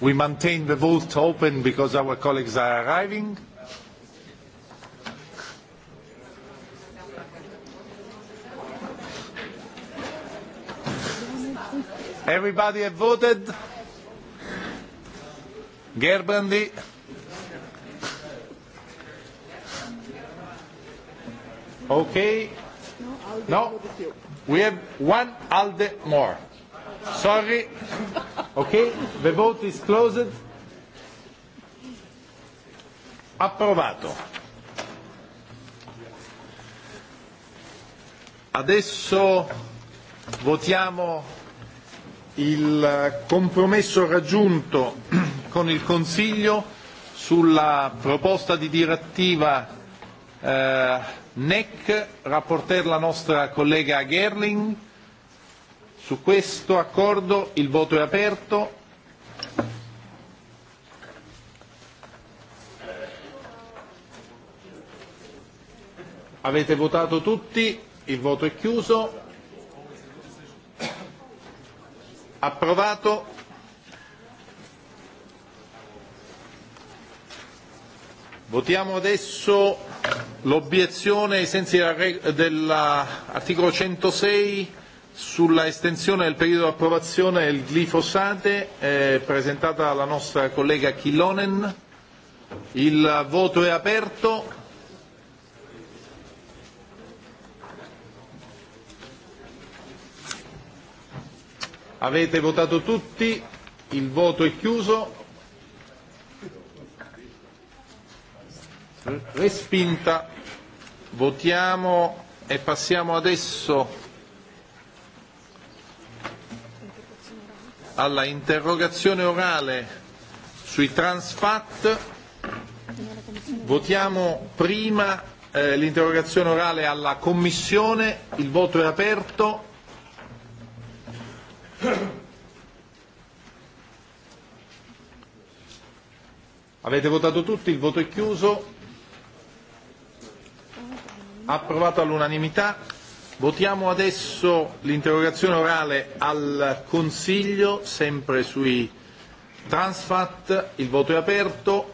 We maintain the vote open because our colleagues are arriving. Everybody have voted? Gerbrandy? Okay. No, we have one ALDE more. Sorry. Okay, the vote is closed. Approvato. Adesso votiamo il compromesso raggiunto con il Consiglio sulla proposta di direttiva eh, NEC, rapporter la nostra collega Gerling. Su questo accordo il voto è aperto. Avete votato tutti, il voto è chiuso. Approvato. Votiamo adesso l'obiezione ai sensi dell'articolo 106 sulla estensione del periodo di approvazione del glifosate eh, presentata dalla nostra collega Chilonen. Il voto è aperto. Avete votato tutti, il voto è chiuso. Respinta. Votiamo e passiamo adesso alla interrogazione orale sui transfat. Votiamo prima eh, l'interrogazione orale alla Commissione, il voto è aperto. Avete votato tutti, il voto è chiuso. Approvato all'unanimità. Votiamo adesso l'interrogazione orale al Consiglio, sempre sui Transfat. Il voto è aperto.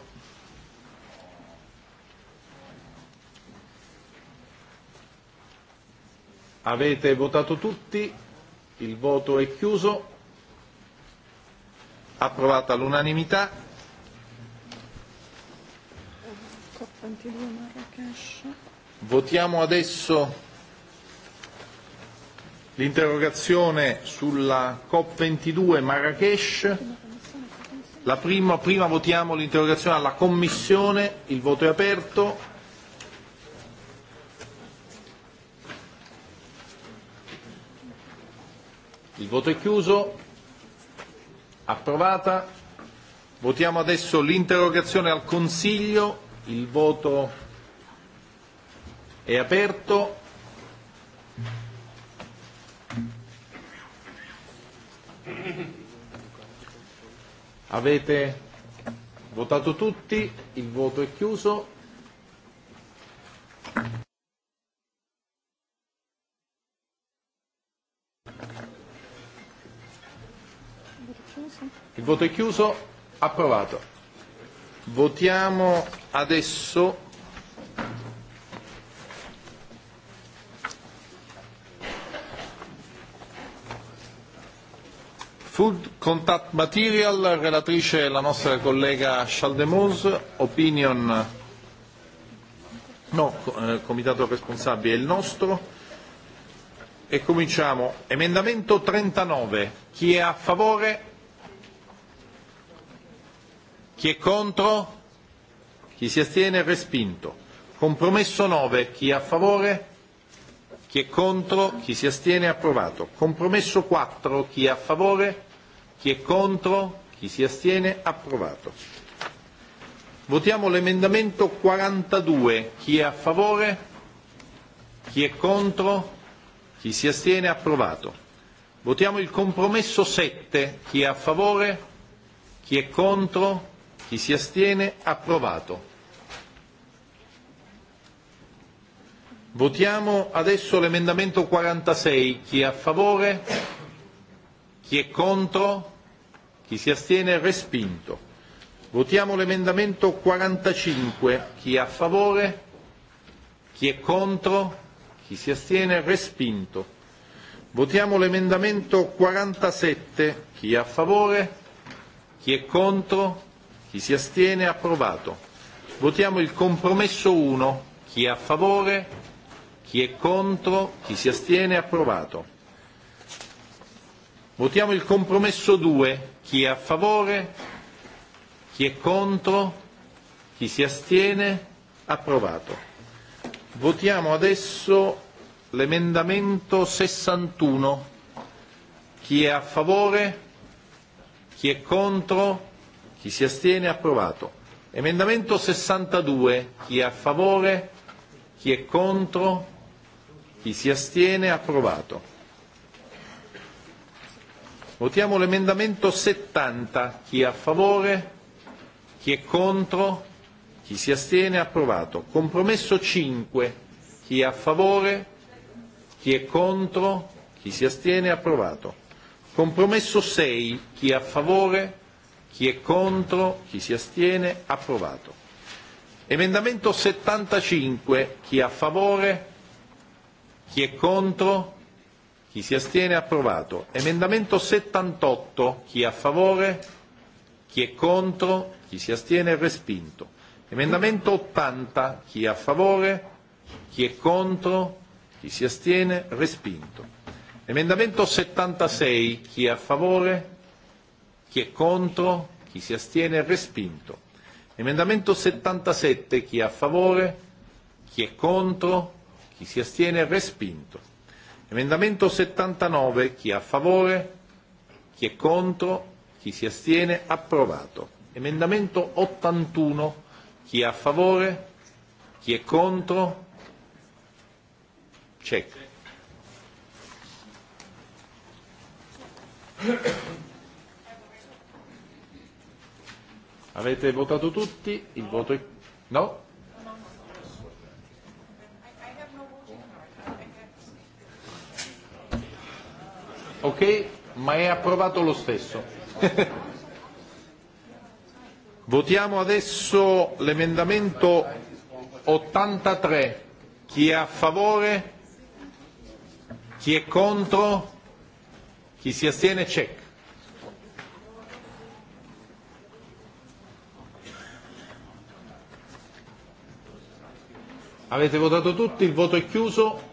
Avete votato tutti? Il voto è chiuso. Approvata all'unanimità. Votiamo adesso l'interrogazione sulla COP22 Marrakesh. La prima, prima votiamo l'interrogazione alla Commissione, il voto è aperto. Il voto è chiuso. Approvata. Votiamo adesso l'interrogazione al Consiglio. Il voto è aperto. Avete votato tutti, il voto è chiuso. Il voto è chiuso, approvato. Votiamo adesso Food Contact Material, relatrice la nostra collega Chaldemus, opinion, no, eh, comitato responsabile è il nostro. E cominciamo. Emendamento 39. Chi è a favore? Chi è contro? Chi si astiene? Respinto. Compromesso 9. Chi è a favore? Chi è contro? Chi si astiene? Approvato. Compromesso 4. Chi è a favore? Chi è contro? Chi si astiene? Approvato. Votiamo l'emendamento 42. Chi è a favore? Chi è contro? Chi si astiene? Approvato. Votiamo il compromesso 7. Chi è a favore? Chi è contro? Chi si astiene? Approvato. Votiamo adesso l'emendamento 46. Chi è a favore? Chi è contro? Chi si astiene? Respinto. Votiamo l'emendamento 45. Chi è a favore? Chi è contro? Chi si astiene? Respinto. Votiamo l'emendamento 47. Chi è a favore? Chi è contro? Chi si astiene? Approvato. Votiamo il compromesso 1. Chi è a favore? Chi è contro? Chi si astiene? Approvato. Votiamo il compromesso 2. Chi è a favore? Chi è contro? Chi si astiene? Approvato. Votiamo adesso l'emendamento 61. Chi è a favore? Chi è contro? Chi si astiene? Approvato. Emendamento 62. Chi è a favore? Chi è contro? Chi si astiene? Approvato. Votiamo l'emendamento 70. Chi è a favore? Chi è contro? Chi si astiene? Approvato. Compromesso 5. Chi è a favore? Chi è contro? Chi si astiene? Approvato. Compromesso 6. Chi è a favore? Chi è contro? Chi si astiene? Approvato. Emendamento 75. Chi è a favore? Chi è contro? Chi si astiene? Approvato. Emendamento 78. Chi è a favore? Chi è contro? Chi si astiene? Respinto. Emendamento 80. Chi è a favore? Chi è contro? Chi si astiene? Respinto. Emendamento 76. Chi è a favore? Chi è contro? Chi si astiene? Respinto. Emendamento 77. Chi è a favore? Chi è contro? Chi si astiene? Respinto. Emendamento 79, chi è a favore? Chi è contro? Chi si astiene? Approvato. Emendamento 81, chi è a favore? Chi è contro? Check. Avete votato tutti? Il voto è... No? ok, ma è approvato lo stesso. Votiamo adesso l'emendamento 83. Chi è a favore? Chi è contro? Chi si astiene? Check. Avete votato tutti, il voto è chiuso.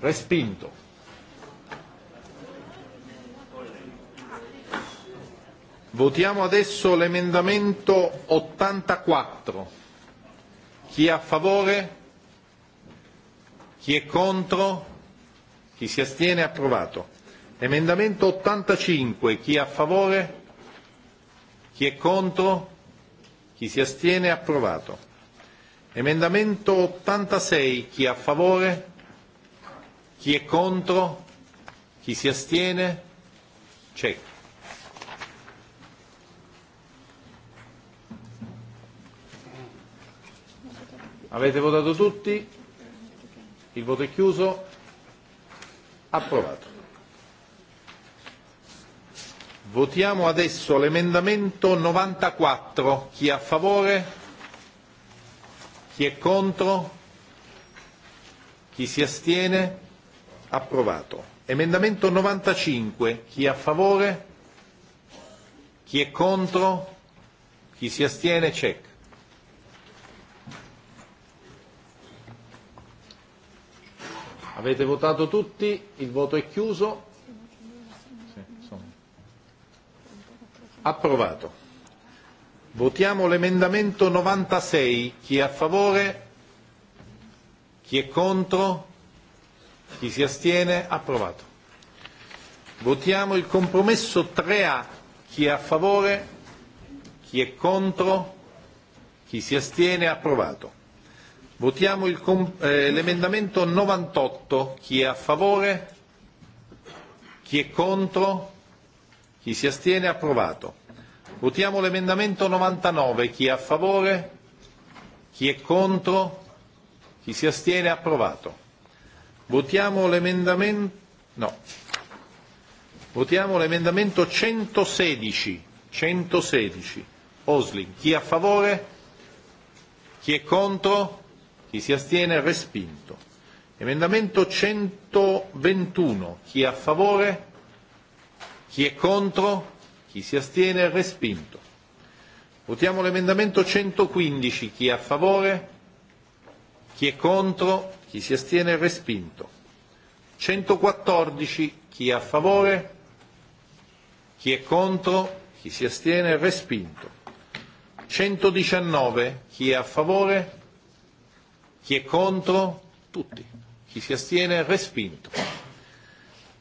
Respinto. Votiamo adesso l'emendamento 84. Chi è a favore? Chi è contro? Chi si astiene? Approvato. Emendamento 85. Chi è a favore? Chi è contro? Chi si astiene? Approvato. Emendamento 86, chi è a favore? Chi è contro? Chi si astiene? C'è. Avete votato tutti? Il voto è chiuso? Approvato. Votiamo adesso l'emendamento 94. Chi è a favore? Chi è contro? Chi si astiene? Approvato. Emendamento 95. Chi è a favore? Chi è contro? Chi si astiene? Check. Avete votato tutti? Il voto è chiuso? Approvato. Votiamo l'emendamento 96. Chi è a favore? Chi è contro? Chi si astiene? Approvato. Votiamo il compromesso 3A. Chi è a favore? Chi è contro? Chi si astiene? Approvato. Votiamo eh, l'emendamento eh, 98. Chi è a favore? Chi è contro? Chi si astiene? Approvato. Votiamo l'emendamento 99. Chi è a favore? Chi è contro? Chi si astiene? Approvato. Votiamo l'emendamento... No. Votiamo l'emendamento 116. 116. Oslin. Chi è a favore? Chi è contro? Chi si astiene? Respinto. Emendamento 121. Chi è a favore? Chi è contro? Chi si astiene? Respinto. Votiamo l'emendamento 115. Chi è a favore? Chi è contro? Chi si astiene? Respinto. 114. Chi è a favore? Chi è contro? Chi si astiene? Respinto. 119. Chi è a favore? Chi è contro? Tutti. Chi si astiene? Respinto.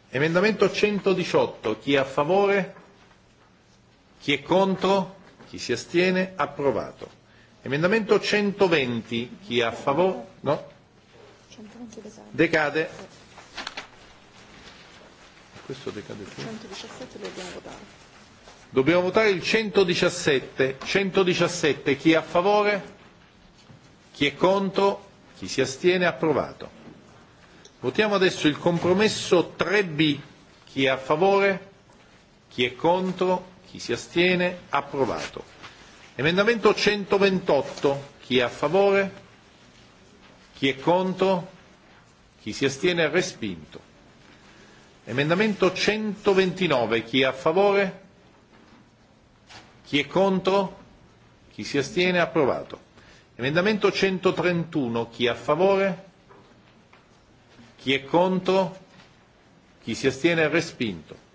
Emendamento 118. Chi è a favore? Chi è contro? Chi si astiene? Approvato. Emendamento 120. Chi è a favore? No? Decade. Questo decade più. 117 lo dobbiamo votare. Dobbiamo votare il 117. 117. Chi è a favore? Chi è contro? Chi si astiene? Approvato. Votiamo adesso il compromesso 3B. Chi è a favore? Chi è contro? Chi si astiene? Approvato. Emendamento 128. Chi è a favore? Chi è contro? Chi si astiene? Respinto. Emendamento 129. Chi è a favore? Chi è contro? Chi si astiene? Approvato. Emendamento 131, chi è a favore? Chi è contro? Chi si astiene? Respinto.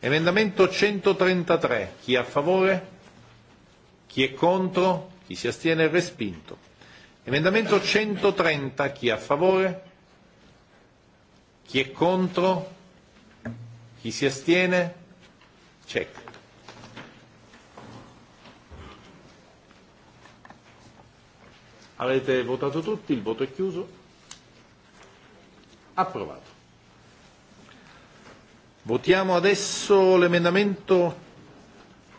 Emendamento 133. Chi è a favore? Chi è contro? Chi si astiene? Respinto. Emendamento 130. Chi è a favore? Chi è contro? Chi si astiene? Check. Avete votato tutti, il voto è chiuso. Approvato. Votiamo adesso l'emendamento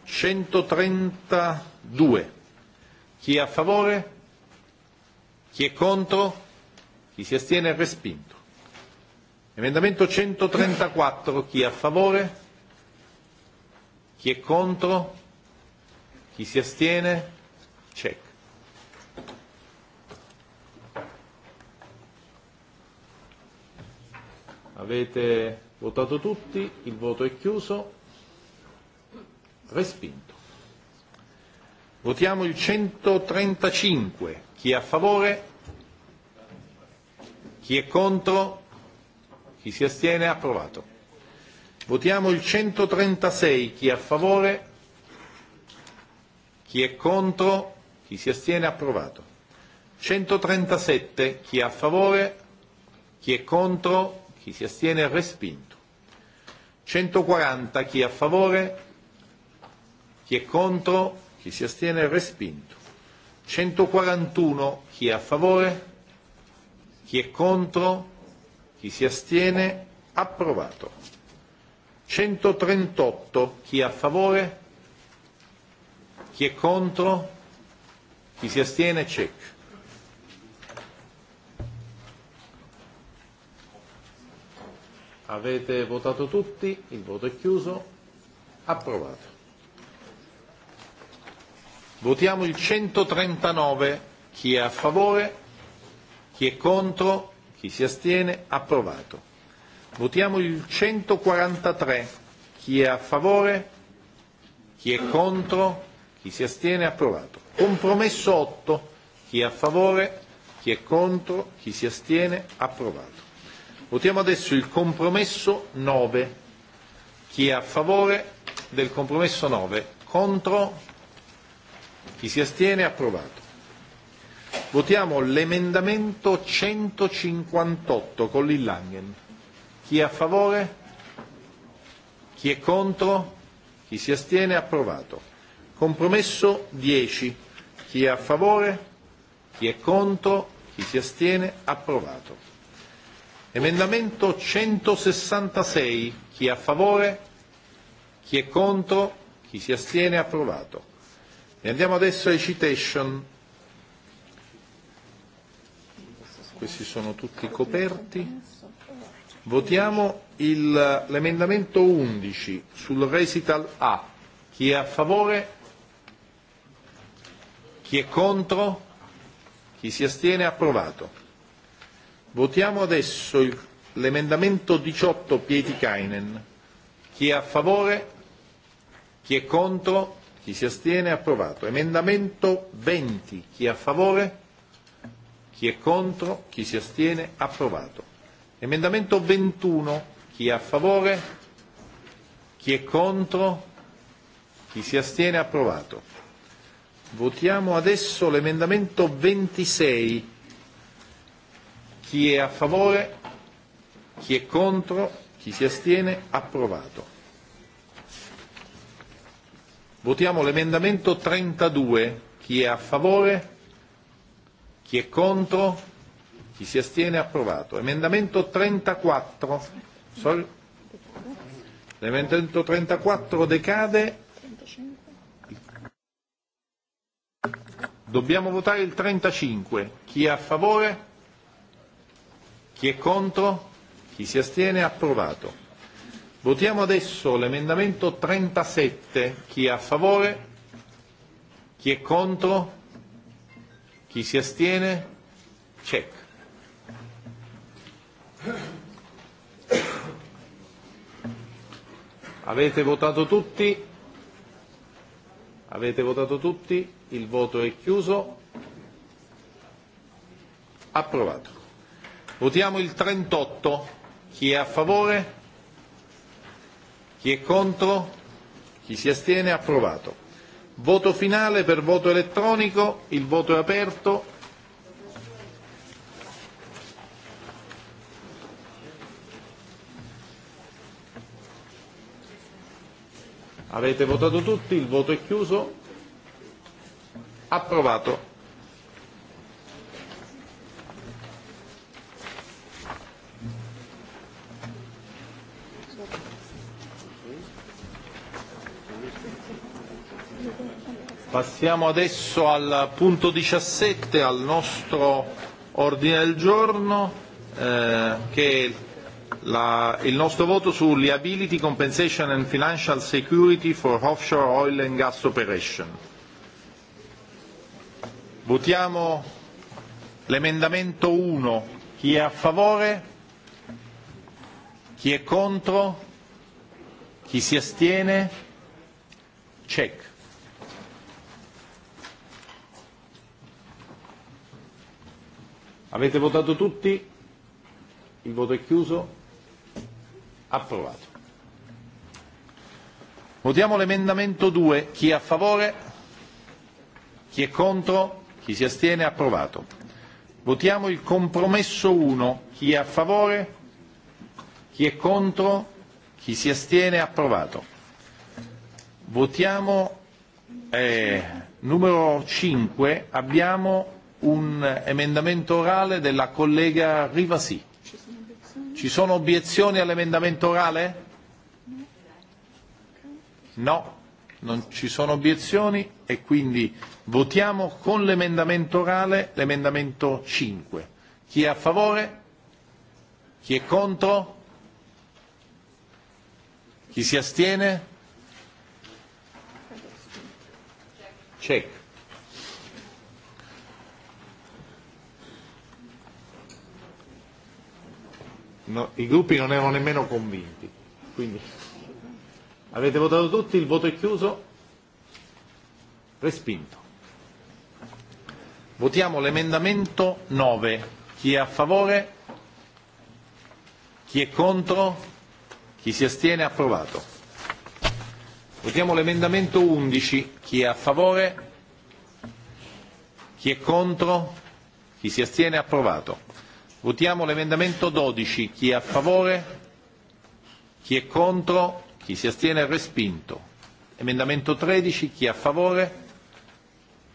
132. Chi è a favore? Chi è contro? Chi si astiene è respinto. Emendamento 134. Chi è a favore? Chi è contro? Chi si astiene? Check. Avete Votato tutti, il voto è chiuso, respinto. Votiamo il 135. Chi è a favore? Chi è contro? Chi si astiene? Approvato. Votiamo il 136. Chi è a favore? Chi è contro? Chi si astiene? Approvato. 137. Chi è a favore? Chi è contro? Chi si astiene? Respinto. 140 chi è a favore, chi è contro, chi si astiene, respinto. 141 chi è a favore, chi è contro, chi si astiene, approvato. 138 chi è a favore, chi è contro, chi si astiene, check. Avete votato tutti, il voto è chiuso, approvato. Votiamo il 139, chi è a favore, chi è contro, chi si astiene, approvato. Votiamo il 143, chi è a favore, chi è contro, chi si astiene, approvato. Compromesso 8, chi è a favore, chi è contro, chi si astiene, approvato. Votiamo adesso il compromesso 9. Chi è a favore del compromesso 9? Contro? Chi si astiene? Approvato. Votiamo l'emendamento 158 con l'Illangen. Chi è a favore? Chi è contro? Chi si astiene? Approvato. Compromesso 10. Chi è a favore? Chi è contro? Chi si astiene? Approvato. Emendamento 166, chi è a favore, chi è contro, chi si astiene, approvato. E andiamo adesso ai citation. Questi sono tutti coperti. Votiamo l'emendamento 11 sul recital A. Chi è a favore? Chi è contro? Chi si astiene? Approvato. Votiamo adesso l'emendamento 18 Kainen. Chi è a favore? Chi è contro? Chi si astiene? Approvato. Emendamento 20. Chi è a favore? Chi è contro? Chi si astiene? Approvato. Emendamento 21. Chi è a favore? Chi è contro? Chi si astiene? Approvato. Votiamo adesso l'emendamento 26. Chi è a favore? Chi è contro? Chi si astiene? Approvato. Votiamo l'emendamento 32. Chi è a favore? Chi è contro? Chi si astiene? Approvato. Emendamento 34. Sol... L'emendamento 34 decade. Dobbiamo votare il 35. Chi è a favore? Chi è contro? Chi si astiene? Approvato. Votiamo adesso l'emendamento 37. Chi è a favore? Chi è contro? Chi si astiene? Check. Avete votato tutti? Avete votato tutti? Il voto è chiuso. Approvato. Votiamo il 38. Chi è a favore? Chi è contro? Chi si astiene? Approvato. Voto finale per voto elettronico. Il voto è aperto. Avete votato tutti, il voto è chiuso. Approvato. Passiamo adesso al punto 17, al nostro ordine del giorno, eh, che è la, il nostro voto su Liability Compensation and Financial Security for Offshore Oil and Gas Operation. Votiamo l'emendamento 1. Chi è a favore? Chi è contro? Chi si astiene? Check. Avete votato tutti? Il voto è chiuso? Approvato. Votiamo l'emendamento 2. Chi è a favore? Chi è contro? Chi si astiene? Approvato. Votiamo il compromesso 1. Chi è a favore? Chi è contro? Chi si astiene? Approvato. Votiamo eh, numero 5. Abbiamo un emendamento orale della collega Rivasi. Ci sono obiezioni all'emendamento orale? No, non ci sono obiezioni e quindi votiamo con l'emendamento orale l'emendamento 5. Chi è a favore? Chi è contro? Chi si astiene? Check. no, i gruppi non erano nemmeno convinti. Quindi avete votato tutti, il voto è chiuso, respinto. Votiamo l'emendamento 9. Chi è a favore? Chi è contro? Chi si astiene? Approvato. Votiamo l'emendamento 11. Chi è a favore? Chi è contro? Chi si astiene? Approvato. Votiamo l'emendamento 12. Chi è a favore? Chi è contro? Chi si astiene? Respinto. Emendamento 13. Chi è a favore?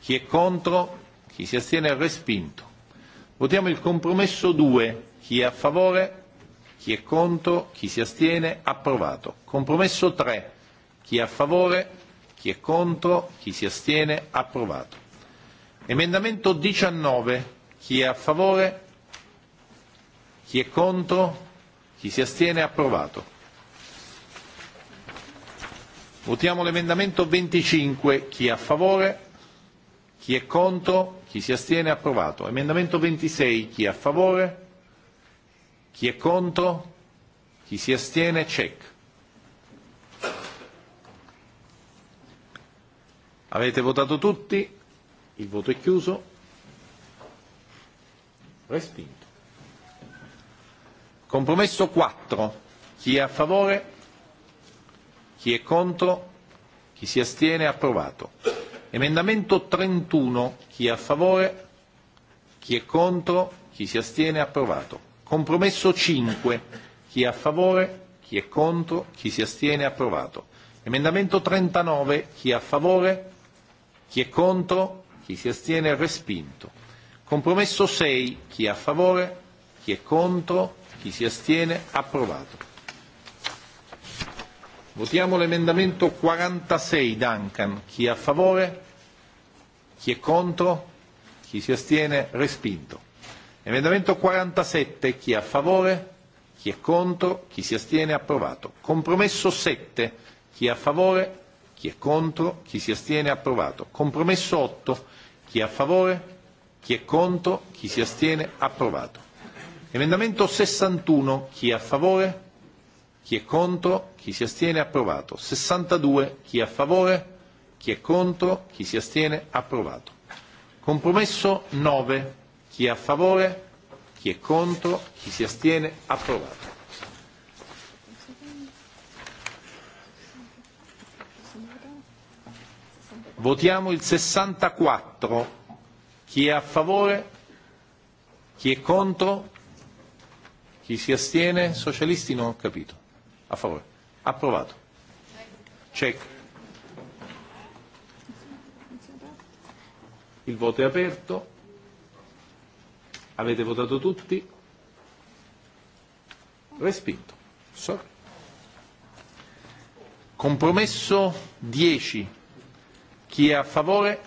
Chi è contro? Chi si astiene? Respinto. Votiamo il compromesso 2. Chi è a favore? Chi è contro? Chi si astiene? Approvato. Compromesso 3. Chi è a favore? Chi è contro? Chi si astiene? Approvato. Emendamento 19. Chi è a favore? Chi è contro? Chi si astiene? Approvato. Votiamo l'emendamento 25. Chi è a favore? Chi è contro? Chi si astiene? Approvato. Emendamento 26. Chi è a favore? Chi è contro? Chi si astiene? Check. Avete votato tutti? Il voto è chiuso. Respinto. Compromesso 4. Chi è a favore? Chi è contro? Chi si astiene? Approvato. Emendamento 31. Chi è a favore? Chi è contro? Chi si astiene? Approvato. Compromesso 5. Chi è a favore? Chi è contro? Chi si astiene? Approvato. Emendamento 39. Chi è a favore? Chi è contro? Chi si astiene? Respinto. Compromesso 6. Chi è a favore? Chi è contro? Chi si astiene? Approvato. Votiamo l'emendamento 46 Duncan. Chi è a favore? Chi è contro? Chi si astiene? Respinto. Emendamento 47. Chi è a favore? Chi è contro? Chi si astiene? Approvato. Compromesso 7. Chi è a favore? Chi è contro? Chi si astiene? Approvato. Compromesso 8. Chi è a favore? Chi è contro? Chi si astiene? Approvato. Emendamento 61, chi è a favore? Chi è contro? Chi si astiene? Approvato. 62, chi è a favore? Chi è contro? Chi si astiene? Approvato. Compromesso 9, chi è a favore? Chi è contro? Chi si astiene? Approvato. Votiamo il 64. Chi è a favore? Chi è contro? Chi si astiene? Socialisti non ho capito. A favore. Approvato. Check. Il voto è aperto. Avete votato tutti? Respinto. Sorry. Compromesso 10. Chi è a favore?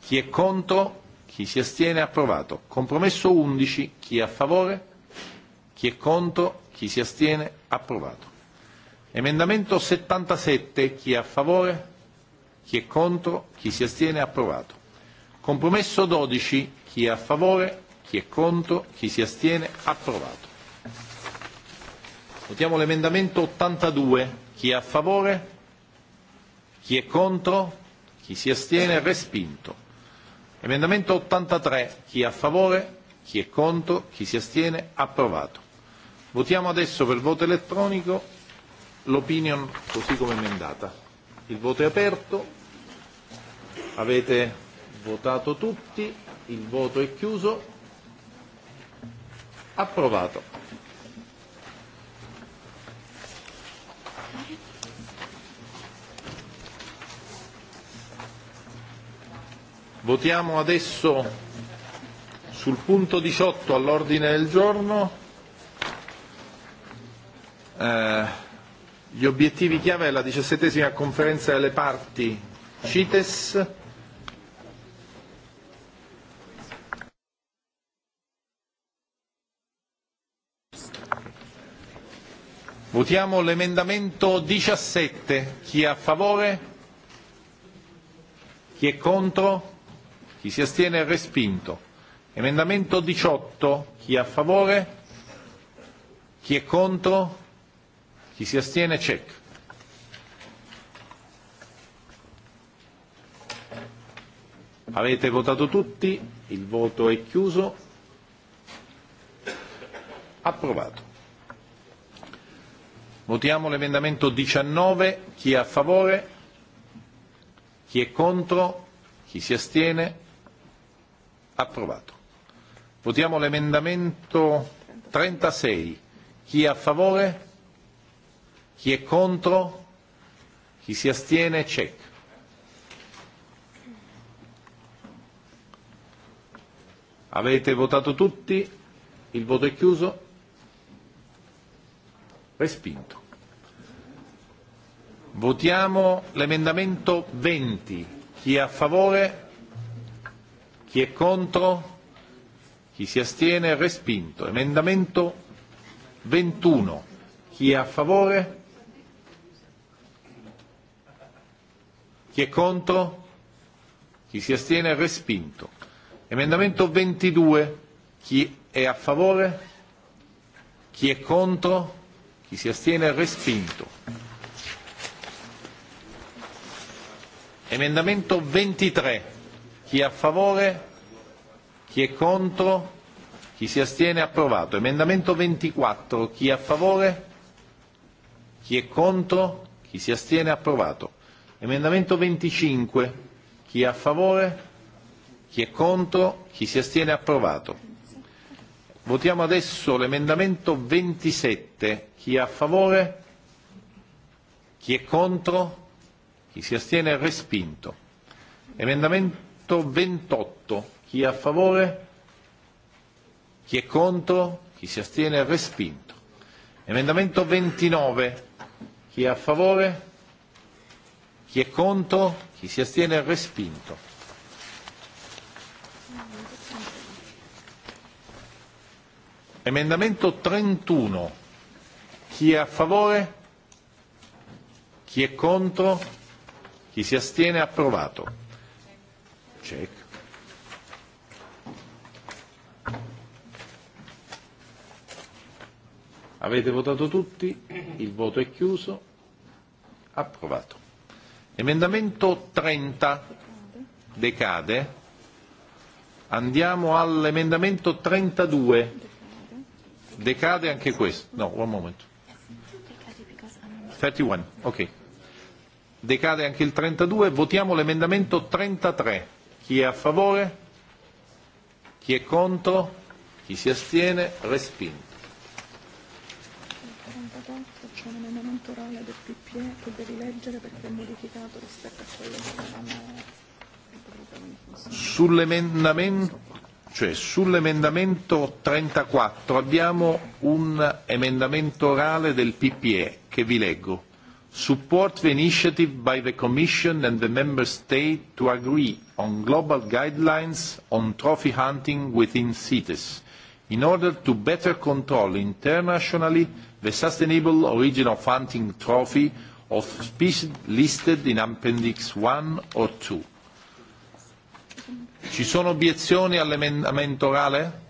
Chi è contro? Chi si astiene? Approvato. Compromesso 11. Chi è a favore? Chi è contro? Chi si astiene? Approvato. Emendamento 77. Chi è a favore? Chi è contro? Chi si astiene? Approvato. Compromesso 12. Chi è a favore? Chi è contro? Chi si astiene? Approvato. Votiamo l'emendamento 82. Chi è a favore? Chi è contro? Chi si astiene? Respinto. Emendamento 83. Chi è a favore? Chi è contro? Chi si astiene? Approvato. Votiamo adesso per voto elettronico l'opinion così come emendata. Il voto è aperto, avete votato tutti, il voto è chiuso, approvato. Votiamo adesso sul punto 18 all'ordine del giorno Eh, gli obiettivi chiave della diciassettesima conferenza delle parti CITES. Votiamo l'emendamento 17. Chi è a favore? Chi è contro? Chi si astiene è respinto. Emendamento 18. Chi è a favore? Chi è contro? Chi si astiene? Check. Avete votato tutti? Il voto è chiuso. Approvato. Votiamo l'emendamento 19. Chi è a favore? Chi è contro? Chi si astiene? Approvato. Votiamo l'emendamento 36. Chi è a favore? Chi è contro? Chi si astiene? Check. Avete votato tutti? Il voto è chiuso? Respinto. Votiamo l'emendamento 20. Chi è a favore? Chi è contro? Chi si astiene? Respinto. Emendamento 21. Chi è a favore? Chi è contro? Chi si astiene? Respinto. Emendamento 22. Chi è a favore? Chi è contro? Chi si astiene? Respinto. Emendamento 23. Chi è a favore? Chi è contro? Chi si astiene? Approvato. Emendamento 24. Chi è a favore? Chi è contro? Chi si astiene? Approvato. Emendamento 25. Chi è a favore? Chi è contro? Chi si astiene? Approvato. Votiamo adesso l'emendamento 27. Chi è a favore? Chi è contro? Chi si astiene? Respinto. Emendamento 28. Chi è a favore? Chi è contro? Chi si astiene? Respinto. Emendamento 29. Chi è a favore? Chi è contro? Chi si astiene? Respinto. Emendamento 31. Chi è a favore? Chi è contro? Chi si astiene? Approvato. Check. Avete votato tutti? Il voto è chiuso. Approvato. Emendamento 30 decade. Andiamo all'emendamento 32. Decade anche questo. No, un momento. 31, ok. Decade anche il 32. Votiamo l'emendamento 33. Chi è a favore? Chi è contro? Chi si astiene? Respinto. Il C'è un emendamento orale del PP fine che devi leggere perché è modificato rispetto a quello che avevamo sull'emendamento cioè sull'emendamento 34 abbiamo un emendamento orale del PPE che vi leggo support the initiative by the Commission and the Member State to agree on global guidelines on trophy hunting within cities, in order to better control internationally the sustainable Original Funding trophy of species listed in Appendix 1 or 2. Ci sono obiezioni all'emendamento orale?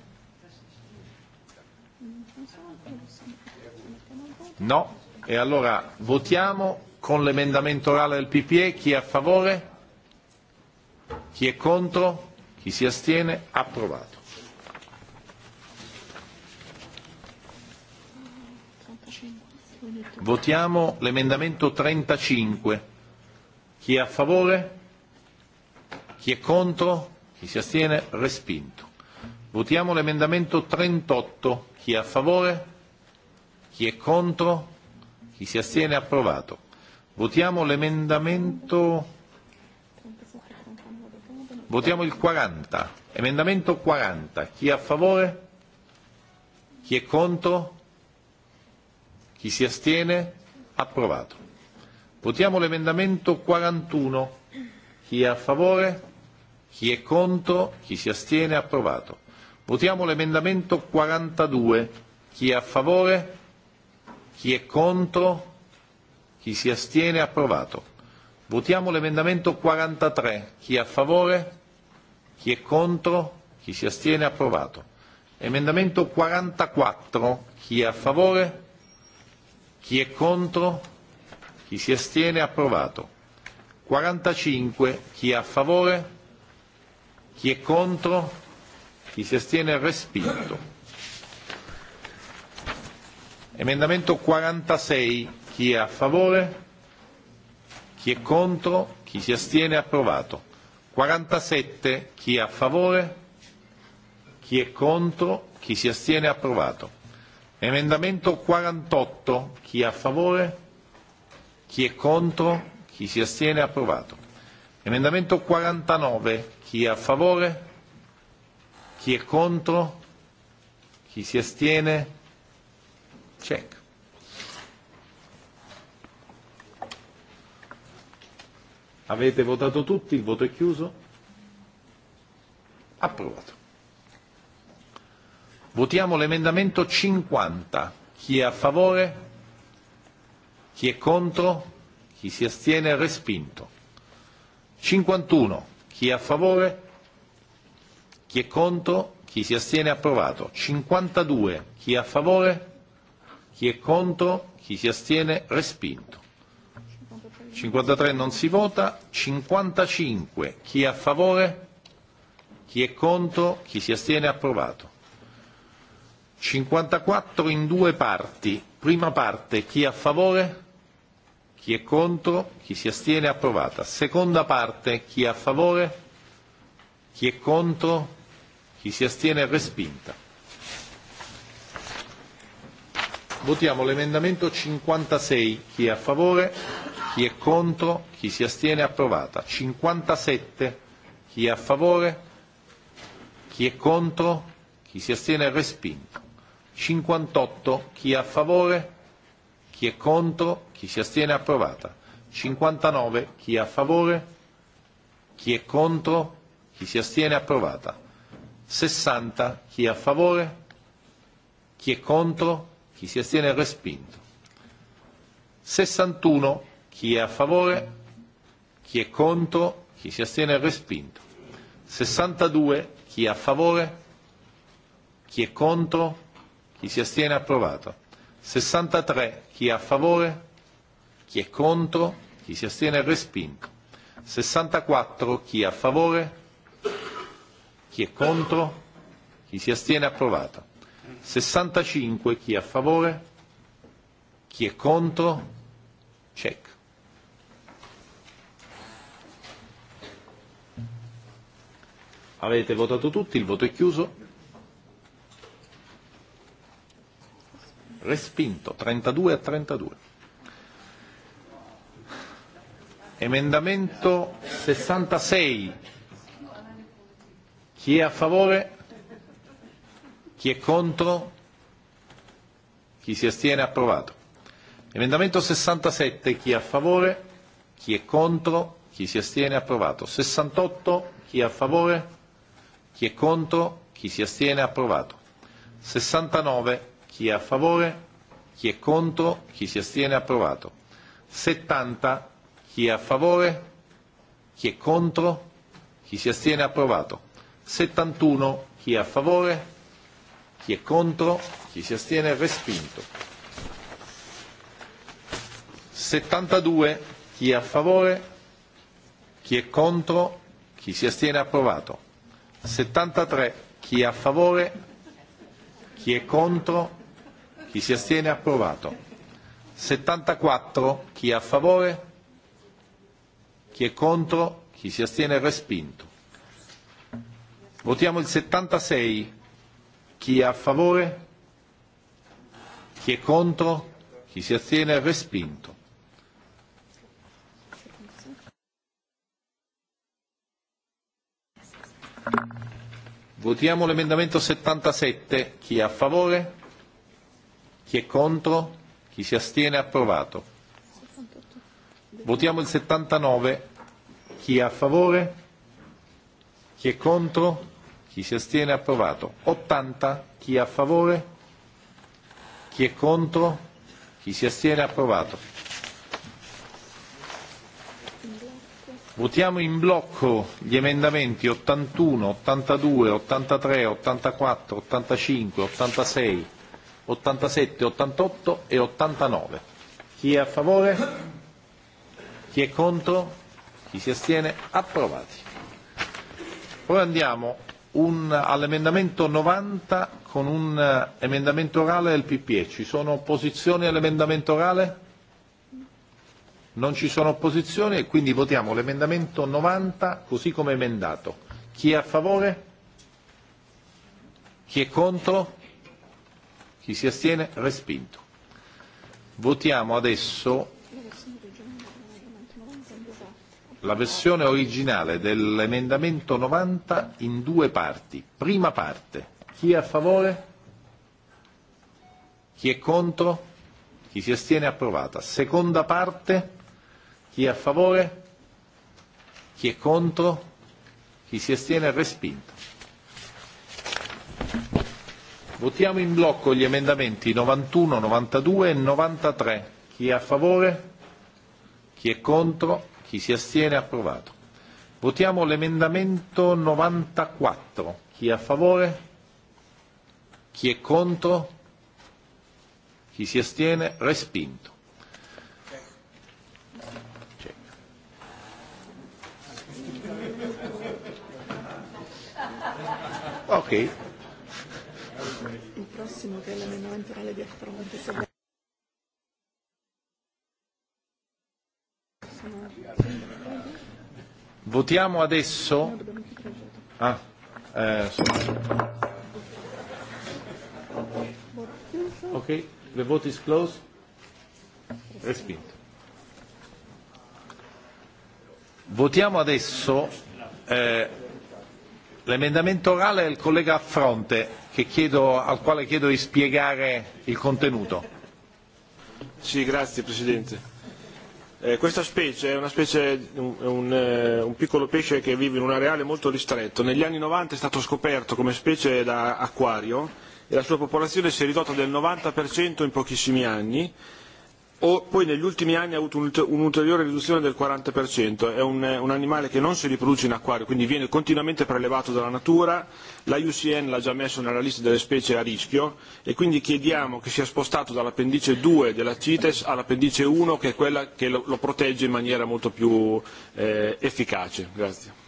No? E allora votiamo con l'emendamento orale del PPE. Chi è a favore? Chi è contro? Chi si astiene? Approvato. Votiamo l'emendamento 35. Chi è a favore? Chi è contro? Chi si astiene? Respinto. Votiamo l'emendamento 38. Chi è a favore? Chi è contro? Chi si astiene? Approvato. Votiamo l'emendamento... Votiamo il 40. Emendamento 40. Chi è a favore? Chi è contro? Chi si astiene? Approvato. Votiamo l'emendamento 41. Chi è a favore? Chi è contro? Chi si astiene? Approvato. Votiamo l'emendamento 42. Chi è a favore? Chi è contro? Chi si astiene? Approvato. Votiamo l'emendamento 43. Chi è a favore? Chi è contro? Chi si astiene? Approvato. Emendamento 44. Chi è a favore? Chi è contro? Chi si astiene? Approvato. 45. Chi è a favore? Chi è contro? Chi si astiene? Respinto. Emendamento 46. Chi è a favore? Chi è contro? Chi si astiene? Approvato. 47. Chi è a favore? Chi è contro? Chi si astiene? Approvato. Emendamento 48, chi è a favore? Chi è contro? Chi si astiene? Approvato. Emendamento 49, chi è a favore? Chi è contro? Chi si astiene? Check. Avete votato tutti, il voto è chiuso? Approvato. Votiamo l'emendamento 50. Chi è a favore? Chi è contro? Chi si astiene? Respinto. 51. Chi è a favore? Chi è contro? Chi si astiene? Approvato. 52. Chi è a favore? Chi è contro? Chi si astiene? Respinto. 53 non si vota. 55. Chi è a favore? Chi è contro? Chi si astiene? Approvato. 54 in due parti. Prima parte, chi è a favore? Chi è contro? Chi si astiene? Approvata. Seconda parte, chi è a favore? Chi è contro? Chi si astiene? Respinta. Votiamo l'emendamento 56. Chi è a favore? Chi è contro? Chi si astiene? Approvata. 57. Chi è a favore? Chi è contro? Chi si astiene? Respinta. 58 chi è a favore, chi è contro, chi si astiene approvata. 59 chi è a favore, chi è contro, chi si astiene approvata. 60 chi è a favore, chi è contro, chi si astiene respinto. 61 chi è a favore, chi è contro, chi si astiene respinto. 62 chi è a favore, chi è contro, Chi si astiene? Approvato. 63. Chi è a favore? Chi è contro? Chi si astiene? Respinto. 64. Chi è a favore? Chi è contro? Chi si astiene? Approvato. 65. Chi è a favore? Chi è contro? Check. Avete votato tutti, il voto è chiuso respinto 32 a 32. Emendamento 66. Chi è a favore? Chi è contro? Chi si astiene? Approvato. Emendamento 67. Chi è a favore? Chi è contro? Chi si astiene? Approvato. 68. Chi è a favore? Chi è contro? Chi si astiene? Approvato. 69. Chi è a favore? Chi è contro? Chi si astiene? Approvato. 70. Chi è a favore? Chi è contro? Chi si astiene? Approvato. 71. Chi è a favore? Chi è contro? Chi si astiene? Respinto. 72. Chi è a favore? Chi è contro? Chi si astiene? Approvato. 73. Chi è a favore? Chi è contro? Chi si astiene? Approvato. 74. Chi è a favore? Chi è contro? Chi si astiene? Respinto. Votiamo il 76. Chi è a favore? Chi è contro? Chi si astiene? Respinto. Votiamo l'emendamento 77. Chi è a favore? Chi è contro? Chi si astiene? Approvato. Votiamo il 79. Chi è a favore? Chi è contro? Chi si astiene? Approvato. 80. Chi è a favore? Chi è contro? Chi si astiene? Approvato. Votiamo in blocco gli emendamenti 81, 82, 83, 84, 85, 86, 87, 88 e 89. Chi è a favore? Chi è contro? Chi si astiene? Approvati. Ora andiamo un, all'emendamento 90 con un eh, emendamento orale del PPE. Ci sono opposizioni all'emendamento orale? Non ci sono opposizioni e quindi votiamo l'emendamento 90 così come emendato. Chi è a favore? Chi è contro? Chi si astiene? Respinto. Votiamo adesso la versione originale dell'emendamento 90 in due parti. Prima parte. Chi è a favore? Chi è contro? Chi si astiene? Approvata. Seconda parte. Chi è a favore? Chi è contro? Chi si astiene? Respinta. Votiamo in blocco gli emendamenti 91, 92 e 93. Chi è a favore? Chi è contro? Chi si astiene? Approvato. Votiamo l'emendamento 94. Chi è a favore? Chi è contro? Chi si astiene? Respinto. Ok prossimo che è l'allenamento alle 10.47. Votiamo adesso. Ah, eh, ok, the vote is closed. Respinto. Votiamo adesso eh, l'emendamento orale del collega Affronte che chiedo, al quale chiedo di spiegare il contenuto. Sì, grazie Presidente. Eh, questa specie è una specie, un, un, eh, un piccolo pesce che vive in un areale molto ristretto. Negli anni 90 è stato scoperto come specie da acquario e la sua popolazione si è ridotta del 90% in pochissimi anni o poi negli ultimi anni ha avuto un'ulteriore riduzione del 40%, è un, un animale che non si riproduce in acquario, quindi viene continuamente prelevato dalla natura, la UCN l'ha già messo nella lista delle specie a rischio e quindi chiediamo che sia spostato dall'appendice 2 della CITES all'appendice 1 che è quella che lo, lo protegge in maniera molto più eh, efficace. Grazie.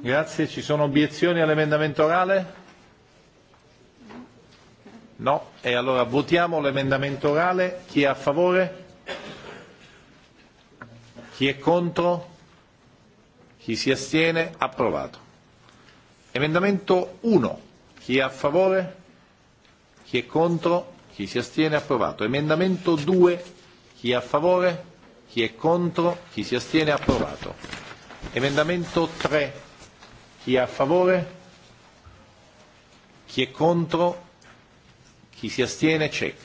Grazie, ci sono obiezioni all'emendamento orale? No? E allora votiamo l'emendamento orale. Chi è a favore? Chi è contro? Chi si astiene? Approvato. Emendamento 1. Chi è a favore? Chi è contro? Chi si astiene? Approvato. Emendamento 2. Chi è a favore? Chi è contro? Chi si astiene? Approvato. Emendamento 3. Chi è a favore? Chi è contro? Chi si astiene check.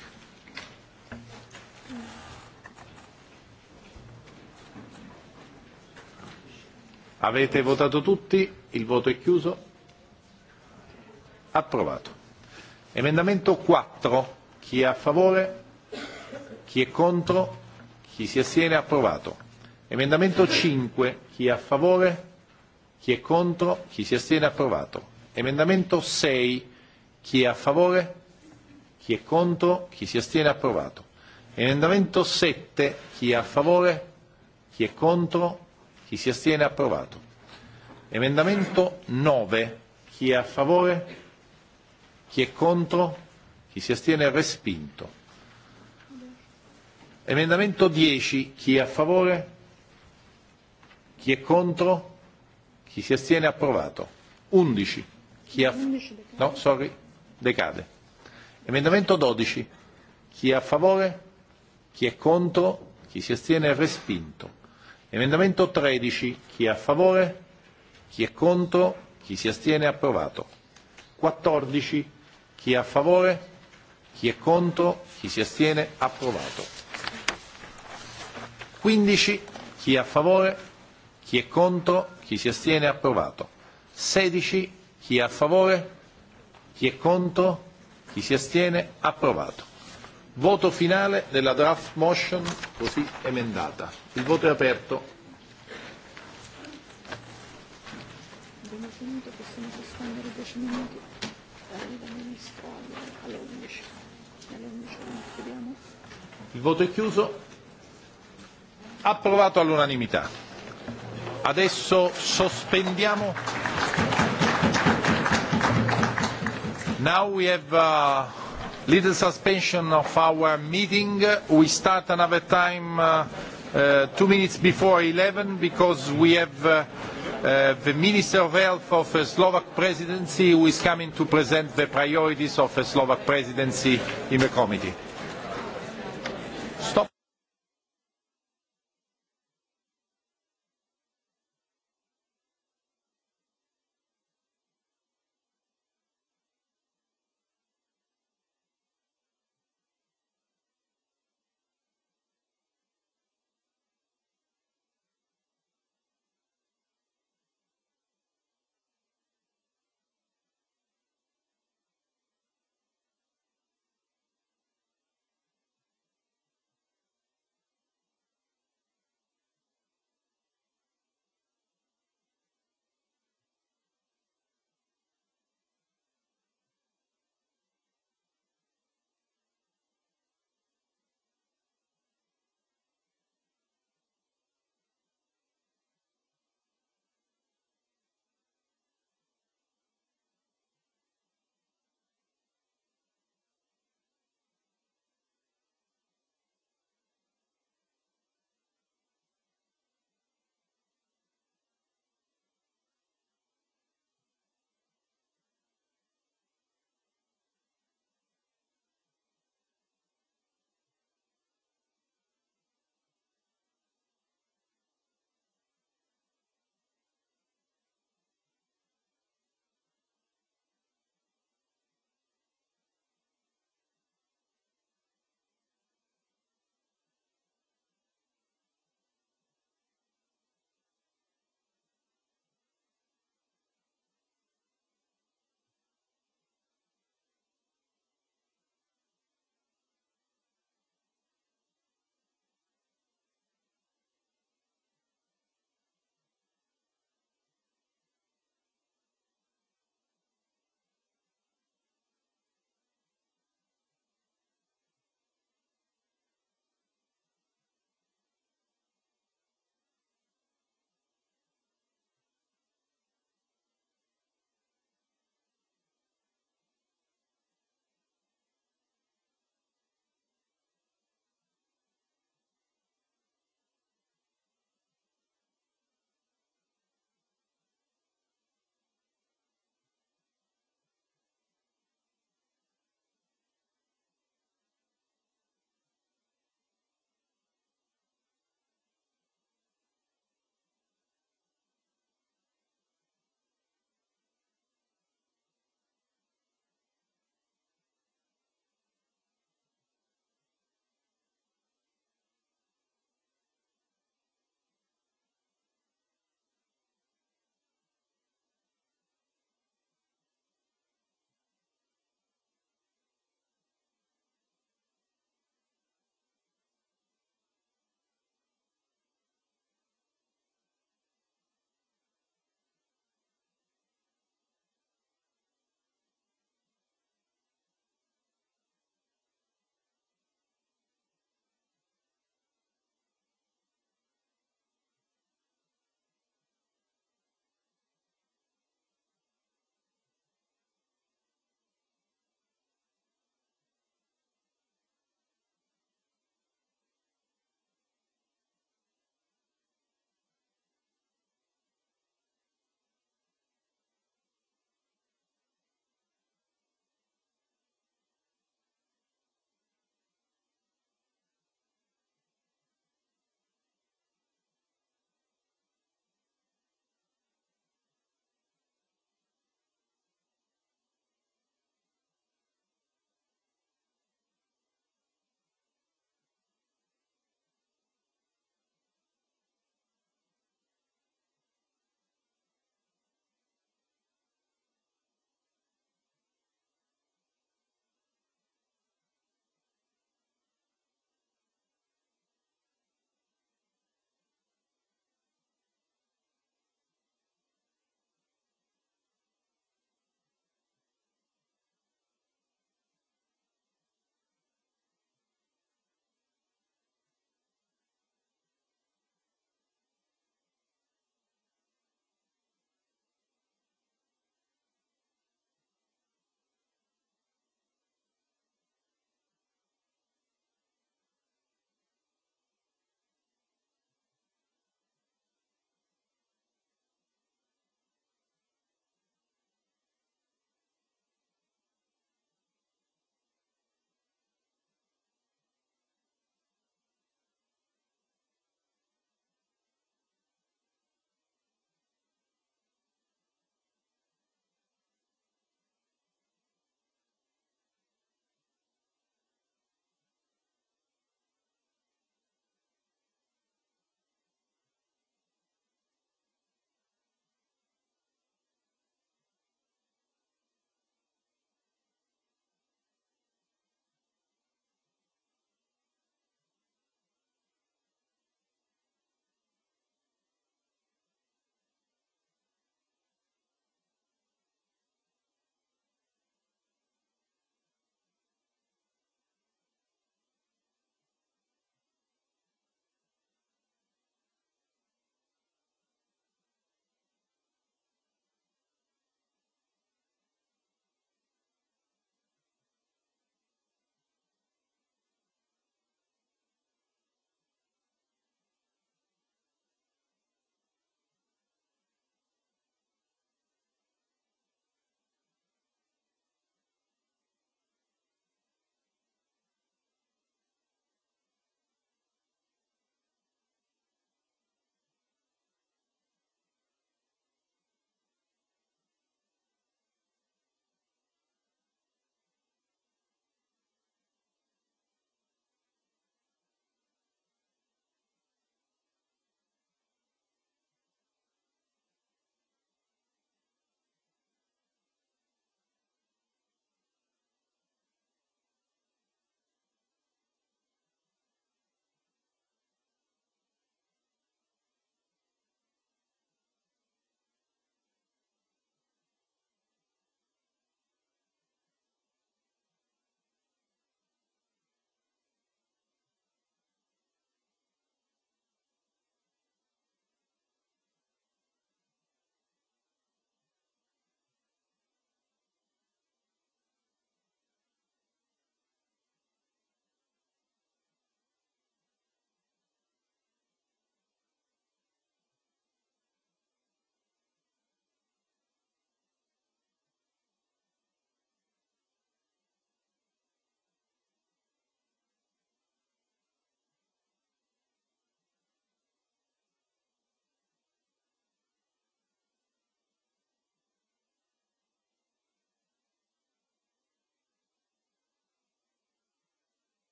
Avete votato tutti? Il voto è chiuso? Approvato. Emendamento 4. Chi è a favore? Chi è contro? Chi si astiene? Approvato. Emendamento 5. Chi è a favore? Chi è contro? Chi si astiene? Approvato. Emendamento 6. Chi è a favore? Chi è contro? Chi si astiene? Approvato. Emendamento 7. Chi è a favore? Chi è contro? Chi si astiene? Approvato. Emendamento 9. Chi è a favore? Chi è contro? Chi si astiene? Respinto. Emendamento 10. Chi è a favore? Chi è contro? Chi si astiene? Approvato. 11. Chi è a... No, sorry. Decade. Emendamento 12. Chi è a favore? Chi è contro? Chi si astiene? Respinto. Emendamento 13. Chi è a favore? Chi è contro? Chi si astiene? Approvato. 14. Chi è a favore? Chi è contro? Chi si astiene? Approvato. 15. Chi è a favore? Chi è contro? Chi si astiene? Approvato. 16. Chi è a favore? Chi è contro? Chi si astiene? Approvato. Voto finale della draft motion così emendata. Il voto è aperto. Arriva il ministro alle 11. Il voto è chiuso. Approvato all'unanimità. Adesso sospendiamo. Now we have a uh, little suspension of our meeting. We start another time uh, uh, two minutes before 11 because we have uh, uh, the Minister of Health of the Slovak Presidency who is coming to present the priorities of the Slovak Presidency in the committee. Stop.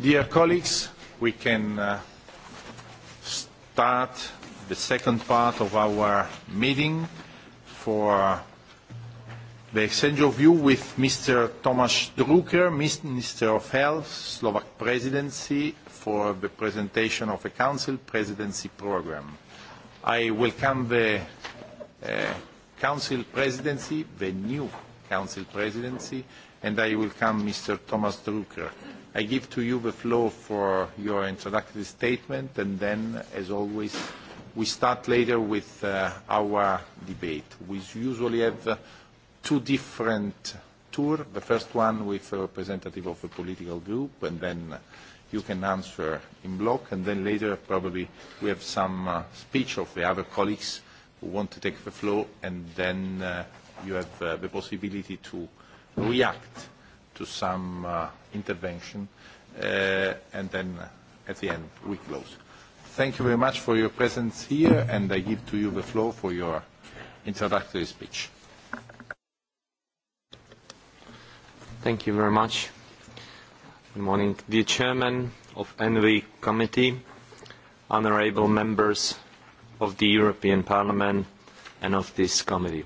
Dear colleagues, we can uh, start the second part of our meeting for the exchange of view with Mr. Tomas Drucker, Minister of Health, Slovak Presidency, for the presentation of a Council Presidency programme. I welcome the uh, Council Presidency, the new Council Presidency, and I welcome Mr. Thomas Drucker. I give to you the floor for your introductory statement, and then, as always, we start later with uh, our debate. We usually have two different tours, the first one with a representative of a political group, and then you can answer in block, and then later probably we have some uh, speech of the other colleagues who want to take the floor, and then uh, you have uh, the possibility to react to some uh, intervention, uh, and then uh, at the end we close. Thank you very much for your presence here, and I give to you the floor for your introductory speech. Thank you very much. Good morning. Dear Chairman of ENVI Committee, honorable members of the European Parliament and of this committee.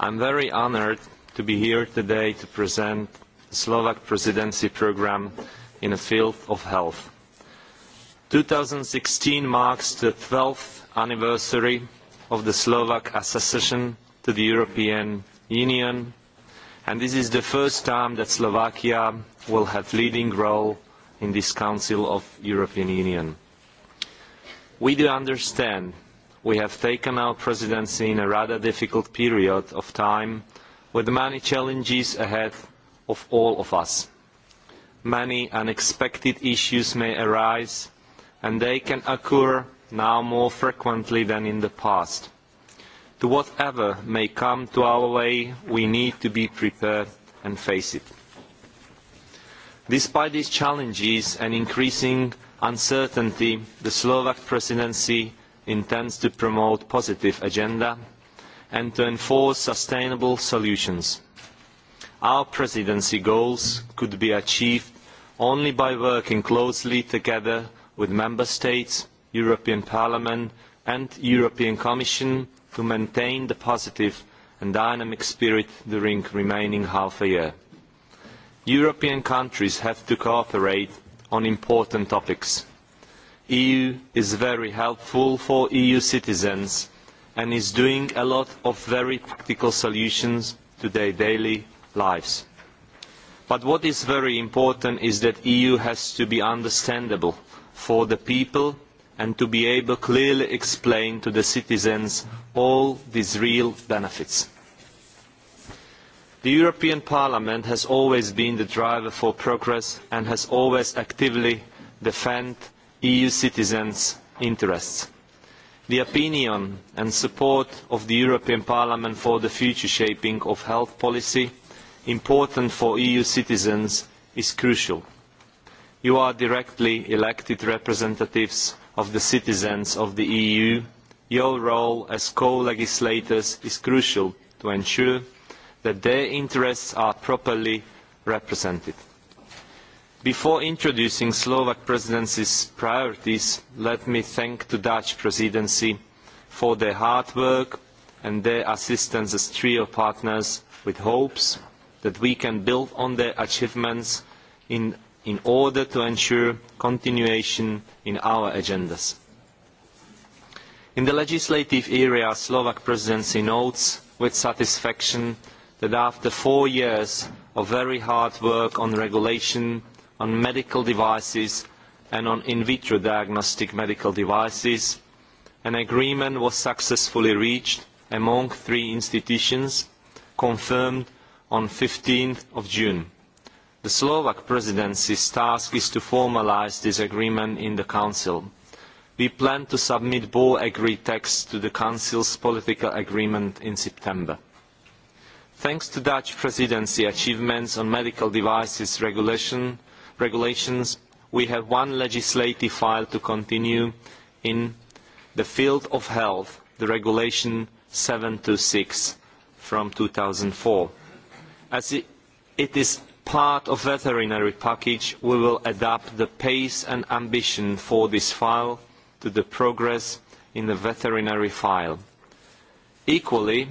I am very honoured to be here today to present the Slovak presidency programme in the field of health. 2016 marks the 12th anniversary of the Slovak accession to the European Union, and this is the first time that Slovakia will have leading role in this Council of European Union. We do understand we have taken our presidency in a rather difficult period of time with many challenges ahead of all of us. Many unexpected issues may arise and they can occur now more frequently than in the past. To whatever may come to our way, we need to be prepared and face it. Despite these challenges and increasing uncertainty, the Slovak presidency intends to promote positive agenda and to enforce sustainable solutions. Our presidency goals could be achieved only by working closely together with Member States, European Parliament and European Commission to maintain the positive and dynamic spirit during the remaining half a year. European countries have to cooperate on important topics. The EU is very helpful for EU citizens and is doing a lot of very practical solutions to their daily lives. But what is very important is that the EU has to be understandable for the people and to be able to clearly explain to the citizens all these real benefits. The European Parliament has always been the driver for progress and has always actively defended EU citizens' interests. The opinion and support of the European Parliament for the future shaping of health policy, important for EU citizens, is crucial. You are directly elected representatives of the citizens of the EU. Your role as co-legislators is crucial to ensure that their interests are properly represented. Before introducing Slovak presidency's priorities, let me thank the Dutch presidency for their hard work and their assistance as trio partners with hopes that we can build on their achievements in, in order to ensure continuation in our agendas. In the legislative area, Slovak presidency notes with satisfaction that after four years of very hard work on regulation, on medical devices and on in vitro diagnostic medical devices, an agreement was successfully reached among three institutions, confirmed on 15 of June. The Slovak presidency's task is to formalise this agreement in the Council. We plan to submit both agreed texts to the Council's political agreement in September. Thanks to Dutch presidency achievements on medical devices regulation, regulations, we have one legislative file to continue in the field of health, the regulation 726 from 2004. As it, it is part of veterinary package, we will adapt the pace and ambition for this file to the progress in the veterinary file. Equally,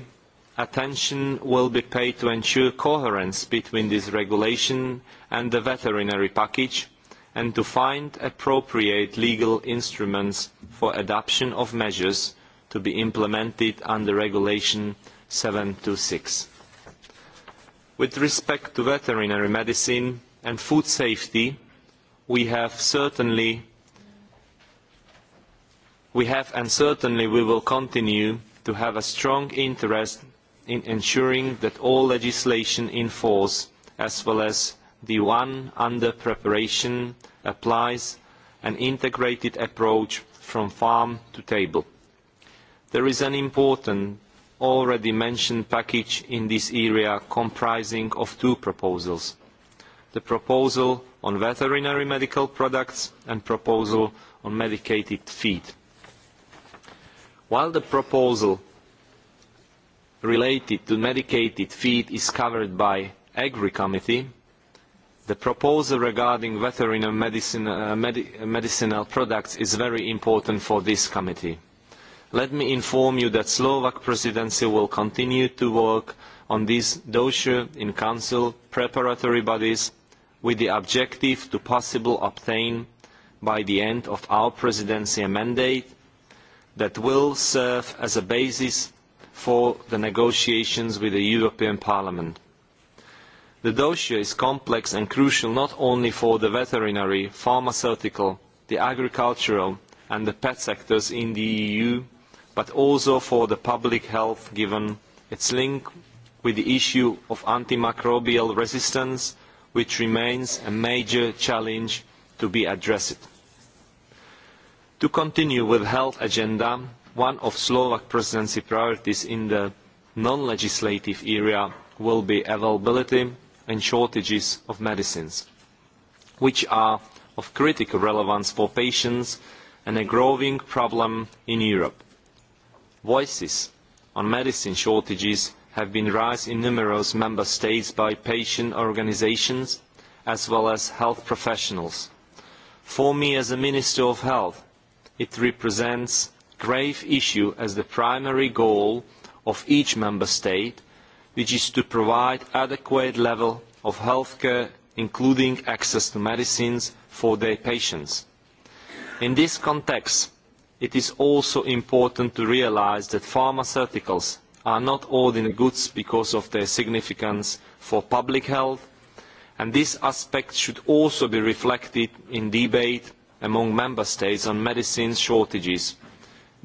attention will be paid to ensure coherence between this regulation and the veterinary package and to find appropriate legal instruments for adoption of measures to be implemented under Regulation seven hundred and six. With respect to veterinary medicine and food safety, we have certainly we have and certainly we will continue to have a strong interest in ensuring that all legislation in force, as well as the one under preparation, applies an integrated approach from farm to table. There is an important already mentioned package in this area comprising of two proposals. The proposal on veterinary medical products and proposal on medicated feed. While the proposal related to medicated feed is covered by Agri Committee. The proposal regarding veterinary medicine, uh, medicinal products is very important for this committee. Let me inform you that the Slovak presidency will continue to work on this dossier in Council preparatory bodies with the objective to possibly obtain by the end of our presidency a mandate that will serve as a basis for the negotiations with the European Parliament. The dossier is complex and crucial not only for the veterinary, pharmaceutical, the agricultural and the pet sectors in the EU, but also for the public health given its link with the issue of antimicrobial resistance, which remains a major challenge to be addressed. To continue with the health agenda, one of Slovak presidency priorities in the non-legislative area will be availability and shortages of medicines, which are of critical relevance for patients and a growing problem in Europe. Voices on medicine shortages have been raised in numerous member states by patient organisations as well as health professionals. For me as a Minister of Health, it represents grave issue as the primary goal of each member state, which is to provide adequate level of health care, including access to medicines for their patients. In this context, it is also important to realise that pharmaceuticals are not ordinary goods because of their significance for public health, and this aspect should also be reflected in debate among member states on medicine shortages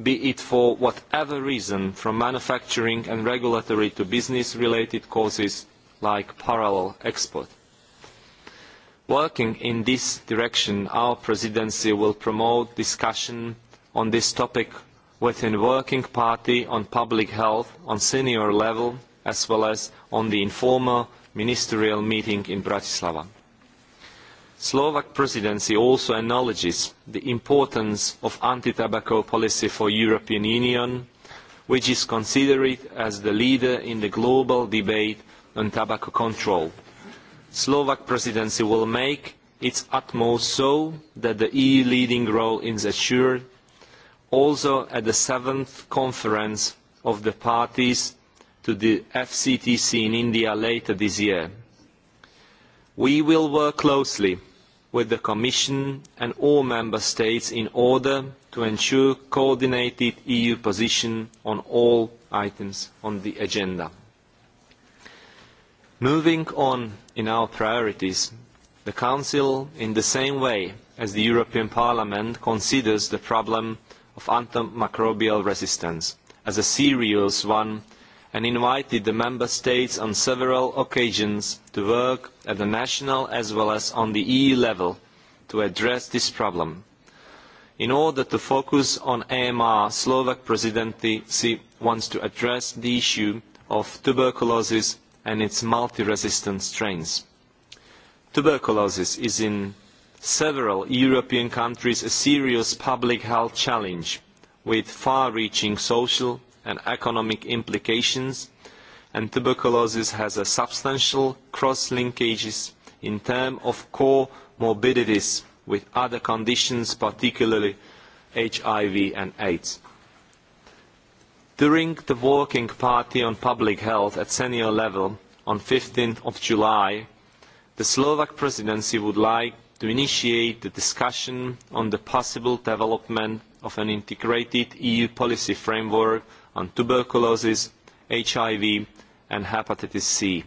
be it for whatever reason, from manufacturing and regulatory to business-related causes like parallel export. Working in this direction, our presidency will promote discussion on this topic within the working party on public health on senior level as well as on the informal ministerial meeting in Bratislava. Slovak presidency also acknowledges the importance of anti-tobacco policy for the European Union, which is considered as the leader in the global debate on tobacco control. The Slovak presidency will make its utmost so that the EU leading role is assured also at the seventh conference of the parties to the FCTC in India later this year. We will work closely with the Commission and all Member States in order to ensure coordinated EU position on all items on the agenda. Moving on in our priorities, the Council, in the same way as the European Parliament, considers the problem of antimicrobial resistance as a serious one and invited the member states on several occasions to work at the national as well as on the EU level to address this problem. In order to focus on AMR, Slovak presidency wants to address the issue of tuberculosis and its multi-resistant strains. Tuberculosis is in several European countries a serious public health challenge with far-reaching social, and economic implications, and tuberculosis has a substantial cross-linkages in terms of core morbidities with other conditions, particularly HIV and AIDS. During the working party on public health at senior level on 15th of July, the Slovak presidency would like to initiate the discussion on the possible development of an integrated EU policy framework on tuberculosis, HIV and hepatitis C.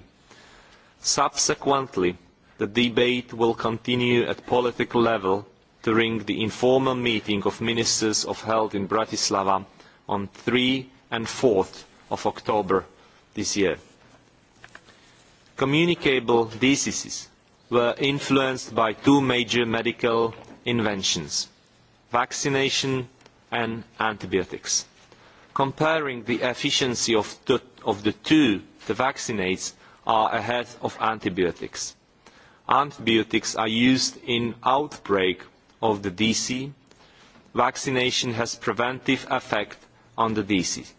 Subsequently, the debate will continue at political level during the informal meeting of ministers of health in Bratislava on 3 and 4th of October this year. Communicable diseases were influenced by two major medical inventions, vaccination and antibiotics comparing the efficiency of the, of the two, the vaccinates are ahead of antibiotics. Antibiotics are used in outbreak of the DC. Vaccination has preventive effect on the disease.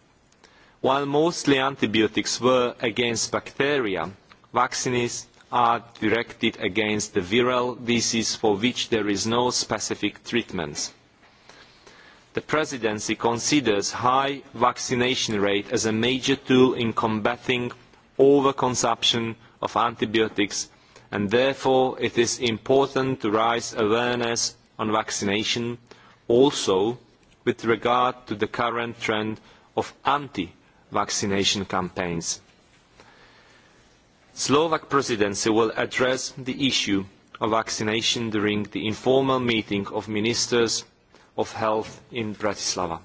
While mostly antibiotics were against bacteria, vaccines are directed against the viral disease for which there is no specific treatment the presidency considers high vaccination rate as a major tool in combating overconsumption of antibiotics and therefore it is important to raise awareness on vaccination also with regard to the current trend of anti-vaccination campaigns. The Slovak presidency will address the issue of vaccination during the informal meeting of ministers of health in Bratislava.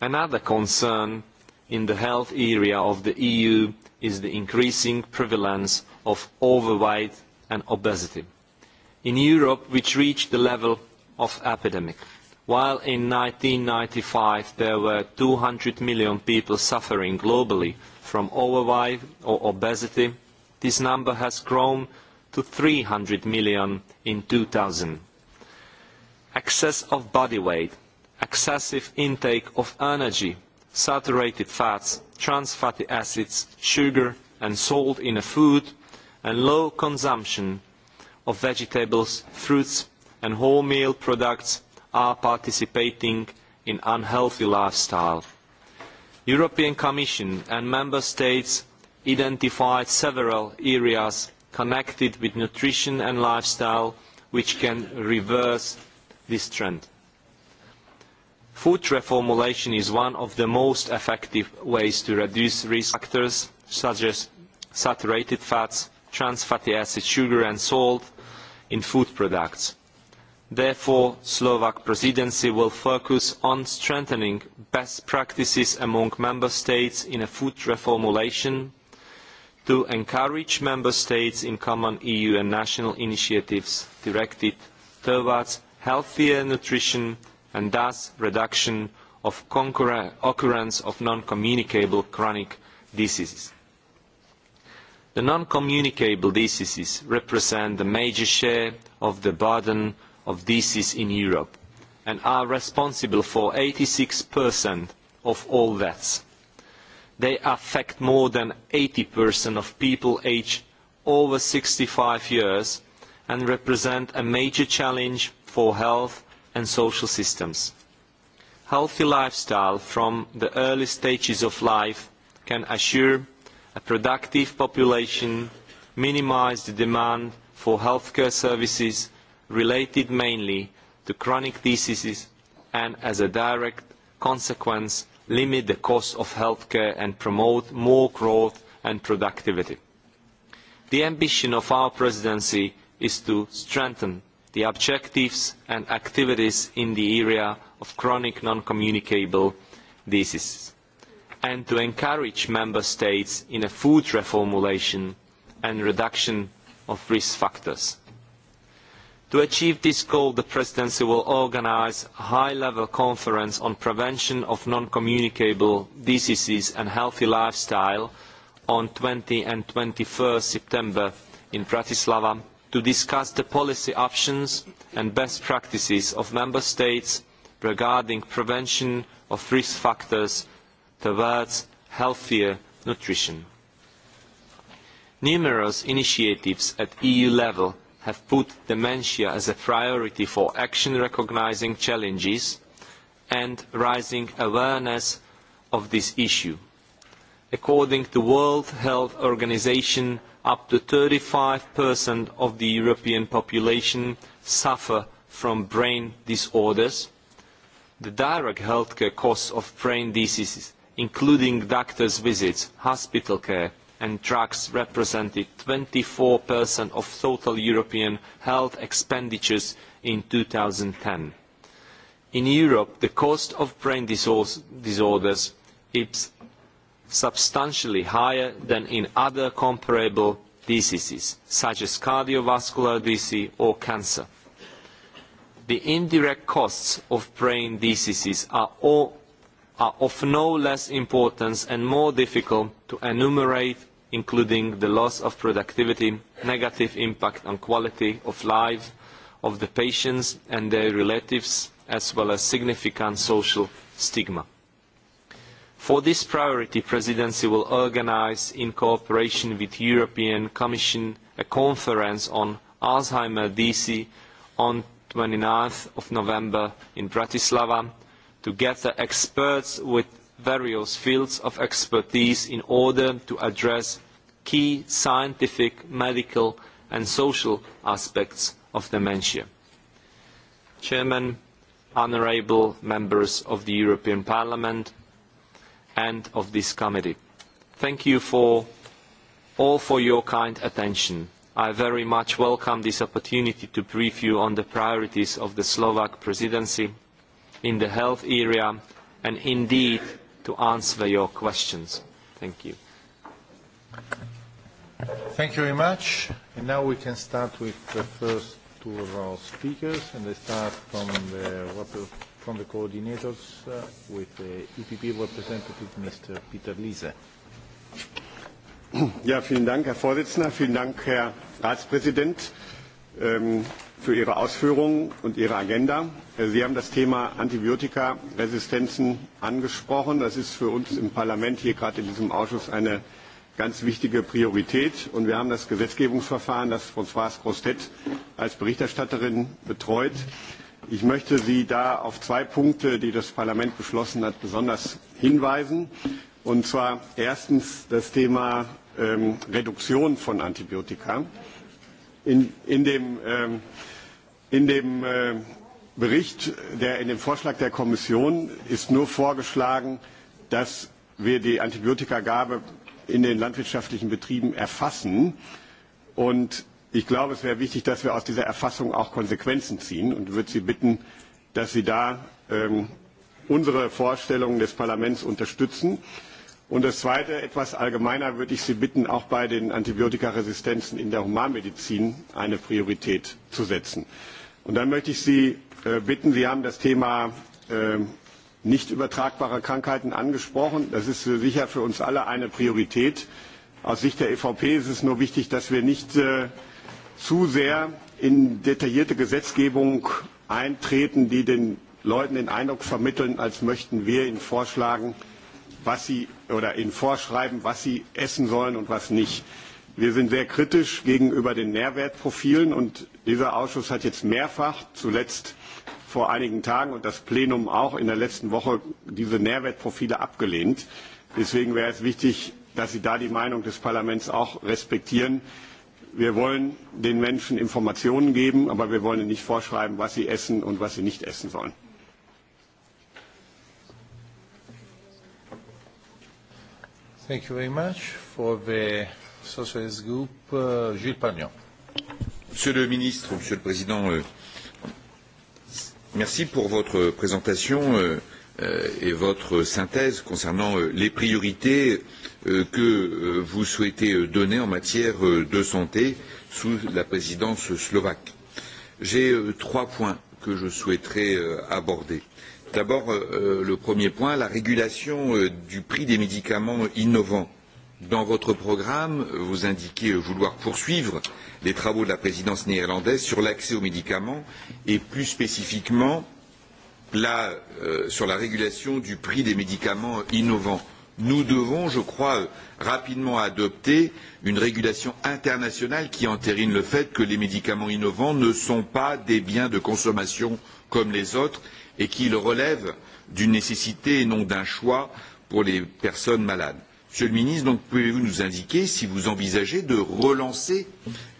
Another concern in the health area of the EU is the increasing prevalence of overweight and obesity. In Europe, which reached the level of epidemic, while in ninety five there were two hundred million people suffering globally from overweight or obesity, this number has grown to three hundred million in two thousand excess of body weight, excessive intake of energy, saturated fats, trans fatty acids, sugar and salt in a food, and low consumption of vegetables, fruits and wholemeal products are participating in unhealthy lifestyle. European Commission and Member States identified several areas connected with nutrition and lifestyle which can reverse this trend. Food reformulation is one of the most effective ways to reduce risk factors such as saturated fats, trans fatty acids, sugar and salt in food products. Therefore, the Slovak presidency will focus on strengthening best practices among member states in a food reformulation to encourage member states in common EU and national initiatives directed towards healthier nutrition, and thus reduction of occurrence of non-communicable chronic diseases. The non-communicable diseases represent the major share of the burden of disease in Europe and are responsible for eighty 86% of all deaths. They affect more than 80% of people aged over sixty five years and represent a major challenge for health and social systems. Healthy lifestyle from the early stages of life can assure a productive population, minimise the demand for healthcare services related mainly to chronic diseases and as a direct consequence limit the cost of healthcare and promote more growth and productivity. The ambition of our presidency is to strengthen the objectives and activities in the area of chronic non-communicable diseases and to encourage member states in a food reformulation and reduction of risk factors. To achieve this goal, the presidency will organise a high-level conference on prevention of non-communicable diseases and healthy lifestyle on 20 and 21 September in Bratislava to discuss the policy options and best practices of member states regarding prevention of risk factors towards healthier nutrition. Numerous initiatives at EU level have put dementia as a priority for action recognising challenges and raising awareness of this issue. According to the World Health Organisation, up to thirty 35% of the European population suffer from brain disorders. The direct healthcare costs of brain diseases, including doctors' visits, hospital care, and drugs represented 24% of total European health expenditures in 2010. In Europe, the cost of brain disorders is substantially higher than in other comparable diseases, such as cardiovascular disease or cancer. The indirect costs of brain diseases are, all, are of no less importance and more difficult to enumerate, including the loss of productivity, negative impact on quality of life of the patients and their relatives, as well as significant social stigma. For this priority, the presidency will organise, in cooperation with the European Commission, a conference on Alzheimer's disease on 29th of November in Bratislava to gather experts with various fields of expertise in order to address key scientific, medical and social aspects of dementia. Chairman, honourable members of the European Parliament, and of this committee. Thank you for all for your kind attention. I very much welcome this opportunity to brief you on the priorities of the Slovak presidency in the health area and indeed to answer your questions. Thank you. Thank you very much. And now we can start with the first two of our speakers, and they start from the rapporteur from the coordinators uh, with the EPP representative Mr. Peter Liese. Ja, vielen Dank, Herr Vorsitzender. Vielen Dank, Herr Ratspräsident, ähm, für Ihre Ausführungen und Ihre Agenda. Äh, Sie haben das Thema Antibiotikaresistenzen angesprochen. Das ist für uns im Parlament hier gerade in diesem Ausschuss eine ganz wichtige Priorität. Und wir haben das Gesetzgebungsverfahren, das Françoise Grostet als Berichterstatterin betreut, Ich möchte Sie da auf zwei Punkte, die das Parlament beschlossen hat, besonders hinweisen. Und zwar erstens das Thema ähm, Reduktion von Antibiotika. In, in dem, ähm, in dem äh, Bericht, der, in dem Vorschlag der Kommission ist nur vorgeschlagen, dass wir die Antibiotikagabe in den landwirtschaftlichen Betrieben erfassen. Und Ich glaube, es wäre wichtig, dass wir aus dieser Erfassung auch Konsequenzen ziehen und würde Sie bitten, dass Sie da ähm, unsere Vorstellungen des Parlaments unterstützen. Und das Zweite, etwas allgemeiner, würde ich Sie bitten, auch bei den Antibiotikaresistenzen in der Humanmedizin eine Priorität zu setzen. Und dann möchte ich Sie äh, bitten, Sie haben das Thema äh, nicht übertragbare Krankheiten angesprochen. Das ist sicher für uns alle eine Priorität. Aus Sicht der EVP ist es nur wichtig, dass wir nicht äh, zu sehr in detaillierte Gesetzgebung eintreten, die den Leuten den Eindruck vermitteln, als möchten wir ihnen vorschlagen, was sie oder ihnen vorschreiben, was sie essen sollen und was nicht. Wir sind sehr kritisch gegenüber den Nährwertprofilen und dieser Ausschuss hat jetzt mehrfach, zuletzt vor einigen Tagen und das Plenum auch in der letzten Woche, diese Nährwertprofile abgelehnt. Deswegen wäre es wichtig, dass Sie da die Meinung des Parlaments auch respektieren wir wollen den Menschen Informationen geben, aber wir wollen nicht vorschreiben, was sie essen und was sie nicht essen sollen. Thank you very much for the Socialist Group, uh, Gilles Pagnon. Monsieur le ministre, Monsieur le Président, euh, merci pour votre présentation euh, euh, et votre synthèse concernant euh, les priorités euh, Euh, que euh, vous souhaitez euh, donner en matière de santé sous la présidence slovaque. J'ai trois points que je souhaiterais aborder. D'abord, le premier point, la régulation du prix des médicaments innovants. Dans votre programme, vous indiquez vouloir poursuivre les travaux de la présidence néerlandaise sur l'accès aux médicaments et plus spécifiquement la, euh, sur la régulation du prix des médicaments innovants nous devons, je crois, rapidement adopter une régulation internationale qui entérine le fait que les médicaments innovants ne sont pas des biens de consommation comme les autres et qu'ils relèvent d'une nécessité et non d'un choix pour les personnes malades. Monsieur le ministre, donc pouvez-vous nous indiquer si vous envisagez de relancer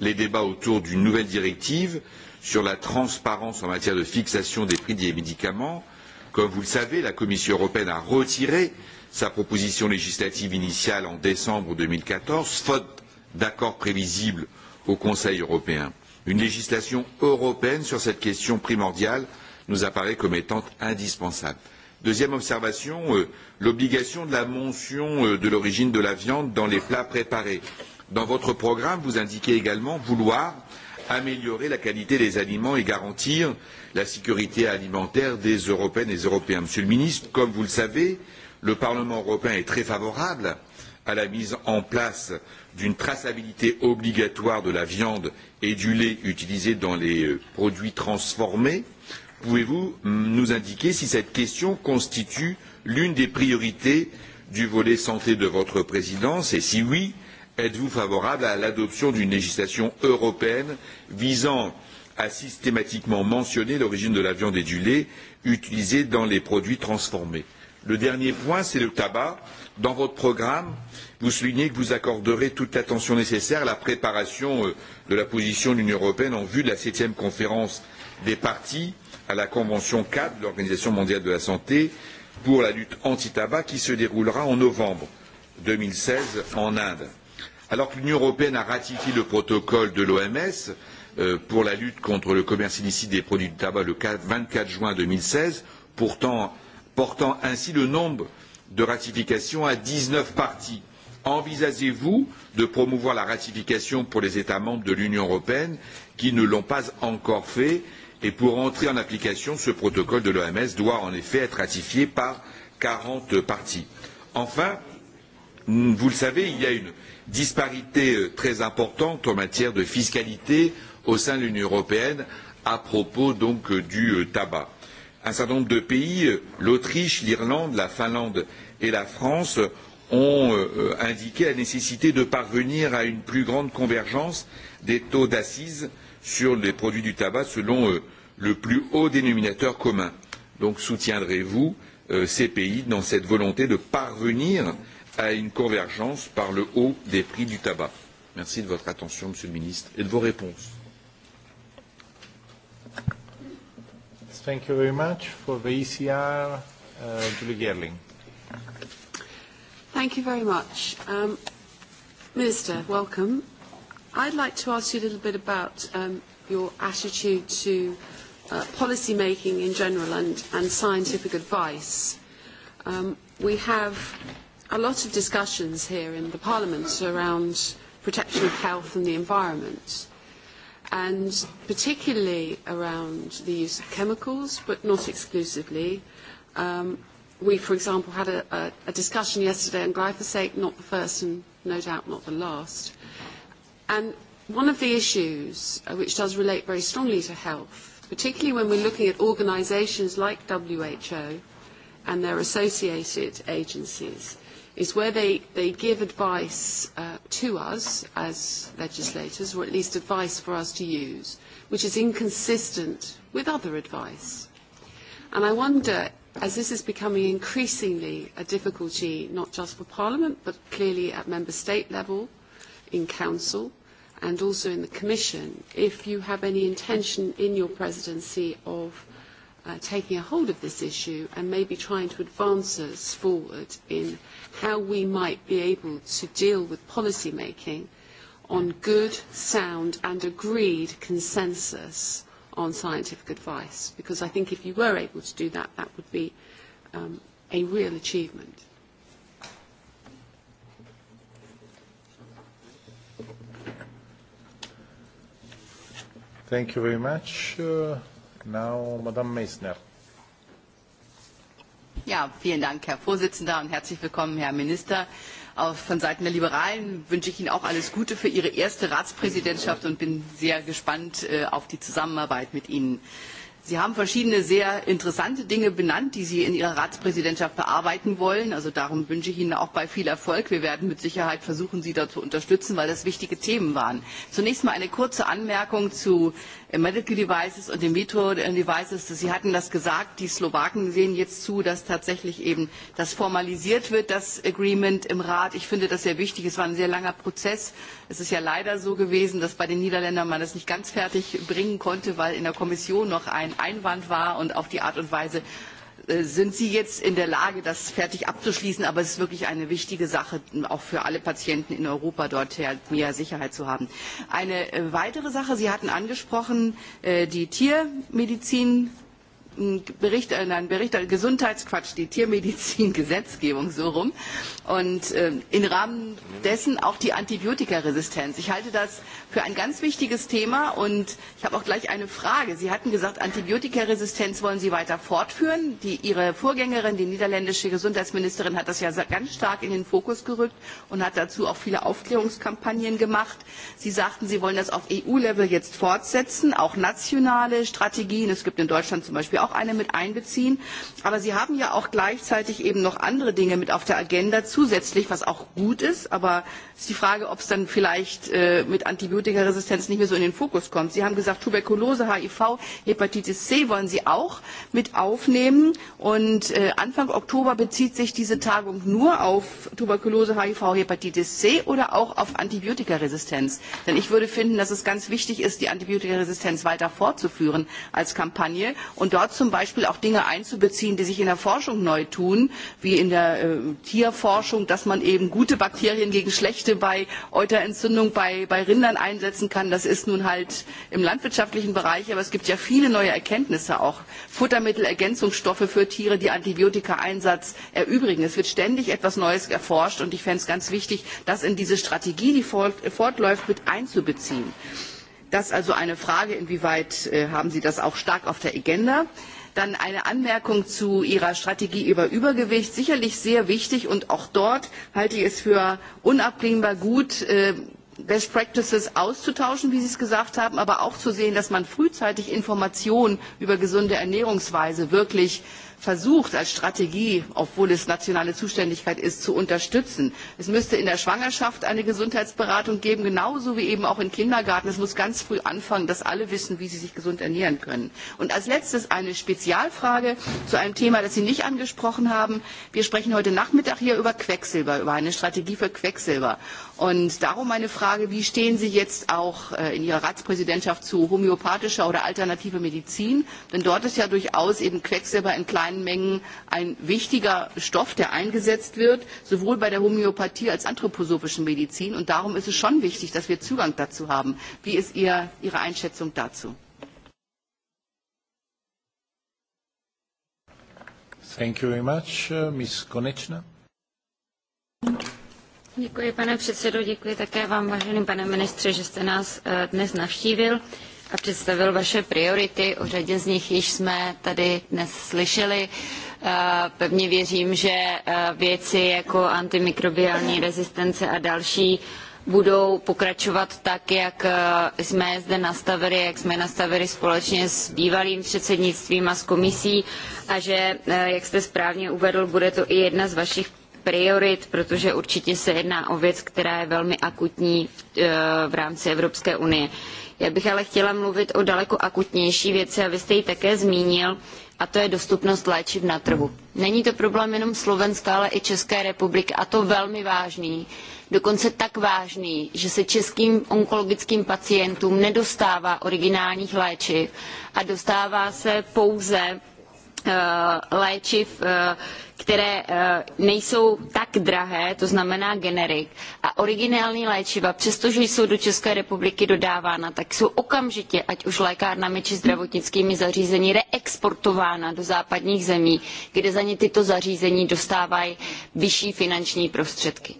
les débats autour d'une nouvelle directive sur la transparence en matière de fixation des prix des médicaments Comme vous le savez, la Commission européenne a retiré sa proposition législative initiale en décembre deux mille quatorze, faute d'accord prévisible au Conseil européen. Une législation européenne sur cette question primordiale nous apparaît comme étant indispensable. Deuxième observation, euh, l'obligation de la mention euh, de l'origine de la viande dans les plats préparés. Dans votre programme, vous indiquez également vouloir améliorer la qualité des aliments et garantir la sécurité alimentaire des Européennes et des Européens. Monsieur le ministre, comme vous le savez, Le Parlement européen est très favorable à la mise en place d'une traçabilité obligatoire de la viande et du lait utilisés dans les euh, produits transformés. Pouvez-vous nous indiquer si cette question constitue l'une des priorités du volet santé de votre présidence et si oui, êtes-vous favorable à l'adoption d'une législation européenne visant à systématiquement mentionner l'origine de la viande et du lait utilisés dans les produits transformés Le dernier point, c'est le tabac. Dans votre programme, vous soulignez que vous accorderez toute l'attention nécessaire à la préparation euh, de la position de l'Union européenne en vue de la septième conférence des partis à la Convention 4 de l'Organisation mondiale de la santé pour la lutte anti-tabac qui se déroulera en novembre deux mille seize en Inde. Alors que l'Union européenne a ratifié le protocole de l'OMS euh, pour la lutte contre le commerce illicite des produits du tabac le vingt quatre juin deux mille seize, pourtant portant ainsi le nombre de ratifications à dix neuf parties. Envisagez vous de promouvoir la ratification pour les États membres de l'Union européenne qui ne l'ont pas encore fait et pour entrer en application, ce protocole de l'OMS doit en effet être ratifié par quarante parties. Enfin, vous le savez, il y a une disparité euh, très importante en matière de fiscalité au sein de l'Union européenne à propos donc euh, du euh, tabac un certain nombre de pays, l'Autriche, l'Irlande, la Finlande et la France, ont euh, indiqué la nécessité de parvenir à une plus grande convergence des taux d'assises sur les produits du tabac selon euh, le plus haut dénominateur commun. Donc soutiendrez-vous euh, ces pays dans cette volonté de parvenir à une convergence par le haut des prix du tabac Merci de votre attention, Monsieur le Ministre, et de vos réponses. Thank you very much for the ECR, uh, Julie Gerling. Thank you very much. Um, Minister, welcome. I'd like to ask you a little bit about um, your attitude to uh, policy making in general and, and scientific advice. Um, we have a lot of discussions here in the Parliament around protection of health and the environment and particularly around the use of chemicals, but not exclusively. Um, we, for example, had a, a, a discussion yesterday on glyphosate, not the first and no doubt not the last. And one of the issues, uh, which does relate very strongly to health, particularly when we're looking at organisations like WHO and their associated agencies, is where they, they give advice uh, to us as legislators, or at least advice for us to use, which is inconsistent with other advice. And I wonder, as this is becoming increasingly a difficulty, not just for Parliament, but clearly at Member State level, in Council, and also in the Commission, if you have any intention in your presidency of uh, taking a hold of this issue and maybe trying to advance us forward in how we might be able to deal with policy making on good, sound and agreed consensus on scientific advice. Because I think if you were able to do that, that would be um, a real achievement. Thank you very much. Uh, now, Madame Meissner. Ja, vielen Dank, Herr Vorsitzender, und herzlich willkommen, Herr Minister. Auch von Seiten der Liberalen wünsche ich Ihnen auch alles Gute für Ihre erste Ratspräsidentschaft und bin sehr gespannt äh, auf die Zusammenarbeit mit Ihnen. Sie haben verschiedene sehr interessante Dinge benannt, die Sie in Ihrer Ratspräsidentschaft bearbeiten wollen. Also darum wünsche ich Ihnen auch bei viel Erfolg. Wir werden mit Sicherheit versuchen, Sie da zu unterstützen, weil das wichtige Themen waren. Zunächst mal eine kurze Anmerkung zu Medical Devices und in vitro Devices, Sie hatten das gesagt, die Slowaken sehen jetzt zu, dass tatsächlich eben das formalisiert wird, das Agreement im Rat. Ich finde das sehr wichtig. Es war ein sehr langer Prozess. Es ist ja leider so gewesen, dass bei den Niederländern man das nicht ganz fertig bringen konnte, weil in der Kommission noch ein Einwand war und auf die Art und Weise Äh, sind Sie jetzt in der Lage, das fertig abzuschließen? Aber es ist wirklich eine wichtige Sache, auch für alle Patienten in Europa dort mehr Sicherheit zu haben. Eine äh, weitere Sache, Sie hatten angesprochen, äh, die Tiermedizin Bericht, äh, nein, Bericht, Gesundheitsquatsch, die Tiermedizin-Gesetzgebung so rum und äh, im Rahmen dessen auch die Antibiotikaresistenz. Ich halte das für ein ganz wichtiges Thema und ich habe auch gleich eine Frage. Sie hatten gesagt, Antibiotikaresistenz wollen Sie weiter fortführen. Die, Ihre Vorgängerin, die niederländische Gesundheitsministerin, hat das ja ganz stark in den Fokus gerückt und hat dazu auch viele Aufklärungskampagnen gemacht. Sie sagten, Sie wollen das auf EU-Level jetzt fortsetzen, auch nationale Strategien. Es gibt in Deutschland zum Beispiel auch eine mit einbeziehen. Aber Sie haben ja auch gleichzeitig eben noch andere Dinge mit auf der Agenda zusätzlich, was auch gut ist. Aber es ist die Frage, ob es dann vielleicht äh, mit Antibiotikaresistenz nicht mehr so in den Fokus kommt. Sie haben gesagt, Tuberkulose, HIV, Hepatitis C wollen Sie auch mit aufnehmen. Und äh, Anfang Oktober bezieht sich diese Tagung nur auf Tuberkulose, HIV, Hepatitis C oder auch auf Antibiotikaresistenz. Denn ich würde finden, dass es ganz wichtig ist, die Antibiotikaresistenz weiter fortzuführen als Kampagne und dort zum Beispiel auch Dinge einzubeziehen, die sich in der Forschung neu tun, wie in der äh, Tierforschung, dass man eben gute Bakterien gegen schlechte bei Euterentzündung bei, bei Rindern einsetzen kann. Das ist nun halt im landwirtschaftlichen Bereich, aber es gibt ja viele neue Erkenntnisse auch. Futtermittelergänzungsstoffe für Tiere, die Antibiotikaeinsatz erübrigen. Es wird ständig etwas Neues erforscht und ich fände es ganz wichtig, das in diese Strategie, die fortläuft, mit einzubeziehen. Das ist also eine Frage, inwieweit äh, haben Sie das auch stark auf der Agenda? Dann eine Anmerkung zu Ihrer Strategie über Übergewicht, sicherlich sehr wichtig und auch dort halte ich es für unabdingbar gut, äh, Best Practices auszutauschen, wie Sie es gesagt haben, aber auch zu sehen, dass man frühzeitig Informationen über gesunde Ernährungsweise wirklich versucht, als Strategie, obwohl es nationale Zuständigkeit ist, zu unterstützen. Es müsste in der Schwangerschaft eine Gesundheitsberatung geben, genauso wie eben auch im Kindergarten. Es muss ganz früh anfangen, dass alle wissen, wie sie sich gesund ernähren können. Und als letztes eine Spezialfrage zu einem Thema, das Sie nicht angesprochen haben. Wir sprechen heute Nachmittag hier über Quecksilber, über eine Strategie für Quecksilber. Und darum meine Frage, wie stehen Sie jetzt auch äh, in Ihrer Ratspräsidentschaft zu homöopathischer oder alternativer Medizin? Denn dort ist ja durchaus eben Quecksilber in kleinen Mengen ein wichtiger Stoff, der eingesetzt wird, sowohl bei der Homöopathie als anthroposophischen Medizin. Und darum ist es schon wichtig, dass wir Zugang dazu haben. Wie ist Ihr, Ihre Einschätzung dazu? Thank you very much, uh, Ms. Konechna. Děkuji, pane předsedo, děkuji také vám, vážený pane ministře, že jste nás eh, dnes navštívil a představil vaše priority. O řadě z nich již jsme tady dnes slyšeli. Eh, pevně věřím, že eh, věci jako antimikrobiální rezistence a další budou pokračovat tak, jak jsme zde nastavili, jak jsme nastavili společně s bývalým předsednictvím a s komisí a že, jak jste správně uvedl, bude to i jedna z vašich priorit, protože určitě se jedná o věc, která je velmi akutní v, eh, v rámci Evropské unie. Já bych ale chtěla mluvit o daleko akutnější věci a vy jste ji také zmínil, a to je dostupnost léčiv na trhu. Není to problém jenom Slovenska, ale i České republiky a to velmi vážný, dokonce tak vážný, že se českým onkologickým pacientům nedostává originálních léčiv a dostává se pouze uh, léčiv uh, které eh, nejsou tak drahé, to znamená generik. A originální léčiva, přestože jsou do České republiky dodávána, tak jsou okamžitě, ať už lékárnami či zdravotnickými zařízení, reexportována do západních zemí, kde za ně tyto zařízení dostávají vyšší finanční prostředky.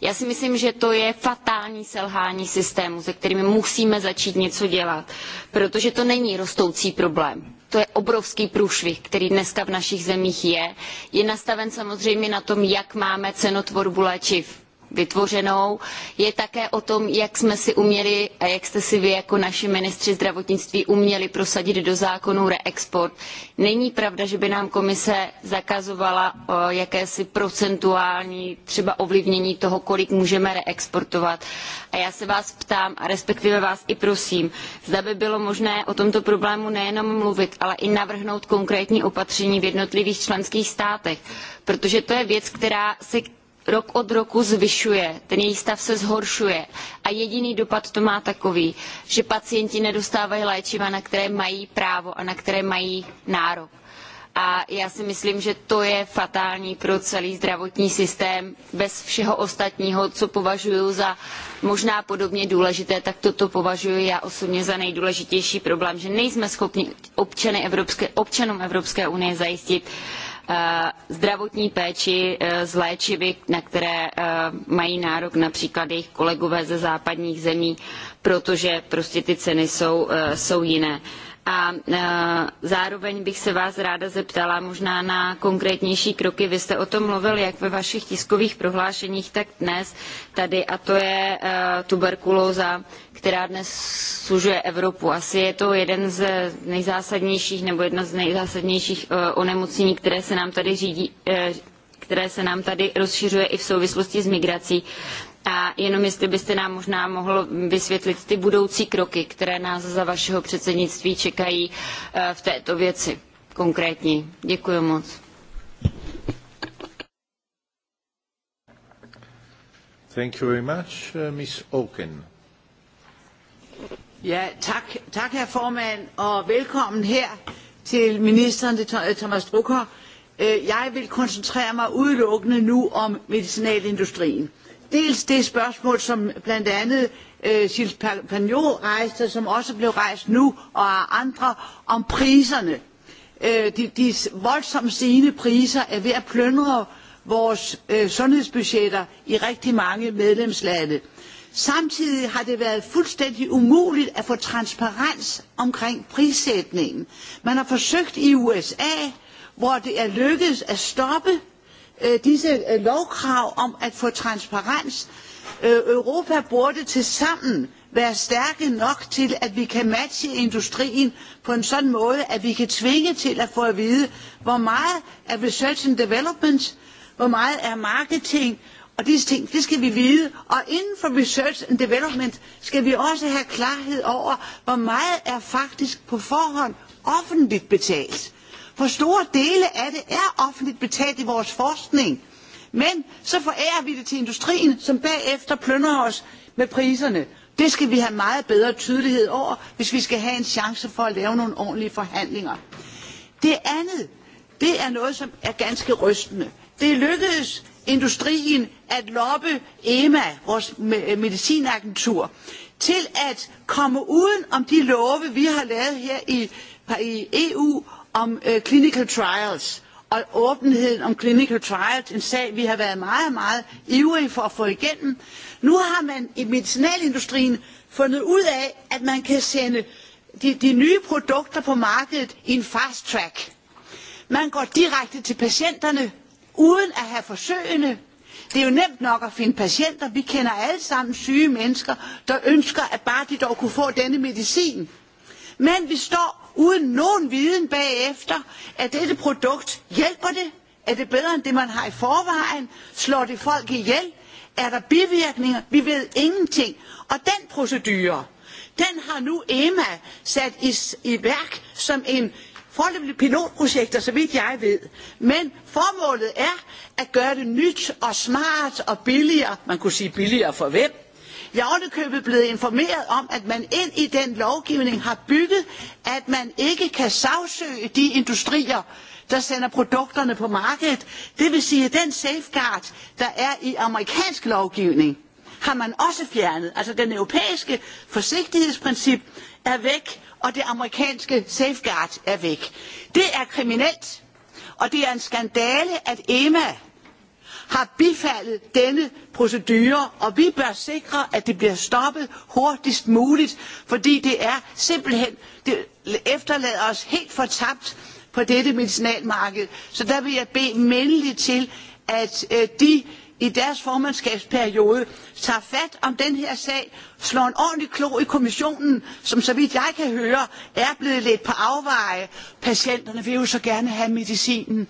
Já si myslím, že to je fatální selhání systému, se kterými musíme začít něco dělat, protože to není rostoucí problém to je obrovský průšvih, který dneska v našich zemích je, je nastaven samozřejmě na tom, jak máme cenotvorbu léčiv vytvořenou. Je také o tom, jak jsme si uměli a jak jste si vy jako naši ministři zdravotnictví uměli prosadit do zákonu reexport. Není pravda, že by nám komise zakazovala eh, jakési procentuální třeba ovlivnění toho, kolik můžeme reexportovat. A já se vás ptám a respektive vás i prosím, zda by bylo možné o tomto problému nejenom mluvit, ale i navrhnout konkrétní opatření v jednotlivých členských státech, protože to je věc, která se rok od roku zvyšuje, ten její stav se zhoršuje a jediný dopad to má takový, že pacienti nedostávají léčiva, na které mají právo a na které mají nárok. A já si myslím, že to je fatální pro celý zdravotní systém. Bez všeho ostatního, co považuji za možná podobně důležité, tak toto považuji já osobně za nejdůležitější problém, že nejsme schopni občany Evropské, občanům Evropské unie zajistit uh, Eh, zdravotní péči eh, z léčivy, na které eh, mají nárok například jejich kolegové ze západních zemí, protože prostě ty ceny jsou, jsou jiné. A e, zároveň bych se vás ráda zeptala možná na konkrétnější kroky. Vy jste o tom mluvil jak ve vašich tiskových prohlášeních, tak dnes tady, a to je e, tuberkulóza, která dnes služuje Evropu. Asi je to jeden z nejzásadnějších nebo jedna z nejzásadnějších e, onemocnění, které se nám tady řídí, které se nám tady rozšiřuje i v souvislosti s migrací. A jenom jestli byste nám možná mohl vysvětlit ty budoucí kroky, které nás za vašeho předsednictví čekají eh, v této věci konkrétní. Děkuji moc. Thank you very much, uh, Miss Oaken. Ja, tak, tak herr formand, og velkommen her til ministeren Thomas Drucker. Øh, jeg vil koncentrere mig udelukkende nu om medicinalindustrien dels det spørgsmål, som blandt andet øh, Sils Pagnot rejste, som også blev rejst nu og andre, om priserne. Øh, de, de voldsomt stigende priser er ved at plyndre vores øh, sundhedsbudgetter i rigtig mange medlemslande. Samtidig har det været fuldstændig umuligt at få transparens omkring prissætningen. Man har forsøgt i USA, hvor det er lykkedes at stoppe øh, disse øh, lovkrav om at få transparens. Øh, Europa burde til sammen være stærke nok til, at vi kan matche industrien på en sådan måde, at vi kan tvinge til at få at vide, hvor meget er research and development, hvor meget er marketing, og disse ting, det skal vi vide. Og inden for research and development skal vi også have klarhed over, hvor meget er faktisk på forhånd offentligt betalt. For store dele af det er offentligt betalt i vores forskning. Men så forærer vi det til industrien, som bagefter plønder os med priserne. Det skal vi have meget bedre tydelighed over, hvis vi skal have en chance for at lave nogle ordentlige forhandlinger. Det andet, det er noget, som er ganske rystende. Det er lykkedes industrien at loppe EMA, vores øh, medicinagentur, til at komme uden om de love, vi har lavet her i, i EU om øh, clinical trials og åbenheden om clinical trials, en sag vi har været meget, meget ivrige for at få igennem. Nu har man i medicinalindustrien fundet ud af, at man kan sende de, de nye produkter på markedet i en fast track. Man går direkte til patienterne, uden at have forsøgende. Det er jo nemt nok at finde patienter. Vi kender alle sammen syge mennesker, der ønsker, at bare de dog kunne få denne medicin. Men vi står uden nogen viden bagefter, at dette produkt hjælper det? Er det bedre end det, man har i forvejen? Slår det folk ihjel? Er der bivirkninger? Vi ved ingenting. Og den procedure, den har nu EMA sat i, i værk som en pilotprojekt, pilotprojekter, så vidt jeg ved. Men formålet er at gøre det nyt og smart og billigere. Man kunne sige billigere for hvem? Jeg er ovenikøbet blevet informeret om, at man ind i den lovgivning har bygget, at man ikke kan sagsøge de industrier, der sender produkterne på markedet. Det vil sige, at den safeguard, der er i amerikansk lovgivning, har man også fjernet. Altså den europæiske forsigtighedsprincip er væk, og det amerikanske safeguard er væk. Det er kriminelt, og det er en skandale, at EMA har bifaldet denne procedure, og vi bør sikre, at det bliver stoppet hurtigst muligt, fordi det er simpelthen, det efterlader os helt fortabt på dette medicinalmarked. Så der vil jeg bede mindeligt til, at øh, de i deres formandskabsperiode tager fat om den her sag, slår en ordentlig klo i kommissionen, som så vidt jeg kan høre, er blevet lidt på afveje. Patienterne vil jo så gerne have medicinen.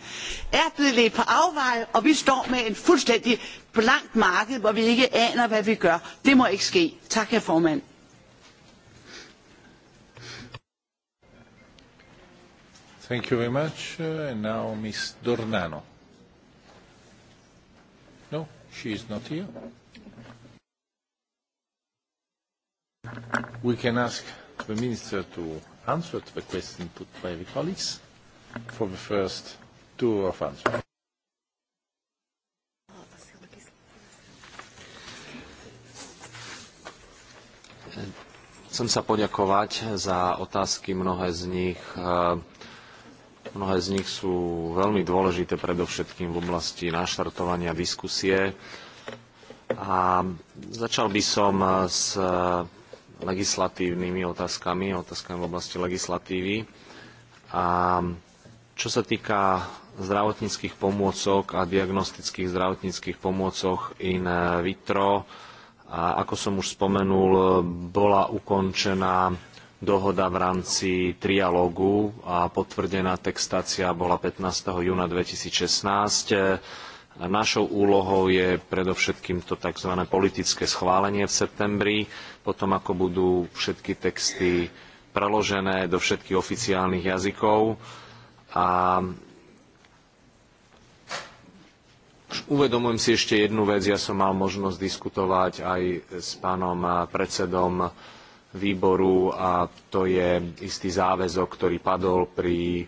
Er blevet lidt på afveje, og vi står med en fuldstændig blank marked, hvor vi ikke aner, hvad vi gør. Det må ikke ske. Tak, herr formand. Thank you very much. Uh, and now Ms. Dornano. She is not here. We can ask the Minister to answer to the question put by the colleagues for the first tour of answers. Jsem sa poděkovat za otázky, mnohé z nich eh, Mnohé z nich sú veľmi dôležité predovšetkým v oblasti naštartovania diskusie. A začal by som s legislatívnymi otázkami, otázkami v oblasti legislatívy. A čo sa týka zdravotníckých pomôcok a diagnostických zdravotníckých pomôcok in vitro, a ako som už spomenul, bola ukončená dohoda v rámci trialógu a potvrdená textácia bola 15. júna 2016. Našou úlohou je predovšetkým to tzv. politické schválenie v septembri, potom ako budú všetky texty preložené do všetkých oficiálnych jazykov. A uvedomujem si ešte jednu vec, ja som mal možnosť diskutovať aj s pánom predsedom výboru a to je istý záväzok, ktorý padol pri,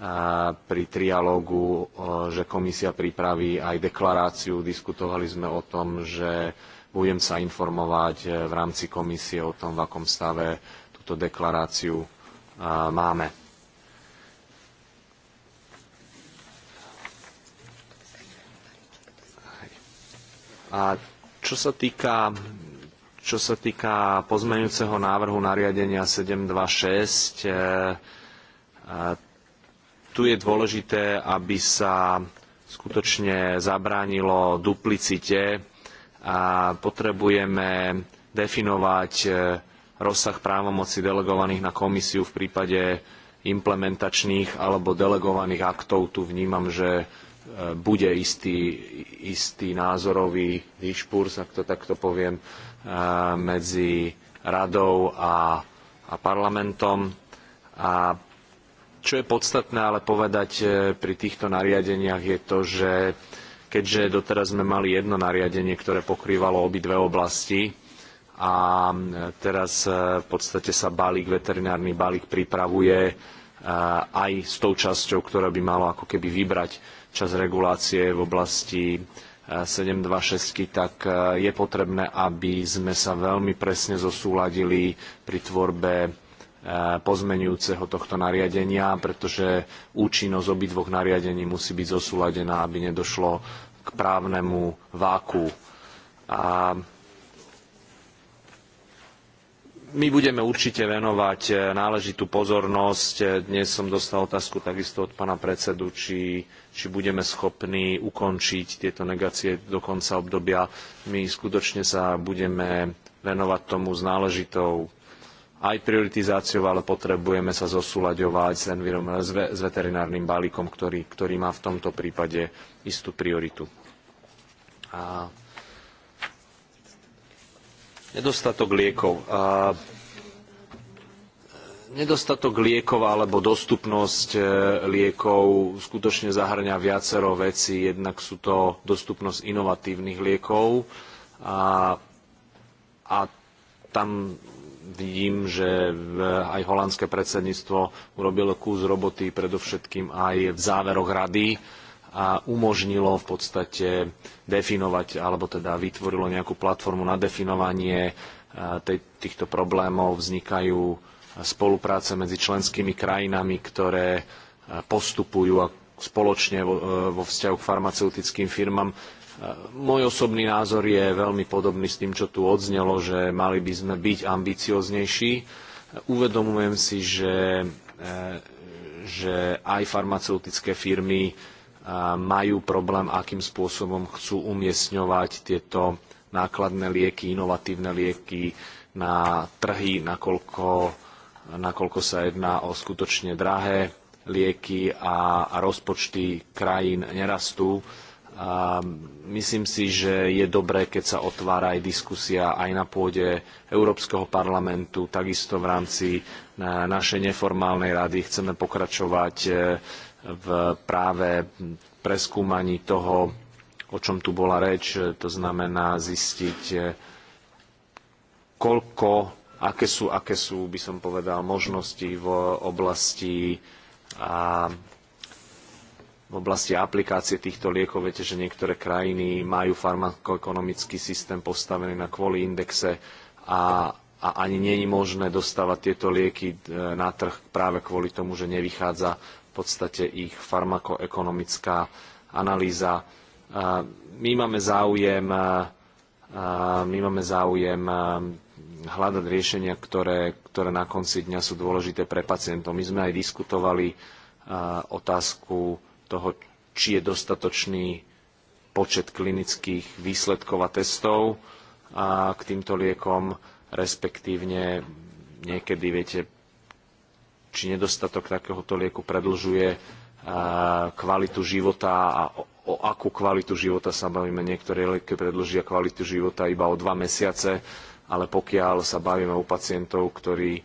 a, pri trialógu, že komisia pripraví aj deklaráciu. Diskutovali sme o tom, že budem sa informovať e, v rámci komisie o tom, v akom stave túto deklaráciu a, e, máme. A čo sa týka Čo sa týka pozmeňujúceho návrhu nariadenia 726, e, e, tu je dôležité, aby sa skutočne zabránilo duplicite a potrebujeme definovať e, rozsah právomoci delegovaných na komisiu v prípade implementačných alebo delegovaných aktov. Tu vnímam, že bude istý, istý názorový dišpurs, ak to takto poviem, Eh, medzi radou a, a parlamentom. A čo je podstatné ale povedať eh, pri týchto nariadeniach je to, že keďže doteraz sme mali jedno nariadenie, ktoré pokrývalo obidve oblasti a eh, teraz v podstate sa balík, veterinárny balík pripravuje aj s tou časťou, ktorá by mala ako keby vybrať čas regulácie v oblasti 726, tak e, je potrebné, aby sme sa veľmi presne zosúladili pri tvorbe e, pozmenujúceho tohto nariadenia, pretože účinnosť obidvoch nariadení musí byť zosúladená, aby nedošlo k právnemu váku. A My budeme určite venovať e, náležitú pozornosť. E, dnes som dostal otázku takisto od pána predsedu, či, či budeme schopní ukončiť tieto negácie do konca obdobia. My skutočne sa budeme venovať tomu s náležitou aj prioritizáciou, ale potrebujeme sa zosúľaďovať s, s veterinárnym balíkom, ktorý, ktorý má v tomto prípade istú prioritu. A Nedostatok liekov. A nedostatok liekov alebo dostupnosť e, liekov skutočne zahrňa viacero veci, Jednak sú to dostupnosť inovatívnych liekov a, a tam vidím, že aj holandské predsedníctvo urobilo kus roboty predovšetkým aj v záveroch rady a umožnilo v podstate definovať, alebo teda vytvorilo nejakú platformu na definovanie e, týchto problémov. Vznikajú e, spolupráce medzi členskými krajinami, ktoré e, postupujú spoločne vo vzťahu k farmaceutickým firmám. Môj osobný názor je veľmi podobný s tým, čo tu odznelo, že mali by sme byť ambicioznejší. Uvedomujem si, že, že aj farmaceutické firmy majú problém, akým spôsobom chcú umiestňovať tieto nákladné lieky, inovatívne lieky na trhy, nakoľko, nakoľko sa jedná o skutočne drahé lieky a, a rozpočty krajín nerastú. A myslím si, že je dobré, keď sa otvára aj diskusia aj na pôde Európskeho parlamentu, takisto v rámci na našej neformálnej rady chceme pokračovať e, v práve preskúmaní toho, o čom tu bola reč, to znamená zistiť, e, koľko, aké sú, aké sú, by som povedal, možnosti v oblasti a v oblasti aplikácie týchto liekov. Viete, že niektoré krajiny majú farmakoekonomický systém postavený na kvôli indexe a, a ani nie je možné dostávať tieto lieky e, na trh práve kvôli tomu, že nevychádza v podstate ich farmakoekonomická analýza. Eh, my máme záujem, eh, my máme záujem eh, hľadať riešenia, ktoré, ktoré na konci dňa sú dôležité pre pacientov. My sme aj diskutovali otázku toho, či je dostatočný počet klinických výsledkov a testov k týmto liekom, respektívne niekedy, viete, či nedostatok takéhoto lieku predlžuje kvalitu života a o akú kvalitu života sa bavíme. Niektoré lieky predlžia kvalitu života iba o dva mesiace, ale pokiaľ sa bavíme u pacientov, ktorí,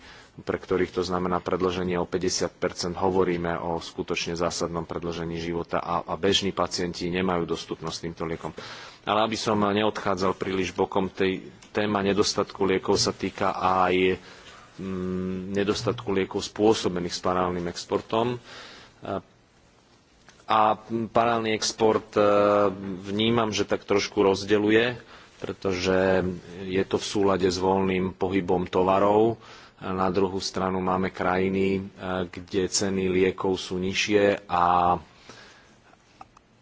pre ktorých to znamená predlženie o 50 hovoríme o skutočne zásadnom predlžení života a, a bežní pacienti nemajú dostupnosť týmto liekom. Ale aby som neodchádzal príliš bokom, tej téma nedostatku liekov sa týka aj Mm, nedostatku liekov spôsobených paralelným exportom. A paralelný export e, vnímam, že tak trošku rozdeluje, pretože je to v súlade s voľným pohybom tovarov. E, na druhú stranu máme krajiny, e, kde ceny liekov sú nižšie a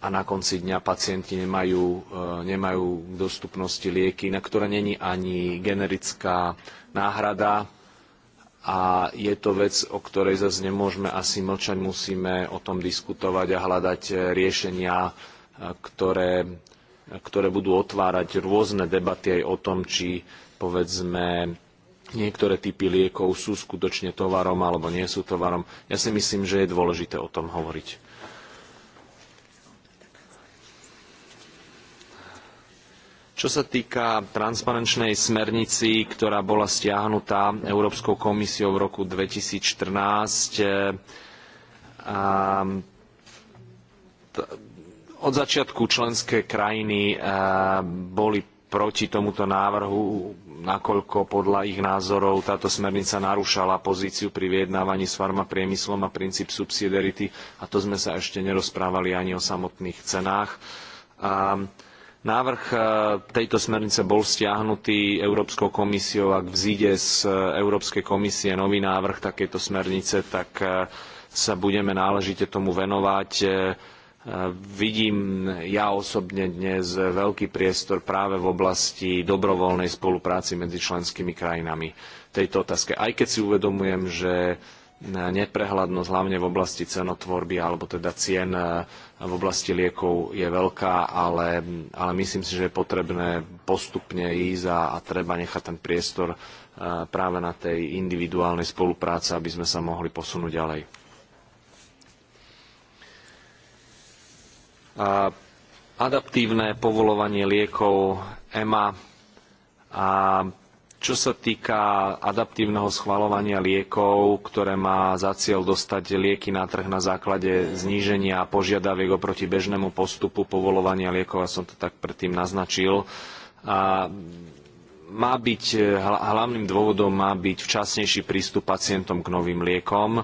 a na konci dňa pacienti nemajú, nemajú k dostupnosti lieky, na ktoré není ani generická náhrada, a je to vec, o ktorej zase nemôžeme asi mlčať, musíme o tom diskutovať a hľadať eh, riešenia, eh, ktoré, eh, ktoré budú otvárať rôzne debaty aj o tom, či povedzme niektoré typy liekov sú skutočne tovarom alebo nie sú tovarom. Ja si myslím, že je dôležité o tom hovoriť. Čo sa týka transparenčnej smernici, ktorá bola stiahnutá Európskou komisiou v roku 2014, eh, a od začiatku členské krajiny eh, boli proti tomuto návrhu, nakoľko podľa ich názorov táto smernica narúšala pozíciu pri vyjednávaní s farmapriemyslom a princíp subsidiarity, a to sme sa ešte nerozprávali ani o samotných cenách. Ehm, Návrh eh, tejto smernice bol stiahnutý Európskou komisiou, ak vzíde z eh, Európskej komisie nový návrh takejto smernice, tak eh, sa budeme náležite tomu venovať. Vidím ja osobne dnes veľký priestor práve v oblasti dobrovoľnej spolupráci medzi členskými krajinami tejto otázke. Aj keď si uvedomujem, že neprehľadnosť hlavne v oblasti cenotvorby alebo teda cien v oblasti liekov je veľká, ale, ale myslím si, že je potrebné postupne ísť a, a treba nechať ten priestor e, práve na tej individuálnej spolupráce, aby sme sa mohli posunúť ďalej. Adaptívne povolovanie liekov EMA a Čo sa týka adaptívneho schvalovania liekov, ktoré má za cieľ dostať lieky na trh na základe zníženia požiadaviek oproti bežnému postupu povolovania liekov, a som to tak predtým naznačil, a má byť, hlavným dôvodom má byť včasnejší prístup pacientom k novým liekom a,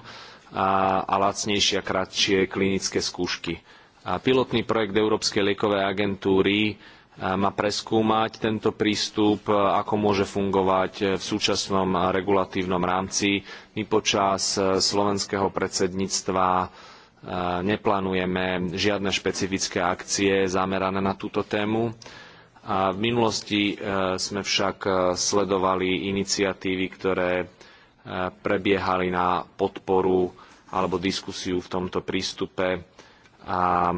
a lacnejšie a kratšie klinické skúšky. A pilotný projekt Európskej liekovej agentúry má preskúmať tento prístup, ako môže fungovať e, v súčasnom regulatívnom rámci. My počas e, slovenského predsedníctva e, neplánujeme žiadne špecifické akcie zamerané na túto tému. A v minulosti sme však sledovali iniciatívy, ktoré prebiehali na podporu alebo diskusiu v tomto prístupe. A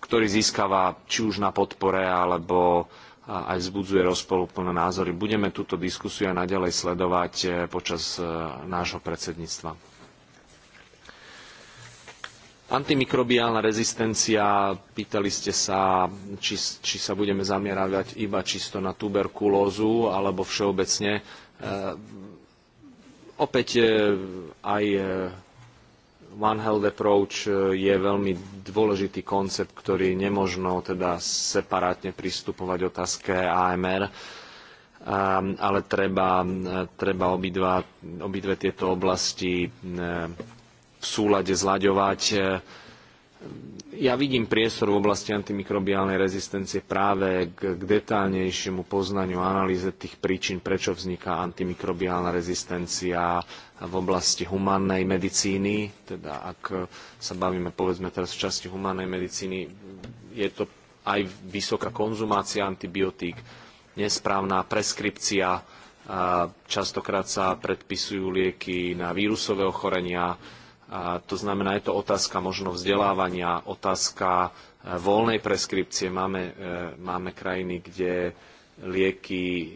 ktorý získava či už na podpore alebo aj vzbudzuje rozporuplné názory. Budeme túto diskusiu aj naďalej sledovať e, počas e, nášho predsedníctva. Antimikrobiálna rezistencia, pýtali ste sa, či, či sa budeme zamieravať iba čisto na tuberkulózu alebo všeobecne. E, opäť e, aj One Health approach eh, je veľmi dôležitý koncept, ktorý nemožno teda separátne pristupovať otázke AMR, ehm, ale treba, eh, treba obidva, obidve tieto oblasti eh, v súlade zlaďovať ja vidím priestor v oblasti antimikrobiálnej rezistencie práve k, k detálnejšiemu poznaniu analýze tých príčin, prečo vzniká antimikrobiálna rezistencia v oblasti humánnej medicíny. Teda ak sa bavíme povedzme teraz v časti humannej medicíny, je to aj vysoká konzumácia antibiotík, nesprávna preskripcia, častokrát sa predpisujú lieky na vírusové ochorenia, To znamená, je to otázka možno vzdelávania, otázka e, voľnej preskripcie. Máme, e, máme krajiny, kde lieky e,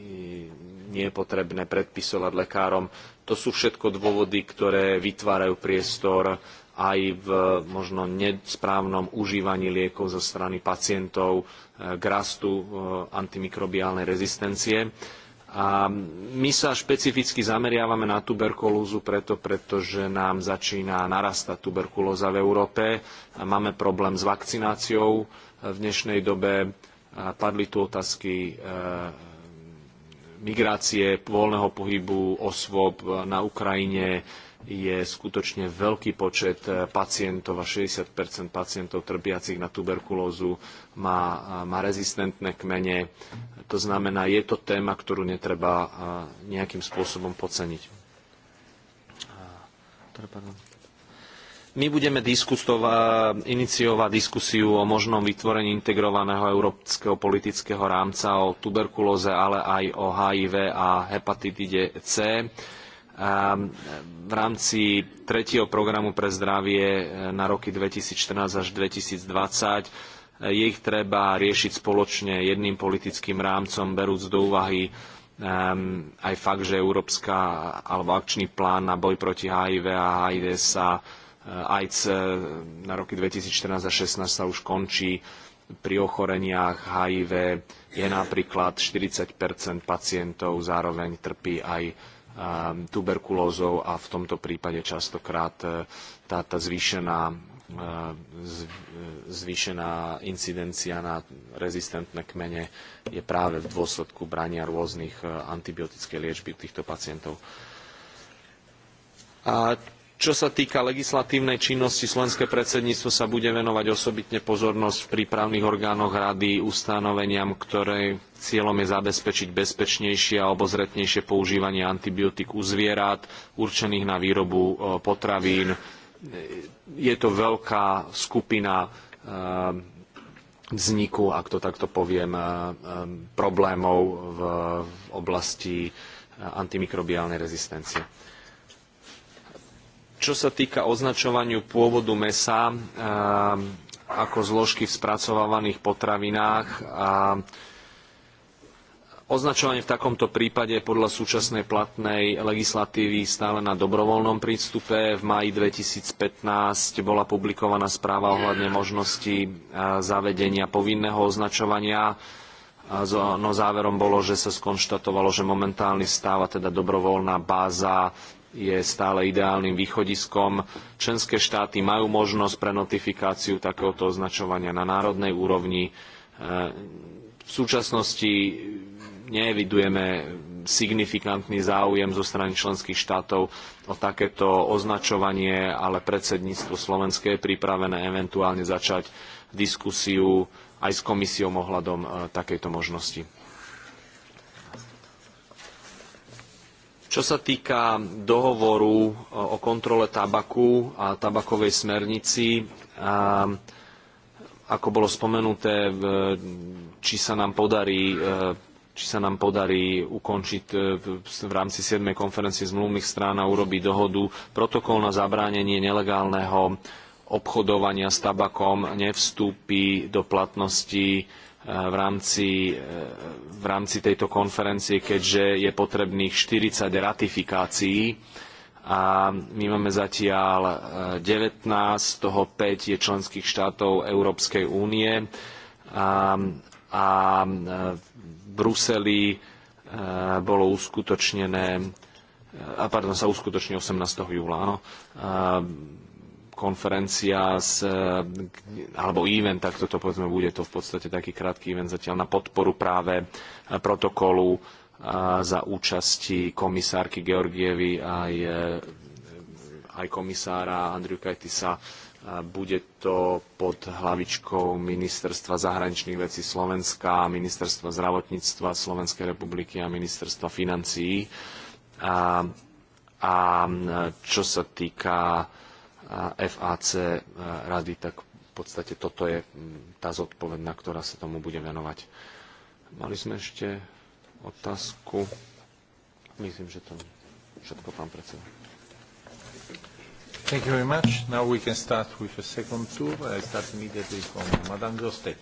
nie je potrebné predpisovať lekárom. To sú všetko dôvody, ktoré vytvárajú priestor aj v možno nesprávnom užívaní liekov zo strany pacientov k rastu antimikrobiálnej rezistencie. A my sa špecificky zameriavame na tuberkulózu preto, pretože nám začína narastať tuberkulóza v Európe. a Máme problém s vakcináciou v dnešnej dobe. E, padli tu otázky e, migrácie, voľného pohybu osôb na Ukrajine, je skutočne veľký počet eh, pacientov a 60 pacientov trpiacich na tuberkulózu má, eh, má rezistentné kmene. To znamená, je to téma, ktorú netreba eh, nejakým spôsobom podceniť. My budeme iniciovať diskusiu o možnom vytvorení integrovaného európskeho politického rámca o tuberkulóze, ale aj o HIV a hepatitide C v rámci tretieho programu pre zdravie e, na roky 2014 až 2020 e, je ich treba riešiť spoločne jedným politickým rámcom, berúc do úvahy e, aj fakt, že Európska alebo akčný plán na boj proti HIV a AIDS sa AIDS na roky 2014 a 2016 sa už končí. Pri ochoreniach HIV je napríklad 40 pacientov zároveň trpí aj Um, tuberkulózou a v tomto prípade častokrát uh, tá, tá zvýšená uh, uh, zvýšená incidencia na rezistentné kmene je práve v dôsledku brania rôznych antibiotickej liečby týchto pacientov. A Čo sa týka legislatívnej činnosti, slovenské predsedníctvo sa bude venovať osobitne pozornosť v prípravných orgánoch rady ustanoveniam, ktoré cieľom je zabezpečiť bezpečnejšie a obozretnejšie používanie antibiotík u zvierat určených na výrobu e, potravín. E, je to veľká skupina e, vzniku, ak to takto poviem, problémov v oblasti antimikrobiálnej rezistencie. Čo sa týka označovaniu pôvodu mesa eh, ako zložky v spracovávaných potravinách, a Označovanie v takomto prípade podľa súčasnej platnej legislatívy stále na dobrovoľnom prístupe. V máji 2015 bola publikovaná správa ohľadne možnosti eh, zavedenia povinného označovania. No záverom bolo, že sa skonštatovalo, že momentálny stáva teda dobrovoľná báza je stále ideálnym východiskom. Členské štáty majú možnosť pre notifikáciu takéhoto označovania na národnej úrovni. E, v súčasnosti nevidujeme signifikantný záujem zo strany členských štátov o takéto označovanie, ale predsedníctvo slovenské je pripravené eventuálne začať diskusiu aj s komisiou ohľadom e, takejto možnosti. Čo sa týka dohovoru e, o kontrole tabaku a tabakovej smernici, a, e, ako bolo spomenuté, či sa nám podarí e, či sa nám podarí ukončiť v rámci 7. konferencie zmluvných strán a urobiť dohodu protokol na zabránenie nelegálneho obchodovania s tabakom nevstúpi do platnosti Eh, v rámci, eh, v rámci tejto konferencie, keďže je potrebných 40 ratifikácií a my máme zatiaľ 19, eh, z toho 5 je členských štátov Európskej únie a, a v Bruseli bolo uskutočnené a pardon, sa uskutoční 18. júla, áno konferencia s, e, alebo event, tak toto povedzme bude to v podstate taký krátky event zatiaľ na podporu práve e, protokolu e, za účasti komisárky Georgievy aj, aj komisára Andriu Kajtisa bude to pod hlavičkou Ministerstva zahraničných vecí Slovenska, Ministerstva zdravotníctva Slovenskej republiky a Ministerstva financií. A, a čo sa týka FAC e, rady, tak v podstate toto je mm, tá zodpovedná, ktorá sa tomu bude venovať. Mali sme ešte otázku. Myslím, že to všetko, pán predseda. Thank you very much. Now we can start with a second tour. I start immediately from Madame Grostet.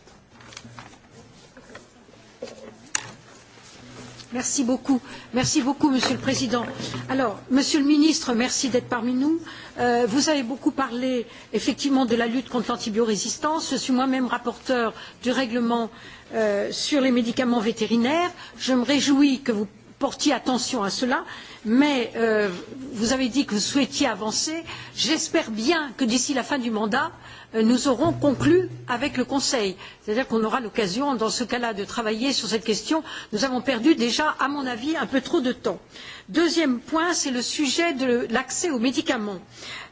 Merci beaucoup. Merci beaucoup, Monsieur le Président. Alors, Monsieur le Ministre, merci d'être parmi nous. Euh, vous avez beaucoup parlé, effectivement, de la lutte contre l'antibiorésistance. Je suis moi-même rapporteur du règlement euh, sur les médicaments vétérinaires. Je me réjouis que vous portiez attention à cela, mais euh, vous avez dit que vous souhaitiez avancer. J'espère bien que d'ici la fin du mandat, euh, nous aurons conclu avec le Conseil. C'est-à-dire qu'on aura l'occasion, dans ce cas-là, de travailler sur cette question. Nous avons perdu déjà, à mon avis, un peu trop de temps. Euh, Deuxième point, c'est le sujet de l'accès aux médicaments.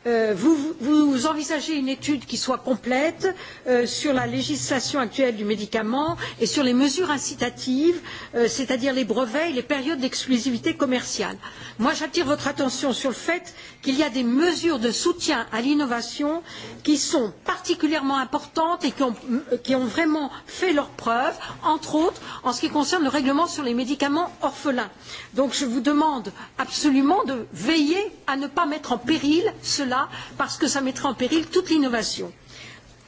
Euh, vous, vous envisagez une étude qui soit complète euh, sur la législation actuelle du médicament et sur les mesures incitatives, euh, c'est-à-dire les brevets et les périodes d'exclusivité commerciale. Moi, j'attire votre attention sur le fait qu'il y a des mesures de soutien à l'innovation qui sont particulièrement importantes et qui ont, qui ont vraiment fait leur preuve, entre autres en ce qui concerne le règlement sur les médicaments orphelins. Donc, je vous demande demande absolument de veiller à ne pas mettre en péril cela parce que cela mettrait en péril toute l'innovation.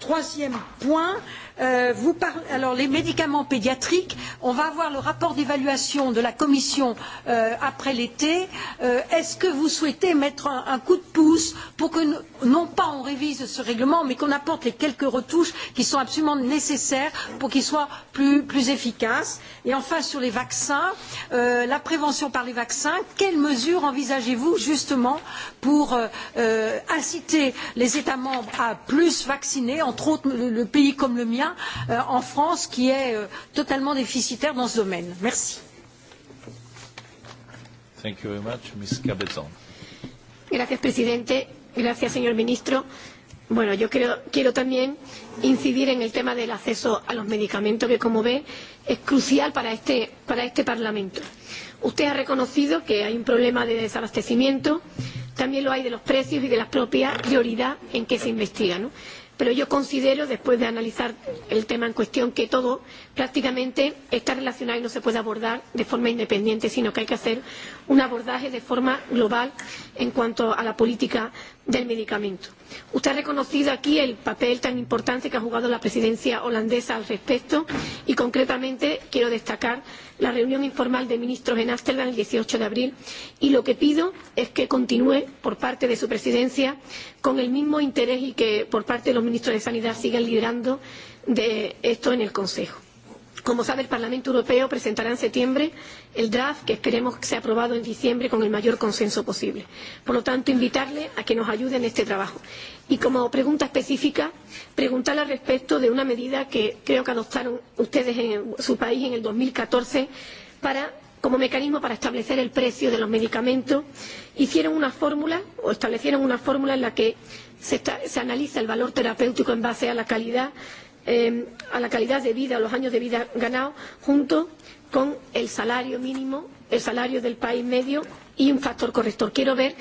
Troisième point, euh, Euh, vous parlez, alors les médicaments pédiatriques, on va avoir le rapport d'évaluation de la Commission euh, après l'été. Euh, est-ce euh, que vous souhaitez mettre un, un coup de pouce pour que, non pas on révise ce règlement, mais qu'on apporte les quelques retouches qui sont absolument nécessaires pour qu'il soit plus, plus efficace Et enfin, sur les vaccins, euh, la prévention par les vaccins, quelles mesures envisagez-vous justement pour euh, euh, inciter les États membres à plus vacciner, entre autres le, le pays comme le mien euh, en France qui est euh, totalement déficitaire dans ce domaine. Merci. Thank you very much, Ms. Gracias, presidente. Gracias, señor ministro. Bueno, yo creo, quiero también incidir en el tema del acceso a los medicamentos, que como ve es crucial para este, para este Parlamento. Usted ha reconocido que hay un problema de desabastecimiento, también lo hay de los precios y de la propia prioridad en que se investiga. ¿no? pero yo considero, después de analizar el tema en cuestión, que todo prácticamente está relacionado y no se puede abordar de forma independiente, sino que hay que hacer un abordaje de forma global en cuanto a la política del medicamento. Usted ha reconocido aquí el papel tan importante que ha jugado la presidencia holandesa al respecto y concretamente quiero destacar la reunión informal de ministros en Ámsterdam el 18 de abril y lo que pido es que continúe por parte de su presidencia con el mismo interés y que por parte de los ministros de Sanidad sigan liderando de esto en el Consejo. Como sabe, el Parlamento Europeo presentará en septiembre el draft que esperemos que sea aprobado en diciembre con el mayor consenso posible. Por lo tanto, invitarle a que nos ayude en este trabajo. Y como pregunta específica, preguntarle al respecto de una medida que creo que adoptaron ustedes en su país en el 2014 para como mecanismo para establecer el precio de los medicamentos, hicieron una fórmula o establecieron una fórmula en la que se, está, se analiza el valor terapéutico en base a la calidad eh, a la calidad de vida, a los años de vida ganados, junto con el salario mínimo, el salario del país medio y un factor corrector. Quiero ver,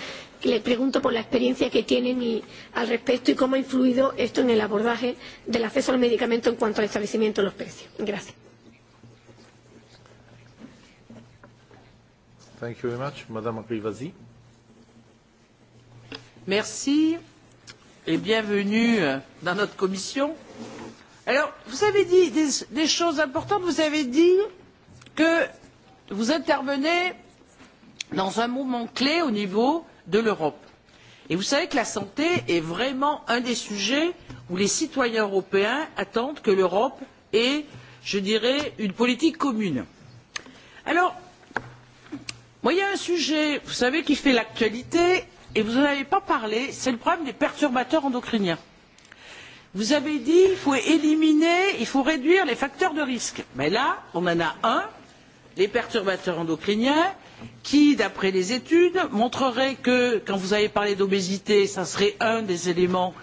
le pregunto por la experiencia que tienen y, al respecto y cómo ha influido esto en el abordaje del acceso al medicamento en cuanto al establecimiento de los precios. Gracias. Thank you very much. Madame Rivasi. Merci et bienvenue dans notre commission. Alors, vous avez dit des, des choses importantes. Vous avez dit que vous intervenez dans un moment clé au niveau de l'Europe. Et vous savez que la santé est vraiment un des sujets où les citoyens européens attendent que l'Europe ait, je dirais, une politique commune. Alors, moi, il y a un sujet, vous savez, qui fait l'actualité, et vous n'en avez pas parlé, c'est le problème des perturbateurs endocriniens. Vous avez dit qu'il faut éliminer, il faut réduire les facteurs de risque. Mais là, on en a un, les perturbateurs endocriniens, qui, d'après les études, montrerait que, quand vous avez parlé d'obésité, ça serait un des éléments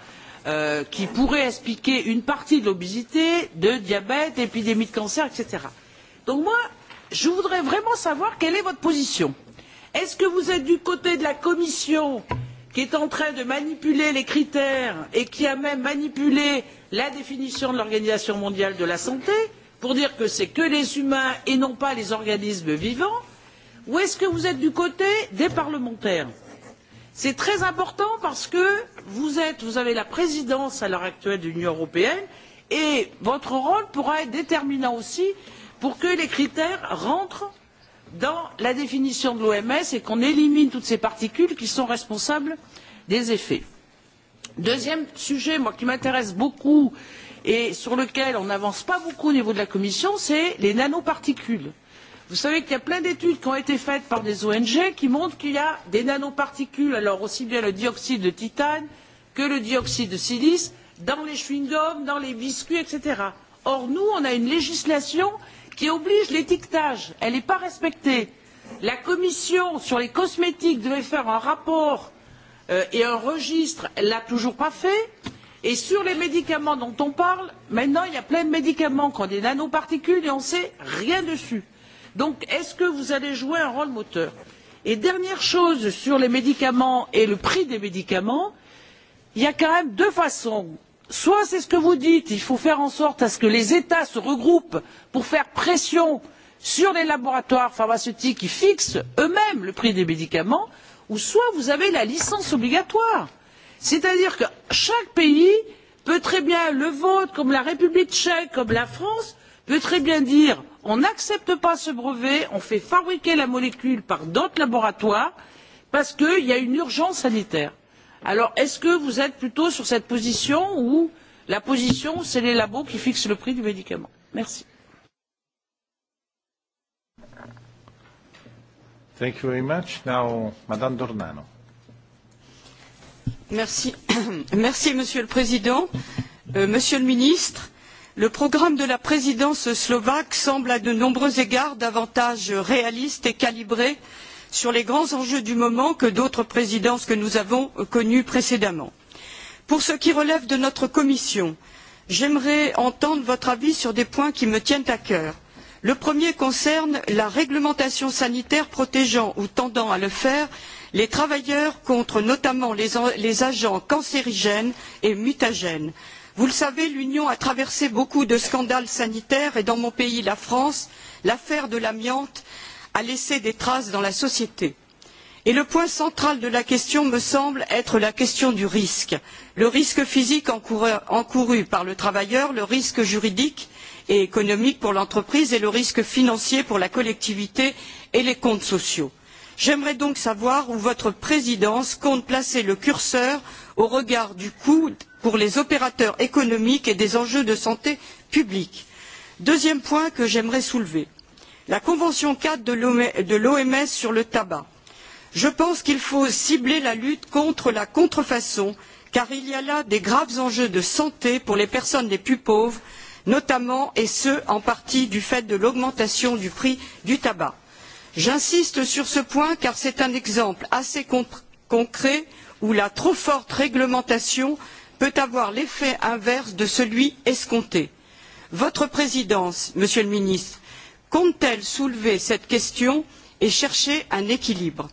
euh, qui pourrait expliquer une partie de l'obésité, de diabète, épidémie de cancer, etc. Donc moi, je voudrais vraiment savoir quelle est votre position. Est-ce que vous êtes du côté de la Commission qui est en train de manipuler les critères et qui a même manipulé la définition de l'Organisation mondiale de la santé pour dire que c'est que les humains et non pas les organismes vivants, ou est-ce que vous êtes du côté des parlementaires C'est très important parce que vous, êtes, vous avez la présidence à l'heure actuelle de l'Union européenne et votre rôle pourra être déterminant aussi pour que les critères rentrent dans la définition de l'oms et qu'on élimine toutes ces particules qui sont responsables des effets. deuxième sujet moi, qui m'intéresse beaucoup et sur lequel on n'avance pas beaucoup au niveau de la commission c'est les nanoparticules. vous savez qu'il y a plein d'études qui ont été faites par des ong qui montrent qu'il y a des nanoparticules alors aussi bien le dioxyde de titane que le dioxyde de silice dans les chewing gums dans les biscuits etc. or nous on a une législation qui oblige l'étiquetage. Elle n'est pas respectée. La commission sur les cosmétiques devait faire un rapport euh, et un registre. Elle ne l'a toujours pas fait. Et sur les médicaments dont on parle, maintenant il y a plein de médicaments qui ont des nanoparticules et on ne sait rien dessus. Donc est-ce que vous allez jouer un rôle moteur Et dernière chose sur les médicaments et le prix des médicaments, il y a quand même deux façons soit c'est ce que vous dites, il faut faire en sorte à ce que les États se regroupent pour faire pression sur les laboratoires pharmaceutiques qui fixent eux-mêmes le prix des médicaments, ou soit vous avez la licence obligatoire. C'est-à-dire que chaque pays peut très bien, le vôtre, comme la République tchèque, comme la France, peut très bien dire on n'accepte pas ce brevet, on fait fabriquer la molécule par d'autres laboratoires parce qu'il y a une urgence sanitaire. Alors, est-ce que vous êtes plutôt sur cette position ou la position, c'est les labos qui fixent le prix du médicament Merci. Thank you very much. Now, Madame Dornano. Merci. Merci, Monsieur le Président. Euh, Monsieur le Ministre, le programme de la présidence slovaque semble à de nombreux égards davantage réaliste et calibré euh, sur les grands enjeux du moment que d'autres présidences que nous avons euh, connues précédemment. Pour ce qui relève de notre commission, j'aimerais entendre votre avis sur des points qui me tiennent à cœur. Le premier concerne la réglementation sanitaire protégeant ou tendant à le faire les travailleurs contre notamment les, les agents cancérigènes et mutagènes. Vous le savez, l'Union a traversé beaucoup de scandales sanitaires et dans mon pays, la France, l'affaire de l'amiante a laissé des traces dans la société. Et le point central de la question me semble être la question du risque. Le risque physique encouru par le travailleur, le risque juridique et économique pour l'entreprise et le risque financier pour la collectivité et les comptes sociaux. J'aimerais donc savoir où votre présidence compte placer le curseur au regard du coût pour les opérateurs économiques et des enjeux de santé publique. Deuxième point que j'aimerais soulever la Convention cadre de l'OMS sur le tabac. Je pense qu'il faut cibler la lutte contre la contrefaçon, car il y a là des graves enjeux de santé pour les personnes les plus pauvres, notamment et ce en partie du fait de l'augmentation du prix du tabac. J'insiste sur ce point car c'est un exemple assez concret où la trop forte réglementation peut avoir l'effet inverse de celui escompté. Votre présidence, Monsieur le ministre, compte-t-elle soulever cette question et chercher un équilibre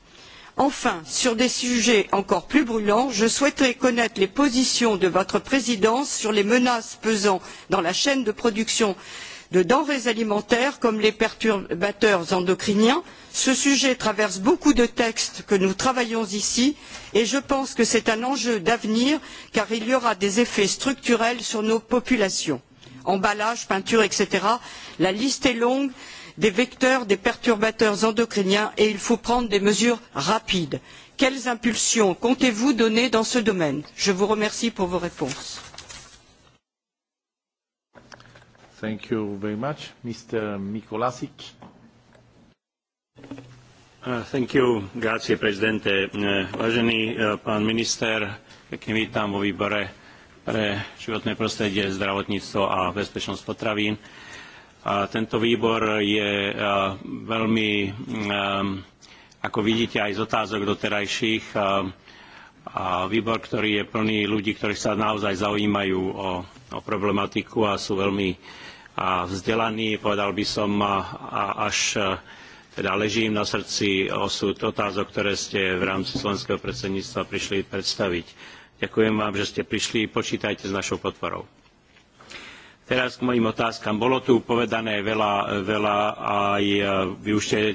Enfin, sur des sujets encore plus brûlants, je souhaiterais connaître les positions de votre présidence sur les menaces pesant dans la chaîne de production de denrées alimentaires comme les perturbateurs endocriniens. Ce sujet traverse beaucoup de textes que nous travaillons ici et je pense que c'est un enjeu d'avenir car il y aura des effets structurels sur nos populations emballages, peintures, etc. La liste est longue des vecteurs, des perturbateurs endocriniens et il faut prendre des mesures rapides. Quelles impulsions comptez-vous donner dans ce domaine Je vous remercie pour vos réponses. Thank you very much. Mr. Mikolasik. Uh, thank you. Grazie, Presidente. Uh, uh, minister, pre životné prostredie, zdravotníctvo a bezpečnost potravín. A tento výbor je e, veľmi, e, ako vidíte aj z otázok doterajších, e, a výbor, ktorý je plný ľudí, ktorí sa naozaj zaujímajú o, o problematiku a sú veľmi a vzdelaní, povedal by som, a, a až teda ležím na srdci osud otázok, ktoré ste v rámci slovenského predsedníctva prišli predstaviť. Ďakujem vám, že ste prišli. Počítajte s našou podporou. Teraz k mojim otázkam. Bolo tu povedané veľa, veľa aj e, vy už ste e,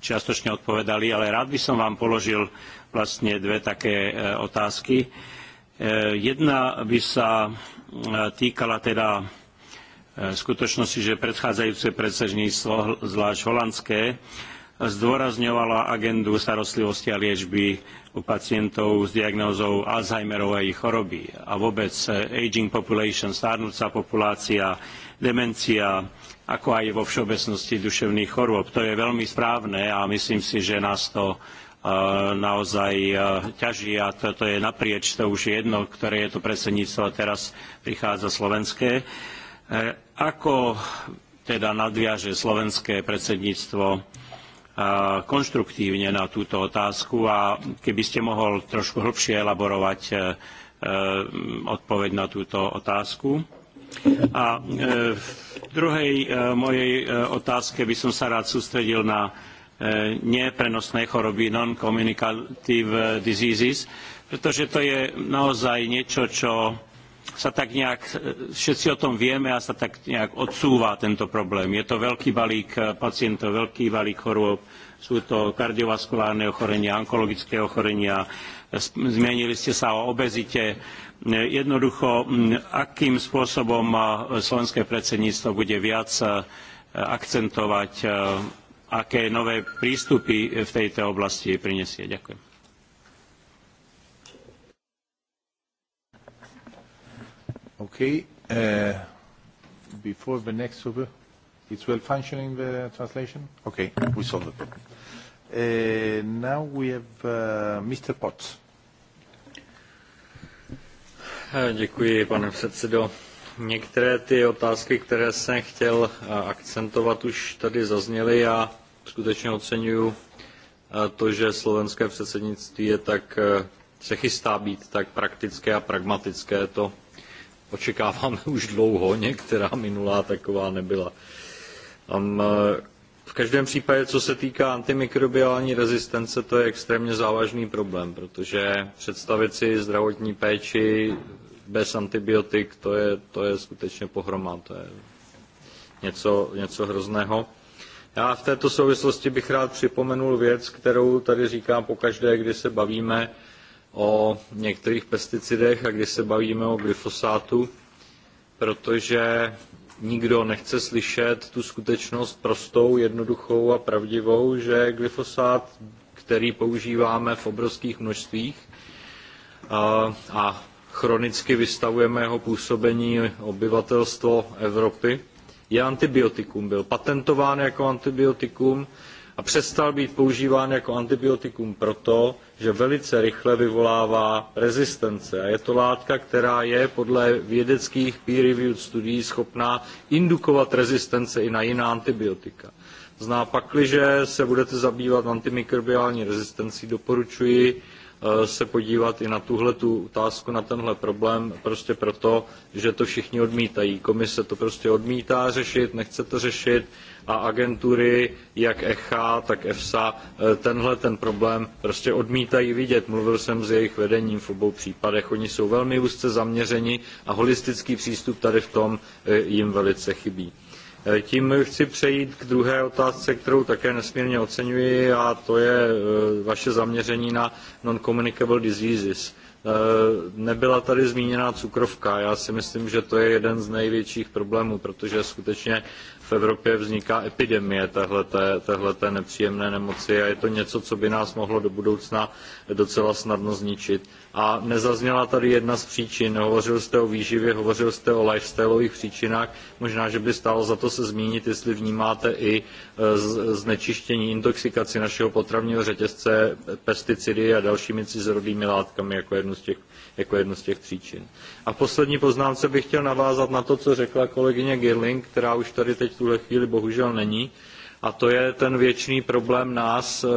čiastočne odpovedali, ale rád by som vám položil vlastne dve také e, otázky. Jedna by sa týkala teda skutočnosti, že predchádzajúce predsežníctvo, zvlášť holandské, zdôrazňovala agendu starostlivosti a liečby u pacientov s diagnózou Alzheimerovej choroby a vôbec eh, aging population, starnúca populácia, demencia, ako aj vo všeobecnosti duševných chorôb. To je veľmi správne a myslím si, že nás to eh, naozaj eh, ťaží a to, to je naprieč, to už je jedno, ktoré je to predsedníctvo a teraz prichádza slovenské. Ako teda nadviaže slovenské predsedníctvo konštruktívne na túto otázku a keby ste mohol trošku hlbšie elaborovať e, e, odpoveď na túto otázku. A e, v druhej mojej otázke by som sa rád sústredil na neprenosné choroby, non-communicative diseases, pretože to je naozaj niečo, čo sa tak nějak, e, všetci o tom vieme a sa tak nějak odsúva tento problém. Je to veľký balík e, pacientov, veľký balík chorôb, sú to kardiovaskulárne ochorenia, onkologické ochorenia, e, zmienili ste sa o obezite. Jednoducho, akým spôsobom slovenské predsedníctvo bude viac akcentovať, aké nové prístupy v tejto oblasti prinesie. Ďakujem. Okay. Uh, before the next super, it's well functioning the translation? Okay, we solved the problem. Uh, now we have uh, Mr. Potts. Eh, děkuji, pane předsedo. Některé ty otázky, které jsem chtěl eh, akcentovat, už tady zazněly. Já skutečně oceňuji eh, to, že slovenské předsednictví je tak, se chystá být tak praktické a pragmatické. To očekáváme už dlouho, některá minulá taková nebyla. Tam, eh, v každém případě, co se týká antimikrobiální rezistence, to je extrémně závažný problém, protože představit si zdravotní péči bez antibiotik, to je, to je skutečně pohromá, to je něco, něco hrozného. Já v této souvislosti bych rád připomenul věc, kterou tady říkám pokaždé, kdy se bavíme o některých pesticidech a kdy se bavíme o glyfosátu, protože nikdo nechce slyšet tu skutečnost prostou, jednoduchou a pravdivou, že glyfosát, který používáme v obrovských množstvích a, a chronicky vystavujeme jeho působení obyvatelstvo Evropy, je antibiotikum. Byl patentován jako antibiotikum, a přestal být používán jako antibiotikum proto, že velice rychle vyvolává rezistence. A je to látka, která je podle vědeckých peer-reviewed studií schopná indukovat rezistence i na jiná antibiotika. Zná pakliže se budete zabývat antimikrobiální rezistencí, doporučuji eh, se podívat i na tuhle tu otázku, na tenhle problém, prostě proto, že to všichni odmítají. Komise to prostě odmítá řešit, nechce to řešit a agentury, jak ECHA, tak EFSA, eh, tenhle ten problém prostě odmítají vidět. Mluvil jsem s jejich vedením v obou případech. Oni jsou velmi úzce zaměřeni a holistický přístup tady v tom eh, jim velice chybí. Eh, tím chci přejít k druhé otázce, kterou také nesmírně oceňuji, a to je vaše zaměření na non-communicable diseases. Nebyla tady zmíněna cukrovka. Já si myslím, že to je jeden z největších problémů, protože skutečně v Evropě vzniká epidemie téhle nepříjemné nemoci a je to něco, co by nás mohlo do budoucna docela snadno zničit. A nezazněla tady jedna z příčin. Hovořil jste o výživě, hovořil jste o lifestyleových příčinách. Možná, že by stálo za to se zmínit, jestli vnímáte i e, znečištění, intoxikaci našeho potravního řetězce pesticidy a dalšími cizorodými látkami jako jednu z těch jako jednu z těch příčin. A v poslední poznámce bych chtěl navázat na to, co řekla kolegyně Girling, která už tady teď v tuhle chvíli bohužel není, a to je ten věčný problém nás e,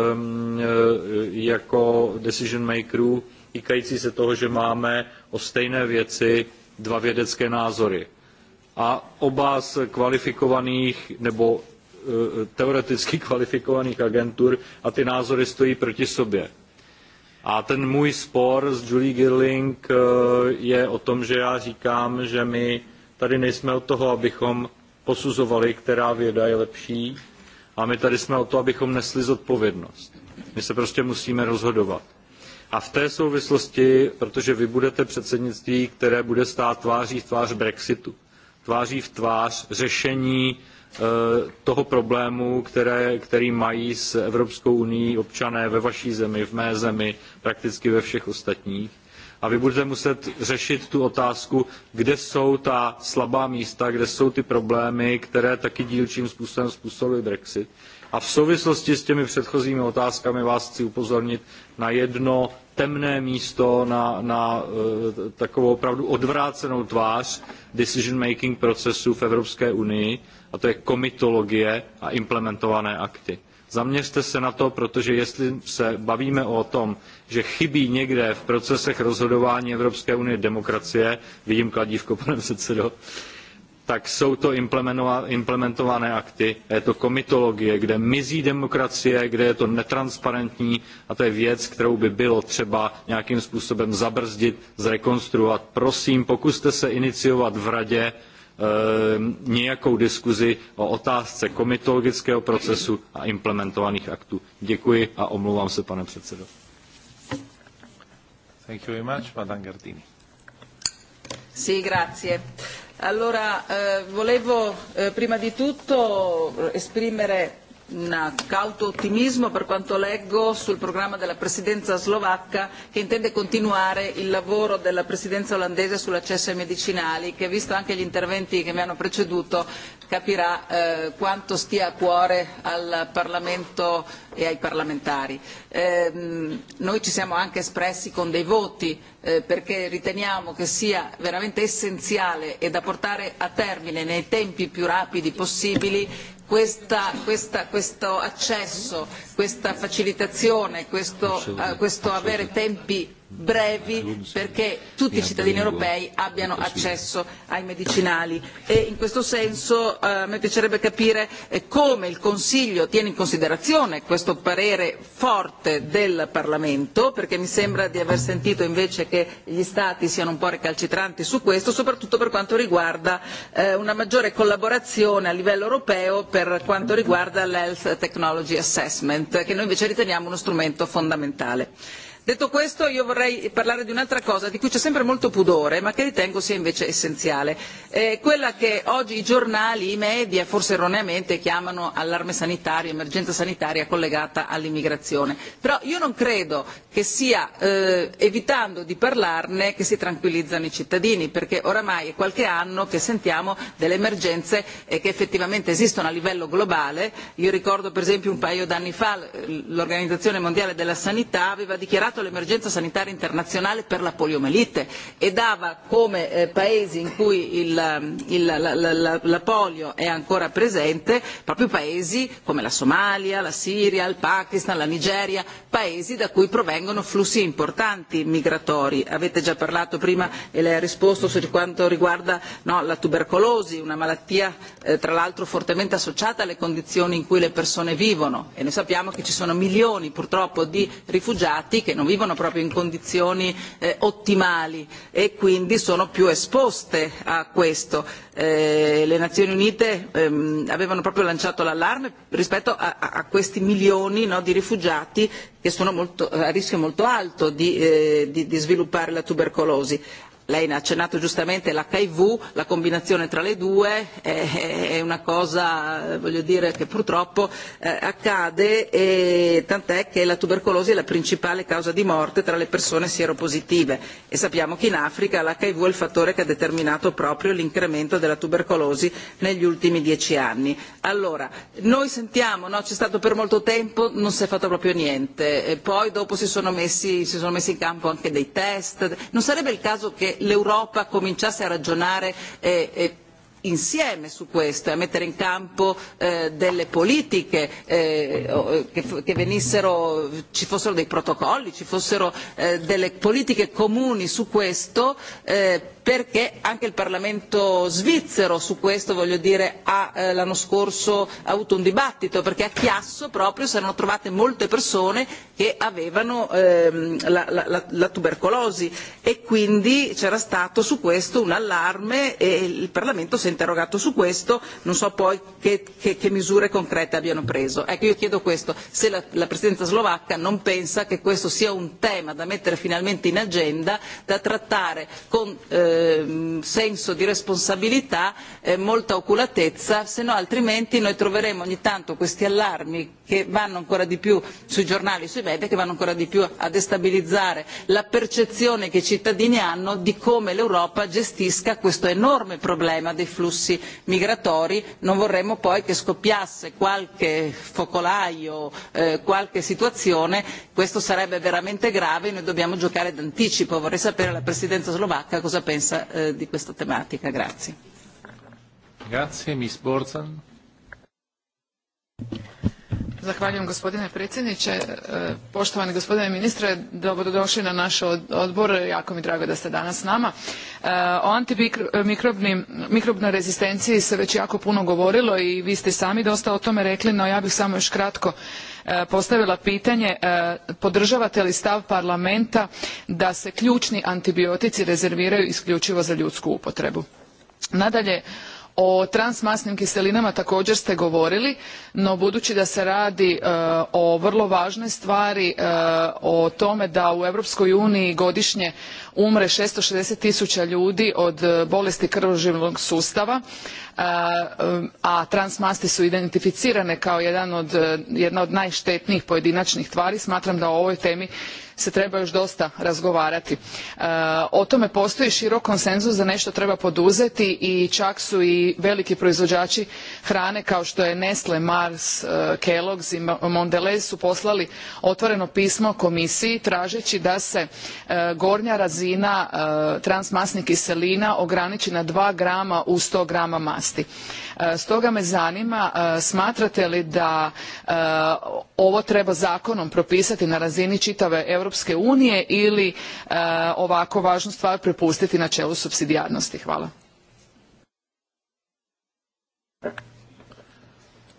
jako decision makerů týkající se toho, že máme o stejné věci dva vědecké názory. A oba z kvalifikovaných nebo e, e, teoreticky kvalifikovaných agentur a ty názory stojí proti sobě. A ten můj spor s Julie Girling eh, je o tom, že já říkám, že my tady nejsme od toho, abychom posuzovali, která věda je lepší, a my tady jsme o to, abychom nesli zodpovědnost. My se prostě musíme rozhodovat. A v té souvislosti, protože vy budete předsednictví, které bude stát tváří v tvář Brexitu, tváří v tvář řešení eh, toho problému, které, který mají s Evropskou unii občané ve vaší zemi, v mé zemi, prakticky ve všech ostatních. A vy budete muset řešit tu otázku, kde jsou ta slabá místa, kde jsou ty problémy, které taky dílčím způsobem způsobily Brexit. A v souvislosti s těmi předchozími otázkami vás chci upozornit na jedno temné místo, na, na eh, takovou opravdu odvrácenou tvář decision making procesu v Evropské unii, a to je komitologie a implementované akty. Zaměřte se na to, protože jestli se bavíme o tom, že chybí někde v procesech rozhodování Evropské unie demokracie, vidím kladívko, pane předsedo, tak jsou to implementované akty, je to komitologie, kde mizí demokracie, kde je to netransparentní a to je věc, kterou by bylo třeba nějakým způsobem zabrzdit, zrekonstruovat. Prosím, pokuste se iniciovat v radě ehm, nějakou diskuzi o otázce komitologického procesu a implementovaných aktů. Děkuji a omlouvám se, pane předsedo. Thank you very much, Madame Gardini. Sì, grazie. Allora, eh, volevo eh, prima di tutto esprimere un cauto ottimismo per quanto leggo sul programma della presidenza slovacca che intende continuare il lavoro della presidenza olandese sull'accesso ai medicinali che visto anche gli interventi che mi hanno preceduto capirà eh, quanto stia a cuore al Parlamento e ai parlamentari. Eh, noi ci siamo anche espressi con dei voti eh, perché riteniamo che sia veramente essenziale e da portare a termine nei tempi più rapidi possibili questa, questa, questo accesso, questa facilitazione, questo, uh, questo avere tempi brevi perché tutti i cittadini europei abbiano accesso ai medicinali e in questo senso eh, mi piacerebbe capire eh, come il Consiglio tiene in considerazione questo parere forte del Parlamento perché mi sembra di aver sentito invece che gli Stati siano un po' recalcitranti su questo soprattutto per quanto riguarda eh, una maggiore collaborazione a livello europeo per quanto riguarda l'Health Technology Assessment che noi invece riteniamo uno strumento fondamentale. Detto questo io vorrei parlare di un'altra cosa di cui c'è sempre molto pudore ma che ritengo sia invece essenziale, eh, quella che oggi i giornali, i media forse erroneamente chiamano allarme sanitario, emergenza sanitaria collegata all'immigrazione. Però io non credo che sia eh, evitando di parlarne che si tranquillizzano i cittadini perché oramai è qualche anno che sentiamo delle emergenze eh, che effettivamente esistono a livello globale. Io ricordo per esempio un paio d'anni fa l'Organizzazione Mondiale della Sanità aveva dichiarato dichiarato l'emergenza sanitaria internazionale per la poliomelite e dava come eh, paesi in cui il, mm, il, la, la, la, la polio è ancora presente proprio paesi come la Somalia, la Siria, il Pakistan, la Nigeria, paesi da cui provengono flussi importanti migratori. Avete già parlato prima e lei ha risposto su quanto riguarda no, la tubercolosi, una malattia eh, tra l'altro fortemente associata alle condizioni in cui le persone vivono e noi sappiamo che ci sono milioni purtroppo di rifugiati che non vivono proprio in condizioni eh, ottimali e quindi sono più esposte a questo. Eh, le Nazioni Unite ehm, avevano proprio lanciato l'allarme rispetto a, a questi milioni no, di rifugiati che sono molto, a rischio molto alto di, eh, di, di sviluppare la tubercolosi lei ha accennato giustamente l'HIV, la combinazione tra le due è una cosa, voglio dire, che purtroppo eh, accade e tant'è che la tubercolosi è la principale causa di morte tra le persone sieropositive e sappiamo che in Africa l'HIV è il fattore che ha determinato proprio l'incremento della tubercolosi negli ultimi dieci anni. Allora, noi sentiamo, no, c'è stato per molto tempo, non si è fatto proprio niente, e poi dopo si sono messi, si sono messi in campo anche dei test, non sarebbe il caso che l'Europa cominciasse a ragionare eh, eh, insieme su questo, a mettere in campo eh, delle politiche, eh, eh che, che venissero, ci fossero dei protocolli, ci fossero eh, delle politiche comuni su questo. Eh, perché anche il Parlamento svizzero su questo, voglio dire, ha eh, l'anno scorso ha avuto un dibattito, perché a Chiasso proprio si erano trovate molte persone che avevano ehm, la, la, la tubercolosi e quindi c'era stato su questo un allarme e il Parlamento si è interrogato su questo, non so poi che, che, che misure concrete abbiano preso. Ecco, io chiedo questo, se la, la Presidenza slovacca non pensa che questo sia un tema da mettere finalmente in agenda, da trattare con eh, Ehm, senso di responsabilità e molta oculatezza, se no altrimenti noi troveremo ogni tanto questi allarmi che vanno ancora di più sui giornali, sui media, che vanno ancora di più a destabilizzare la percezione che i cittadini hanno di come l'Europa gestisca questo enorme problema dei flussi migratori. Non vorremmo poi che scoppiasse qualche focolaio, eh, qualche situazione, questo sarebbe veramente grave, e noi dobbiamo giocare d'anticipo. Vorrei sapere la Presidenza slovacca cosa pensa pensa uh, eh, di questa tematica. Grazie. Grazie, Miss Borzan. Zahvaljujem gospodine predsjedniče. Eh, poštovani gospodine ministre, dobrodošli na naš odbor. Jako mi drago da ste danas s nama. Eh, o antimikrobnoj rezistenciji se već jako puno govorilo i vi ste sami dosta o tome rekli, no ja bih samo još kratko uh, E, postavila pitanje e, podržavate li stav parlamenta da se ključni antibiotici rezerviraju isključivo za ljudsku upotrebu. Nadalje, O transmasnim kiselinama također ste govorili, no budući da se radi e, o vrlo važnoj stvari, e, o tome da u Europskoj uniji godišnje umre 660 tisuća ljudi od e, bolesti krvožilnog sustava, e, a transmasti su identificirane kao jedan od, e, jedna od najštetnijih pojedinačnih tvari. Smatram da o ovoj temi se treba još dosta razgovarati. O tome postoji širok konsenzus da nešto treba poduzeti i čak su i veliki proizvođači hrane kao što je Nestle, Mars, Kellogg's i Mondelez su poslali otvoreno pismo komisiji tražeći da se gornja razina kiselina, eh, transmasnih kiselina ograniči na 2 grama u 100 grama masti. Eh, stoga me zanima, eh, smatrate li da ovo treba zakonom propisati na razini čitave Europske unije ili ovako važnu stvar prepustiti na čelu subsidijarnosti? Hvala.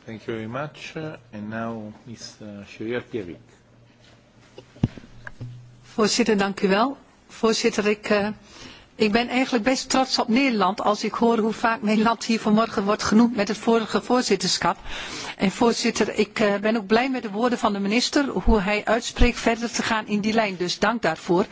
Thank you very much. Uh, and now Ms. Uh, Sharia Pierik. Voorzitter, dank u wel. Voorzitter, ik, uh, ik ben eigenlijk best trots op Nederland als ik hoor hoe vaak mijn land hier vanmorgen wordt genoemd met het vorige voorzitterschap. En voorzitter, ik uh, ben ook blij met de woorden van de minister, hoe hij uitspreekt verder te gaan in die lijn. Dus dank daarvoor.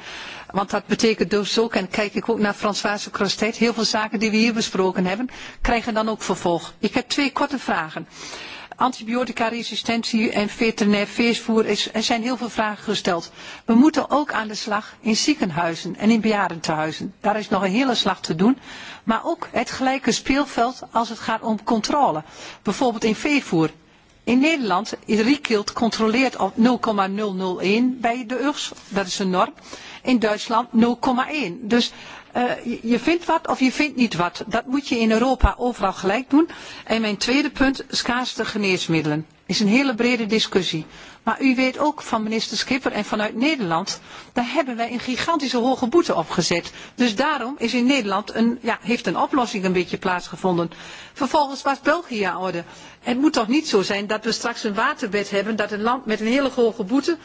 Want dat betekent dus ook, en kijk ik ook naar Françoise Crostet, heel veel zaken die we hier besproken hebben, krijgen dan ook vervolg. Ik heb twee korte vragen. Uh, Antibiotica resistentie en veterinair veesvoer. Is, er zijn heel veel vragen gesteld. We moeten ook aan de slag in ziekenhuizen en in bejaardentehuizen. Daar is nog een hele slag te doen. Maar ook het gelijke speelveld als het gaat om controle. Bijvoorbeeld in veevoer. In Nederland is Riekild controleerd op 0,001 bij de URGS. Dat is een norm. In Duitsland 0,1. Dus Uh, je vindt wat of je vindt niet wat. Dat moet je in Europa overal gelijk doen. En mijn tweede punt, schaarste geneesmiddelen. Is een hele brede discussie. Maar u weet ook van minister Schipper en vanuit Nederland, daar hebben wij een gigantische hoge boete op gezet. Dus daarom is in Nederland een, ja, heeft een oplossing een beetje plaatsgevonden. Vervolgens was België aan orde. Het moet toch niet zo zijn dat we straks een waterbed hebben dat een land met een hele hoge boete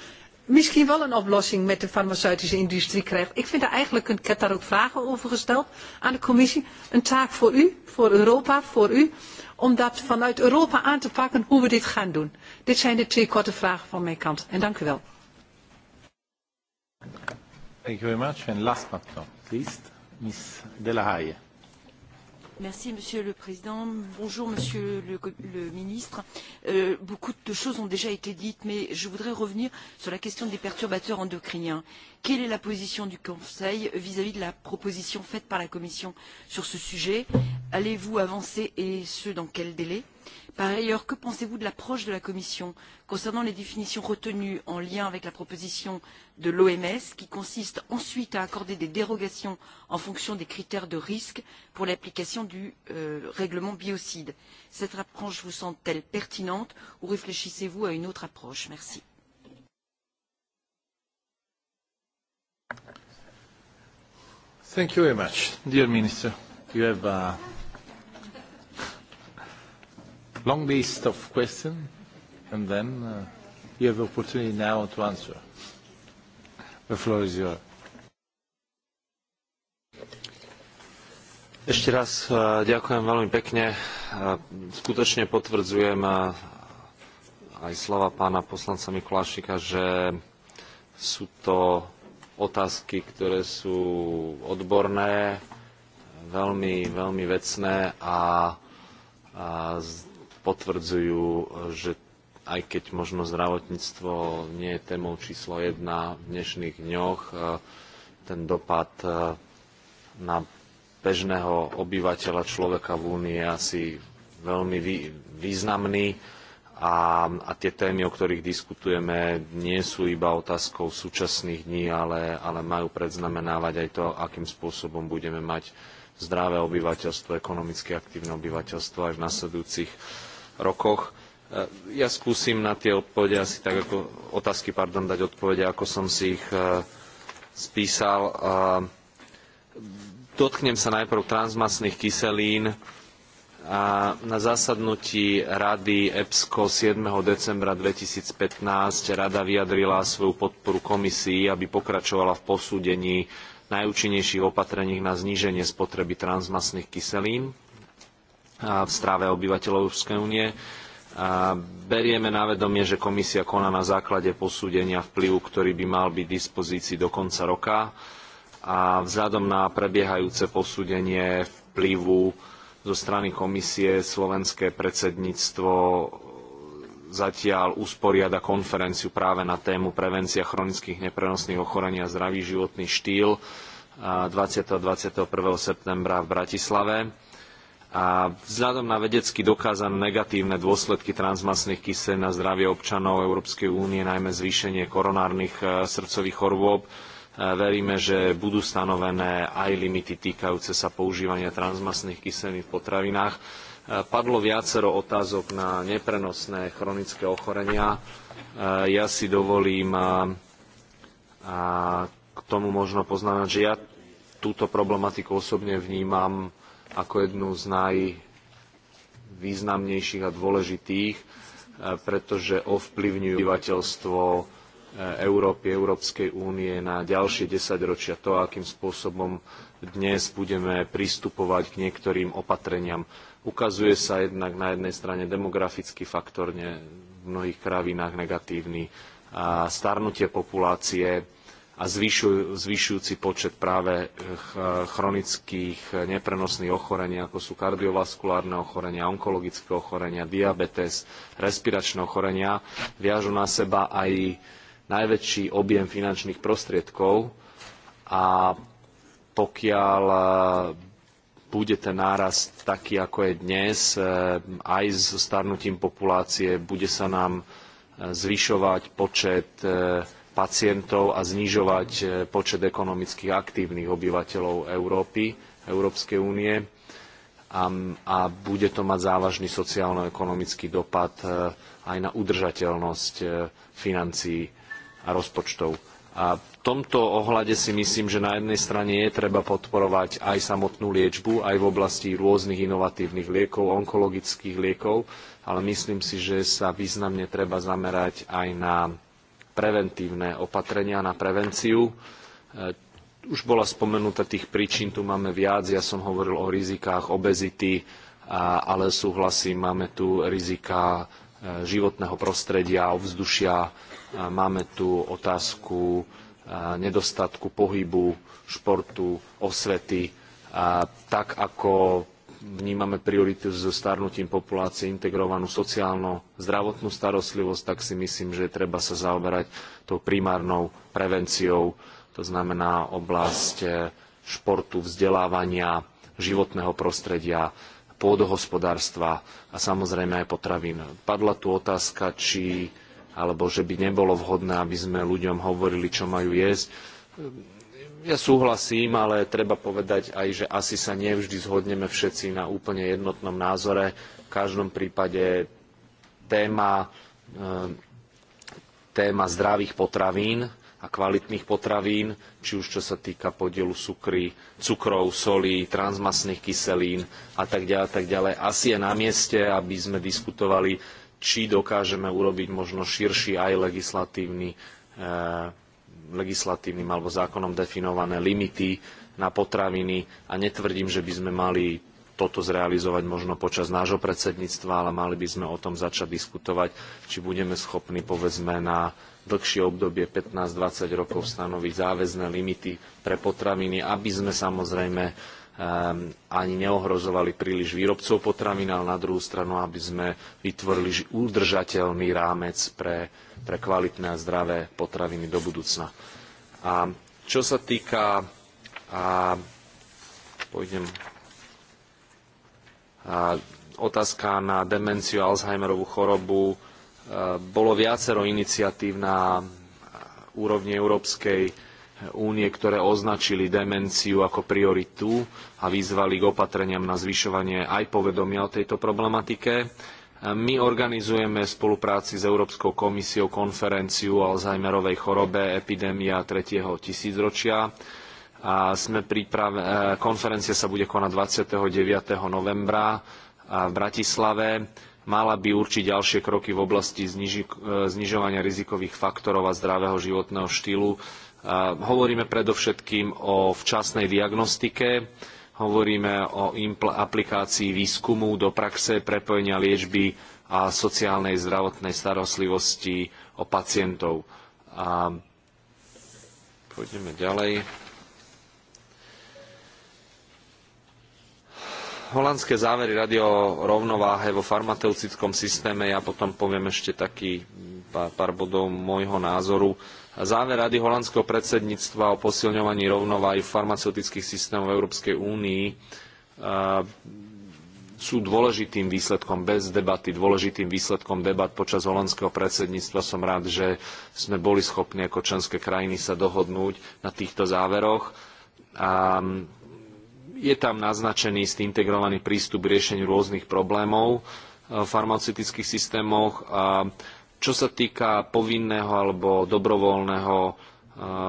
misschien wel een oplossing met de farmaceutische industrie krijgt. Ik vind daar er eigenlijk, ik heb daar ook vragen over gesteld aan de commissie, een taak voor u, voor Europa, voor u, om dat vanuit Europa aan te pakken hoe we dit gaan doen. Dit zijn de twee korte vragen van mijn kant. En dank u wel. Thank you very much. And last but not least, Ms. De La Haye. Merci Monsieur le Président. Bonjour Monsieur le, le Ministre. Euh, beaucoup de choses ont déjà été dites, mais je voudrais revenir sur la question des perturbateurs endocriniens. Quelle est la position du Conseil vis-à-vis -vis de la proposition faite par la Commission sur ce sujet Allez-vous avancer et ce dans quel délai Par ailleurs, que pensez-vous de l'approche de la Commission concernant les définitions retenues en lien avec la proposition de l'OMS qui consiste ensuite à accorder des dérogations en fonction des critères de risque pour l'application du euh, règlement biocide Cette approche vous semble-t-elle pertinente ou réfléchissez-vous à une autre approche Merci. Thank you very much, dear Minister. You have uh, long list of questions, and then uh, you have the opportunity now to answer. The floor is yours. Ešte raz uh, ďakujem veľmi pekne. Uh, skutočne potvrdzujem uh, aj slova pána poslanca Mikulášika, že sú to otázky, ktoré sú odborné, veľmi, veľmi vecné a potvrdzujú, že aj keď možno zdravotníctvo nie je témou číslo jedna v dnešných dňoch, e, ten dopad e, na bežného obyvateľa človeka v Únii je asi veľmi významný a, a tie témy, o ktorých diskutujeme, nie sú iba otázkou súčasných dní, ale, ale majú predznamenávať aj to, akým spôsobom budeme mať zdravé obyvateľstvo, ekonomicky aktívne obyvateľstvo aj v nasledujúcich rokoch. E, ja skúsim na tie odpovede asi tak ako otázky, pardon, dať odpovede, ako som si ich e, spísal. E, dotknem sa najprv transmasných kyselín. A na zasadnutí Rady EPSCO 7. decembra 2015 Rada vyjadrila svoju podporu komisii, aby pokračovala v posúdení najúčinnejších opatrení na zníženie spotreby transmasných kyselín v stráve obyvateľov Európskej únie. A berieme na vedomie, že komisia koná na základe posúdenia vplyvu, ktorý by mal byť k dispozícii do konca roka. A vzhľadom na prebiehajúce posúdenie vplyvu zo strany komisie slovenské predsedníctvo zatiaľ usporiada konferenciu práve na tému prevencia chronických neprenosných ochorení a zdravý životný štýl 20. a 21. septembra v Bratislave A vzhľadom na vedecky dokázané negatívne dôsledky transmasných kyselín na zdravie občanov Európskej únie, najmä zvýšenie koronárnych e, srdcových chorôb, e, veríme, že budú stanovené aj limity týkajúce sa používania transmasných kyselín v potravinách. E, padlo viacero otázok na neprenosné chronické ochorenia. Ja si dovolím k tomu možno poznamenať, že ja túto problematiku osobne vnímam ako jednu z najvýznamnejších a dôležitých, e, pretože ovplyvňujú obyvateľstvo e, Európy, Európskej únie na ďalšie desaťročia to, akým spôsobom dnes budeme pristupovať k niektorým opatreniam. Ukazuje sa jednak na jednej strane demografický faktor, ne, v mnohých kravinách negatívny, a starnutie populácie, a zvyšuj, zvyšujúci počet práve eh, chronických eh, neprenosných ochorení, ako sú kardiovaskulárne ochorenia, onkologické ochorenia, diabetes, respiračné ochorenia, viažu na seba aj najväčší objem finančných prostriedkov a pokiaľ eh, bude ten nárast taký, ako je dnes, aj s starnutím populácie, bude sa nám zvyšovať počet pacientov a znižovať e, počet ekonomicky aktívnych obyvateľov Európy, Európskej únie a, a bude to mať závažný sociálno-ekonomický dopad e, aj na udržateľnosť e, financií a rozpočtov. A v tomto ohľade si myslím, že na jednej strane je treba podporovať aj samotnú liečbu, aj v oblasti rôznych inovatívnych liekov, onkologických liekov, ale myslím si, že sa významne treba zamerať aj na preventívne opatrenia na prevenciu. E, už bola spomenutá tých príčin, tu máme viac, ja som hovoril o rizikách obezity, ale súhlasím, máme tu rizika e, životného prostredia, ovzdušia, e, máme tu otázku nedostatku pohybu, športu, osvety, tak ako vnímame priority so starnutím populácie, integrovanú sociálno-zdravotnú starostlivosť, tak si myslím, že treba sa zaoberať tou primárnou prevenciou, to znamená oblasť e, športu, vzdelávania, životného prostredia, pôdohospodárstva a samozrejme aj potravín. Padla tu otázka, či alebo že by nebolo vhodné, aby sme ľuďom hovorili, čo majú jesť ja súhlasím, ale treba povedať aj, že asi sa nevždy zhodneme všetci na úplne jednotnom názore. V každom prípade téma, eh, téma zdravých potravín a kvalitných potravín, či už čo sa týka podielu cukry, cukrov, solí, transmasných kyselín a tak ďalej, tak ďalej. Asi je na mieste, aby sme diskutovali, či dokážeme urobiť možno širší aj legislatívny eh, legislatívnym alebo zákonom definované limity na potraviny a netvrdím, že by sme mali toto zrealizovať možno počas nášho predsedníctva, ale mali by sme o tom začať diskutovať, či budeme schopní, povedzme, na dlhšie obdobie 15-20 rokov stanoviť záväzné limity pre potraviny, aby sme samozrejme Ehm, ani neohrozovali príliš výrobcov potravín, ale na druhú stranu, aby sme vytvorili udržateľný rámec pre, pre kvalitné a zdravé potraviny do budúcna. A čo sa týka... A, pôjdem, a, otázka na demenciu Alzheimerovú chorobu. Ehm, bolo viacero iniciatív na úrovni európskej únie, ktoré označili demenciu ako prioritu a vyzvali k opatreniam na zvyšovanie aj povedomia o tejto problematike. My organizujeme v spolupráci s Európskou komisiou konferenciu o Alzheimerovej chorobe epidémia 3. tisícročia. A sme priprave... Konferencia sa bude konať 29. novembra v Bratislave mala by určiť ďalšie kroky v oblasti zniži, e, znižovania rizikových faktorov a zdravého životného štýlu. E, hovoríme predovšetkým o včasnej diagnostike, hovoríme o aplikácii výskumu do praxe prepojenia liečby a sociálnej zdravotnej starostlivosti o pacientov. A pôjdeme ďalej. holandské závery radio o rovnováhe vo farmaceutickom systéme, ja potom poviem ešte taký pár, pár bodov môjho názoru. Záver rady holandského predsedníctva o posilňovaní rovnováhy farmaceutických systémov Európskej únii eh, sú dôležitým výsledkom bez debaty, dôležitým výsledkom debat počas holandského predsedníctva. Som rád, že sme boli schopní ako členské krajiny sa dohodnúť na týchto záveroch. A Je tam naznačený istý integrovaný prístup k riešeniu rôznych problémov v e, farmaceutických systémoch. A čo sa týka povinného alebo dobrovoľného e,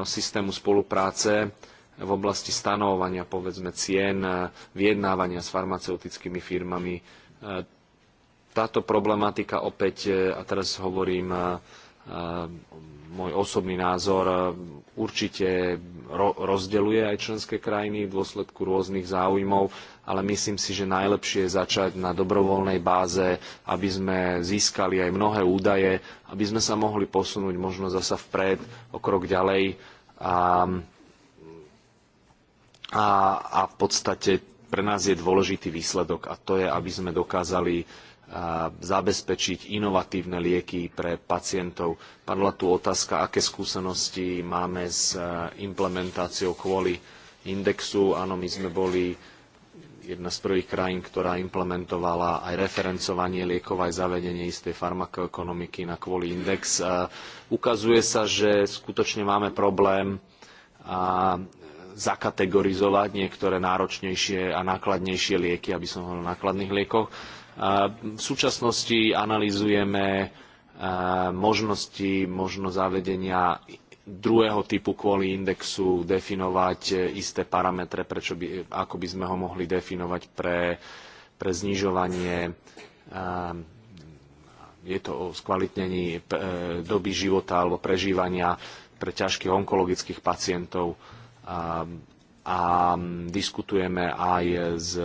systému spolupráce v oblasti stanovania, povedzme, cien, e, vyjednávania s farmaceutickými firmami, táto problematika opäť, a teraz hovorím môj osobný názor, určite ro- rozdeľuje aj členské krajiny v dôsledku rôznych záujmov, ale myslím si, že najlepšie je začať na dobrovoľnej báze, aby sme získali aj mnohé údaje, aby sme sa mohli posunúť možno zasa vpred, o krok ďalej a, a, a v podstate pre nás je dôležitý výsledok a to je, aby sme dokázali zabezpečiť inovatívne lieky pre pacientov. Padla tu otázka, aké skúsenosti máme s e, implementáciou kvôli indexu. Áno, my sme boli jedna z prvých krajín, ktorá implementovala aj referencovanie liekov, aj zavedenie istej farmakoekonomiky na kvôli index. E, ukazuje sa, že skutočne máme problém zakategorizovať niektoré náročnejšie a nákladnejšie lieky, aby som hovoril o nákladných liekoch. V súčasnosti analizujeme možnosti, možno zavedenia druhého typu kvôli indexu definovať isté parametre, prečo by, ako by sme ho mohli definovať pre, pre znižovanie je to o skvalitnení e, doby života alebo prežívania pre ťažkých onkologických pacientov a, a diskutujeme aj s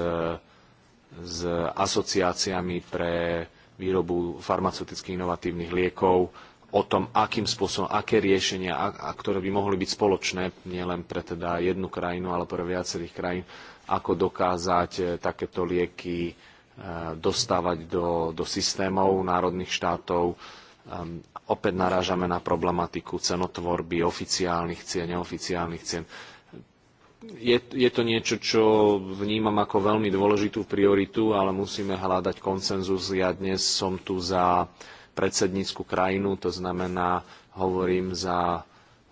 s asociáciami pre výrobu farmaceuticky inovatívnych liekov o tom, akým spôsobom, aké riešenia, a, a ktoré by mohli byť spoločné, nielen pre teda jednu krajinu, ale pre viacerých krajín, ako dokázať e, takéto lieky e, dostávať do, do systémov národných štátov. Um, opäť narážame na problematiku cenotvorby oficiálnych cien, neoficiálnych cien je, je to niečo, čo vnímam ako veľmi dôležitú prioritu, ale musíme hľadať konsenzus. Ja dnes som tu za predsednícku krajinu, to znamená, hovorím za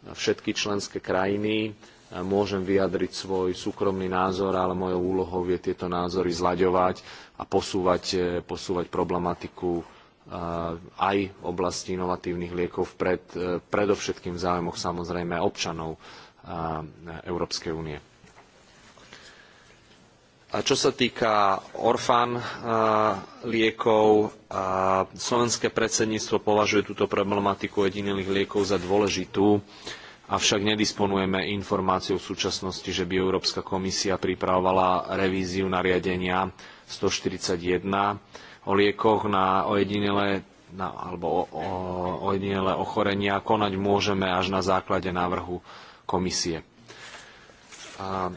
všetky členské krajiny. Môžem vyjadriť svoj súkromný názor, ale mojou úlohou je tieto názory zlaďovať a posúvať, eh, posúvať problematiku eh, aj v oblasti inovatívnych liekov pred, eh, predovšetkým v záujmoch samozrejme občanov. Európskej únie. A čo sa týka orfán liekov, slovenské predsedníctvo považuje túto problematiku jedinelých liekov za dôležitú, avšak nedisponujeme informáciou v súčasnosti, že by Európska komisia pripravovala revíziu nariadenia 141 o liekoch na ojedinelé alebo o, o, ojedinelé ochorenia. Konať môžeme až na základe návrhu komisije. A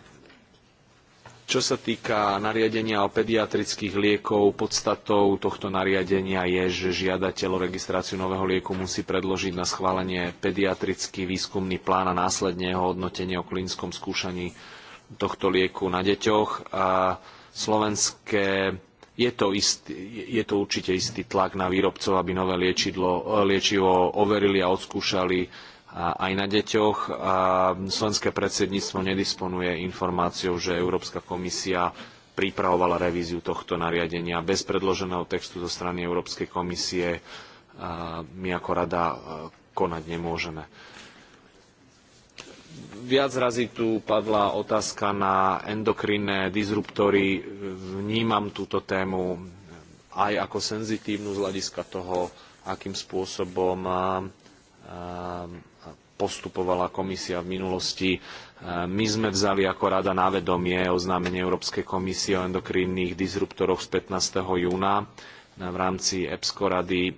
čo sa týka nariadenia o pediatrických liekov, podstatou tohto nariadenia je, že žiadateľ o registráciu nového lieku musí predložiť na schválenie pediatrický výskumný plán a následne jeho hodnotenie o klinickom skúšaní tohto lieku na deťoch. A slovenské je to, istý, je to určite istý tlak na výrobcov, aby nové liečidlo, liečivo overili a odskúšali Aj na deťoch slovenské predsedníctvo nedisponuje informáciou, že Európska komisia pripravovala revíziu tohto nariadenia. Bez predloženého textu zo strany Európskej komisie my ako rada konať nemôžeme. Viac razy tu padla otázka na endokrinné disruptory. Vnímam túto tému aj ako senzitívnu z hľadiska toho, akým spôsobom postupovala komisia v minulosti. E, my sme vzali ako rada na vedomie oznámenie Európskej komisie o endokrínnych disruptoroch z 15. júna e, v rámci EPSCO rady. E,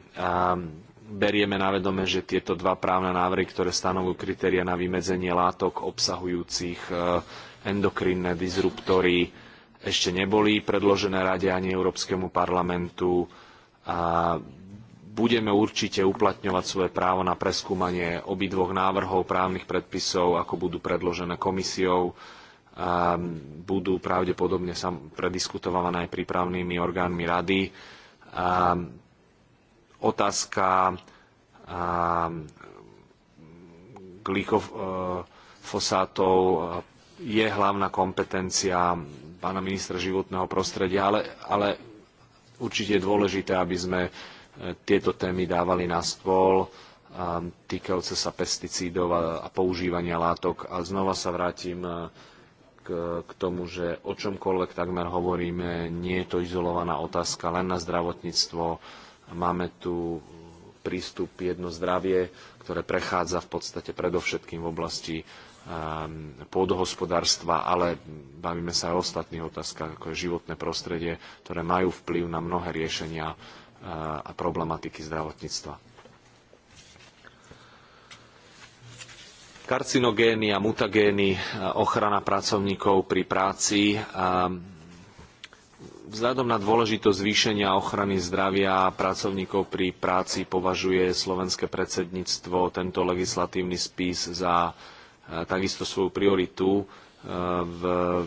berieme na vedome, že tieto dva právne návrhy, ktoré stanovujú kritéria na vymedzenie látok obsahujúcich endokrinné disruptory, ešte neboli predložené rade ani Európskemu parlamentu. A budeme určite uplatňovať svoje právo na preskúmanie obidvoch návrhov právnych predpisov, ako budú predložené komisiou. Budú pravdepodobne sa prediskutované aj prípravnými orgánmi rady. Otázka glikofosátov e, e, je hlavná kompetencia pána ministra životného prostredia, ale, ale určite je dôležité, aby sme Eh, tieto témy dávali na stôl eh, týkajúce sa pesticídov a používania látok. A znova sa vrátim eh, k, k tomu, že o čomkoľvek takmer hovoríme, nie je to izolovaná otázka len na zdravotníctvo. Máme tu prístup jedno zdravie, ktoré prechádza v podstate predovšetkým v oblasti ehm, pôdohospodárstva, ale bavíme sa aj o ostatných otázkach, ako je životné prostredie, ktoré majú vplyv na mnohé riešenia a problematiky zdravotníctva. Karcinogény a mutagény, ochrana pracovníkov pri práci. Vzhľadom na dôležitosť zvýšenia ochrany zdravia pracovníkov pri práci považuje slovenské predsedníctvo tento legislatívny spis za takisto svoju prioritu v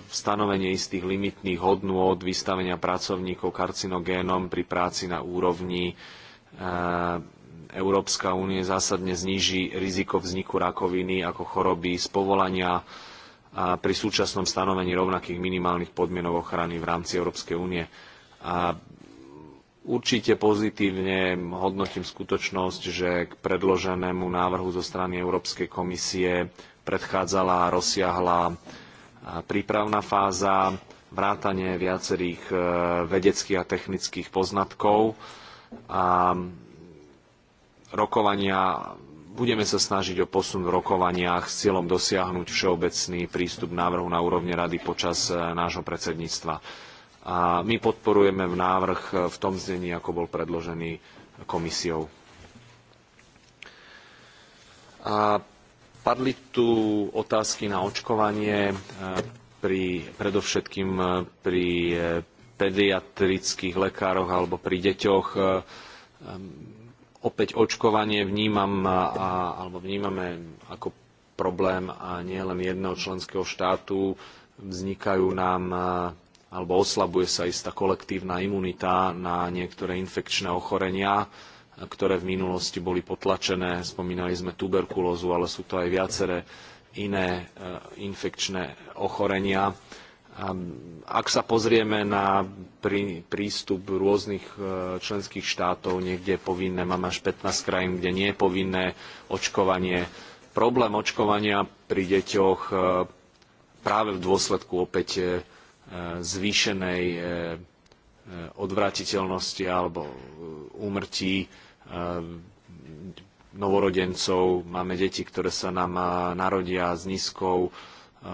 stanovenie istých limitných hodnôt vystavenia pracovníkov karcinogénom pri práci na úrovni eh, Európska únie zásadne zniží riziko vzniku rakoviny ako choroby z povolania a pri súčasnom stanovení rovnakých minimálnych podmienok ochrany v rámci Európskej únie. A určite pozitívne hodnotím skutočnosť, že k predloženému návrhu zo strany Európskej komisie predchádzala a rozsiahla prípravná fáza, vrátanie viacerých e, vedeckých a technických poznatkov a rokovania budeme sa snažiť o posun v rokovaniach s cieľom dosiahnuť všeobecný prístup návrhu na úrovne rady počas e, nášho predsedníctva. A my podporujeme v návrh e, v tom znení, ako bol predložený komisiou. A Padli tu otázky na očkovanie e, pri, predovšetkým e, pri e, pediatrických lekároch alebo pri deťoch. Opäť očkovanie vnímam a, alebo vnímame ako problém a nie len jedného členského štátu. Vznikajú nám alebo oslabuje sa istá kolektívna imunita na niektoré infekčné ochorenia ktoré v minulosti boli potlačené. Spomínali sme tuberkulózu, ale sú to aj viaceré iné eh, infekčné ochorenia. Ehm, ak sa pozrieme na prístup rôznych eh, členských štátov, niekde je povinné, máme až 15 krajín, kde nie je povinné očkovanie. Problém očkovania pri deťoch eh, práve v dôsledku opäť zvýšenej odvratiteľnosti alebo úmrtí Ehm, novorodencov, máme deti, ktoré sa nám narodia s nízkou ehm,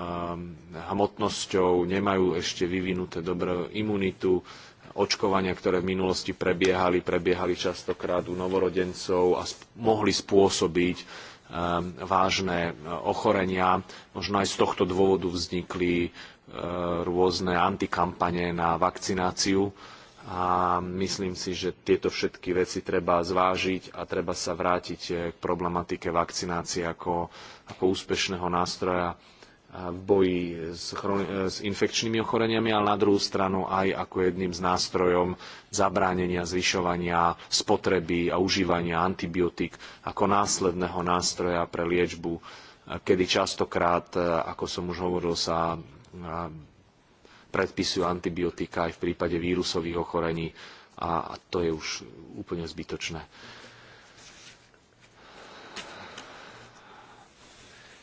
hmotnosťou, nemajú ešte vyvinuté dobrú imunitu, očkovania, ktoré v minulosti prebiehali, prebiehali častokrát u novorodencov a sp mohli spôsobiť ehm, vážne e, ochorenia. Možno aj z tohto dôvodu vznikli e, rôzne antikampane na vakcináciu a myslím si, že tieto všetky veci treba zvážiť a treba sa vrátiť eh, k problematike vakcinácie ako, ako úspešného nástroja eh, v boji s, eh, s infekčnými ochoreniami, ale na druhú stranu aj ako jedným z nástrojom zabránenia zvyšovania spotreby a užívania antibiotík ako následného nástroja pre liečbu, kedy častokrát, ako som už hovoril, sa predpisujú antibiotika aj v prípade vírusových ochorení a, a to je už úplne zbytočné.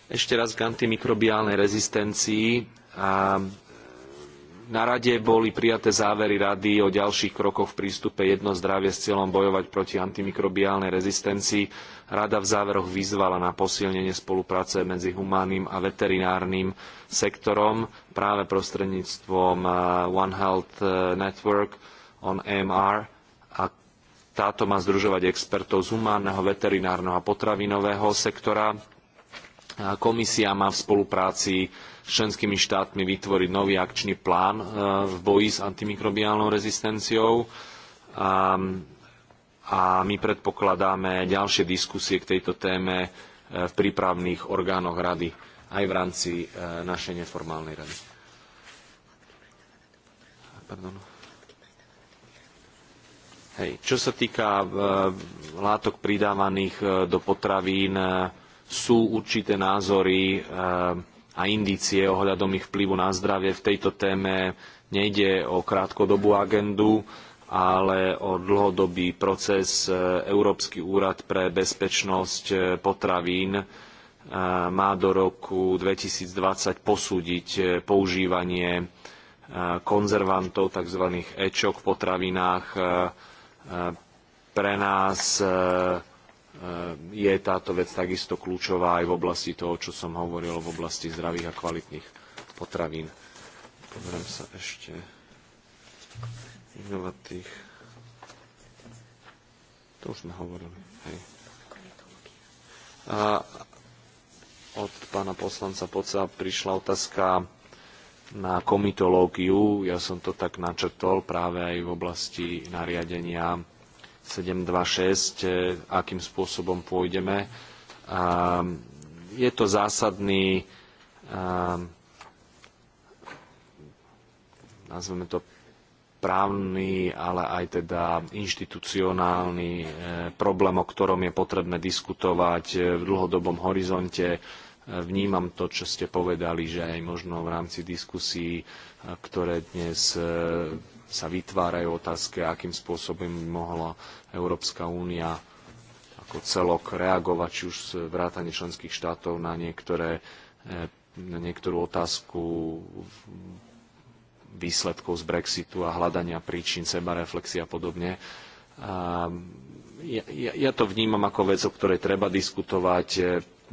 Ešte raz k antimikrobiálnej rezistencii. A Na rade boli prijaté závery rady o ďalších krokoch v prístupe jedno zdravie s cieľom bojovať proti antimikrobiálnej rezistencii. Rada v záveroch vyzvala na posilnenie spolupráce medzi humánnym a veterinárnym sektorom práve prostredníctvom eh, One Health eh, Network on MR a táto má združovať expertov z humánneho, veterinárneho a potravinového sektora. Komisia má v spolupráci členskými štátmi vytvoriť nový akčný plán eh, v boji s antimikrobiálnou rezistenciou. Ehm, a, my predpokladáme ďalšie diskusie k tejto téme eh, v prípravných orgánoch rady aj v rámci eh, našej neformálnej rady. Pardon. Hej. Čo sa týka látok pridávaných do potravín, sú určité názory a indície ohľadom ich vplyvu na zdravie. V tejto téme nejde o krátkodobú agendu, ale o dlhodobý proces. E, Európsky úrad pre bezpečnosť e, potravín e, má do roku 2020 posúdiť používanie konzervantov, tzv. ečok v potravinách. Pre nás Eh, je táto vec takisto kľúčová aj v oblasti toho, čo som hovoril, v oblasti zdravých a kvalitných potravín. Pozriem sa ešte inovatých. To už sme hovorili. Hej. A od pána poslanca Poca prišla otázka na komitológiu. Ja som to tak načrtol práve aj v oblasti nariadenia 726, e, akým spôsobom pôjdeme. E, je to zásadný, e, nazveme to právny, ale aj teda inštitucionálny problém, o ktorom je potrebné diskutovať v dlhodobom horizonte. Vnímam to, čo ste povedali, že aj možno v rámci diskusí, ktoré dnes sa vytvárajú otázky, akým spôsobom by mohlo Európska únia ako celok reagovať či už vrátanie členských štátov na, niektoré, eh, na niektorú otázku výsledkov z Brexitu a hľadania príčin, sebareflexie a podobne. ja, ja, ja to vnímam ako vec, o ktorej treba diskutovať. Eh,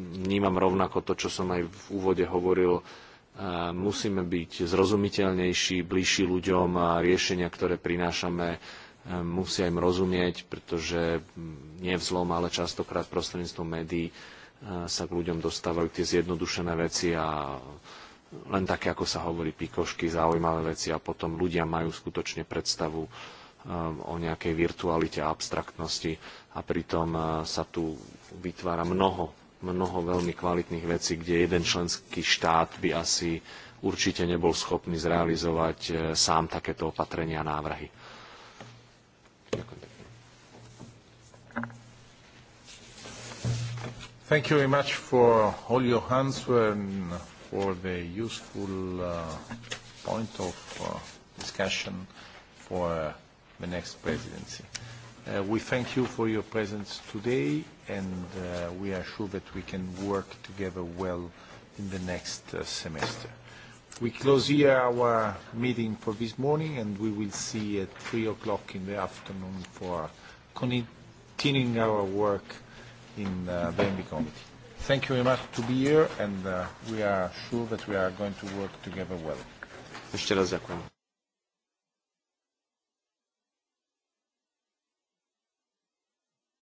vnímam rovnako to, čo som aj v úvode hovoril. Eh, musíme byť zrozumiteľnejší, bližší ľuďom a riešenia, ktoré prinášame Ehm, musia im rozumieť, pretože nie vzlom, ale častokrát prostredníctvom médií eh, sa k ľuďom dostávajú tie zjednodušené veci a len také, ako sa hovorí, pikošky, zaujímavé veci a potom ľudia majú skutočne predstavu eh, o nejakej virtualite a abstraktnosti a pritom eh, sa tu vytvára mnoho, mnoho veľmi kvalitných vecí, kde jeden členský štát by asi určite nebol schopný zrealizovať sám takéto opatrenia a návrhy. Thank you very much for all your hands and for the useful uh, point of uh, discussion for uh, the next presidency. Uh, we thank you for your presence today and uh, we are sure that we can work together well in the next uh, semester. We close here our meeting for this morning and we will see at 3 o'clock in the afternoon for continuing our work in uh, the MB committee. Thank you very much to be here and uh, we are sure that we are going to work together well. Jeszcze raz dziękuję.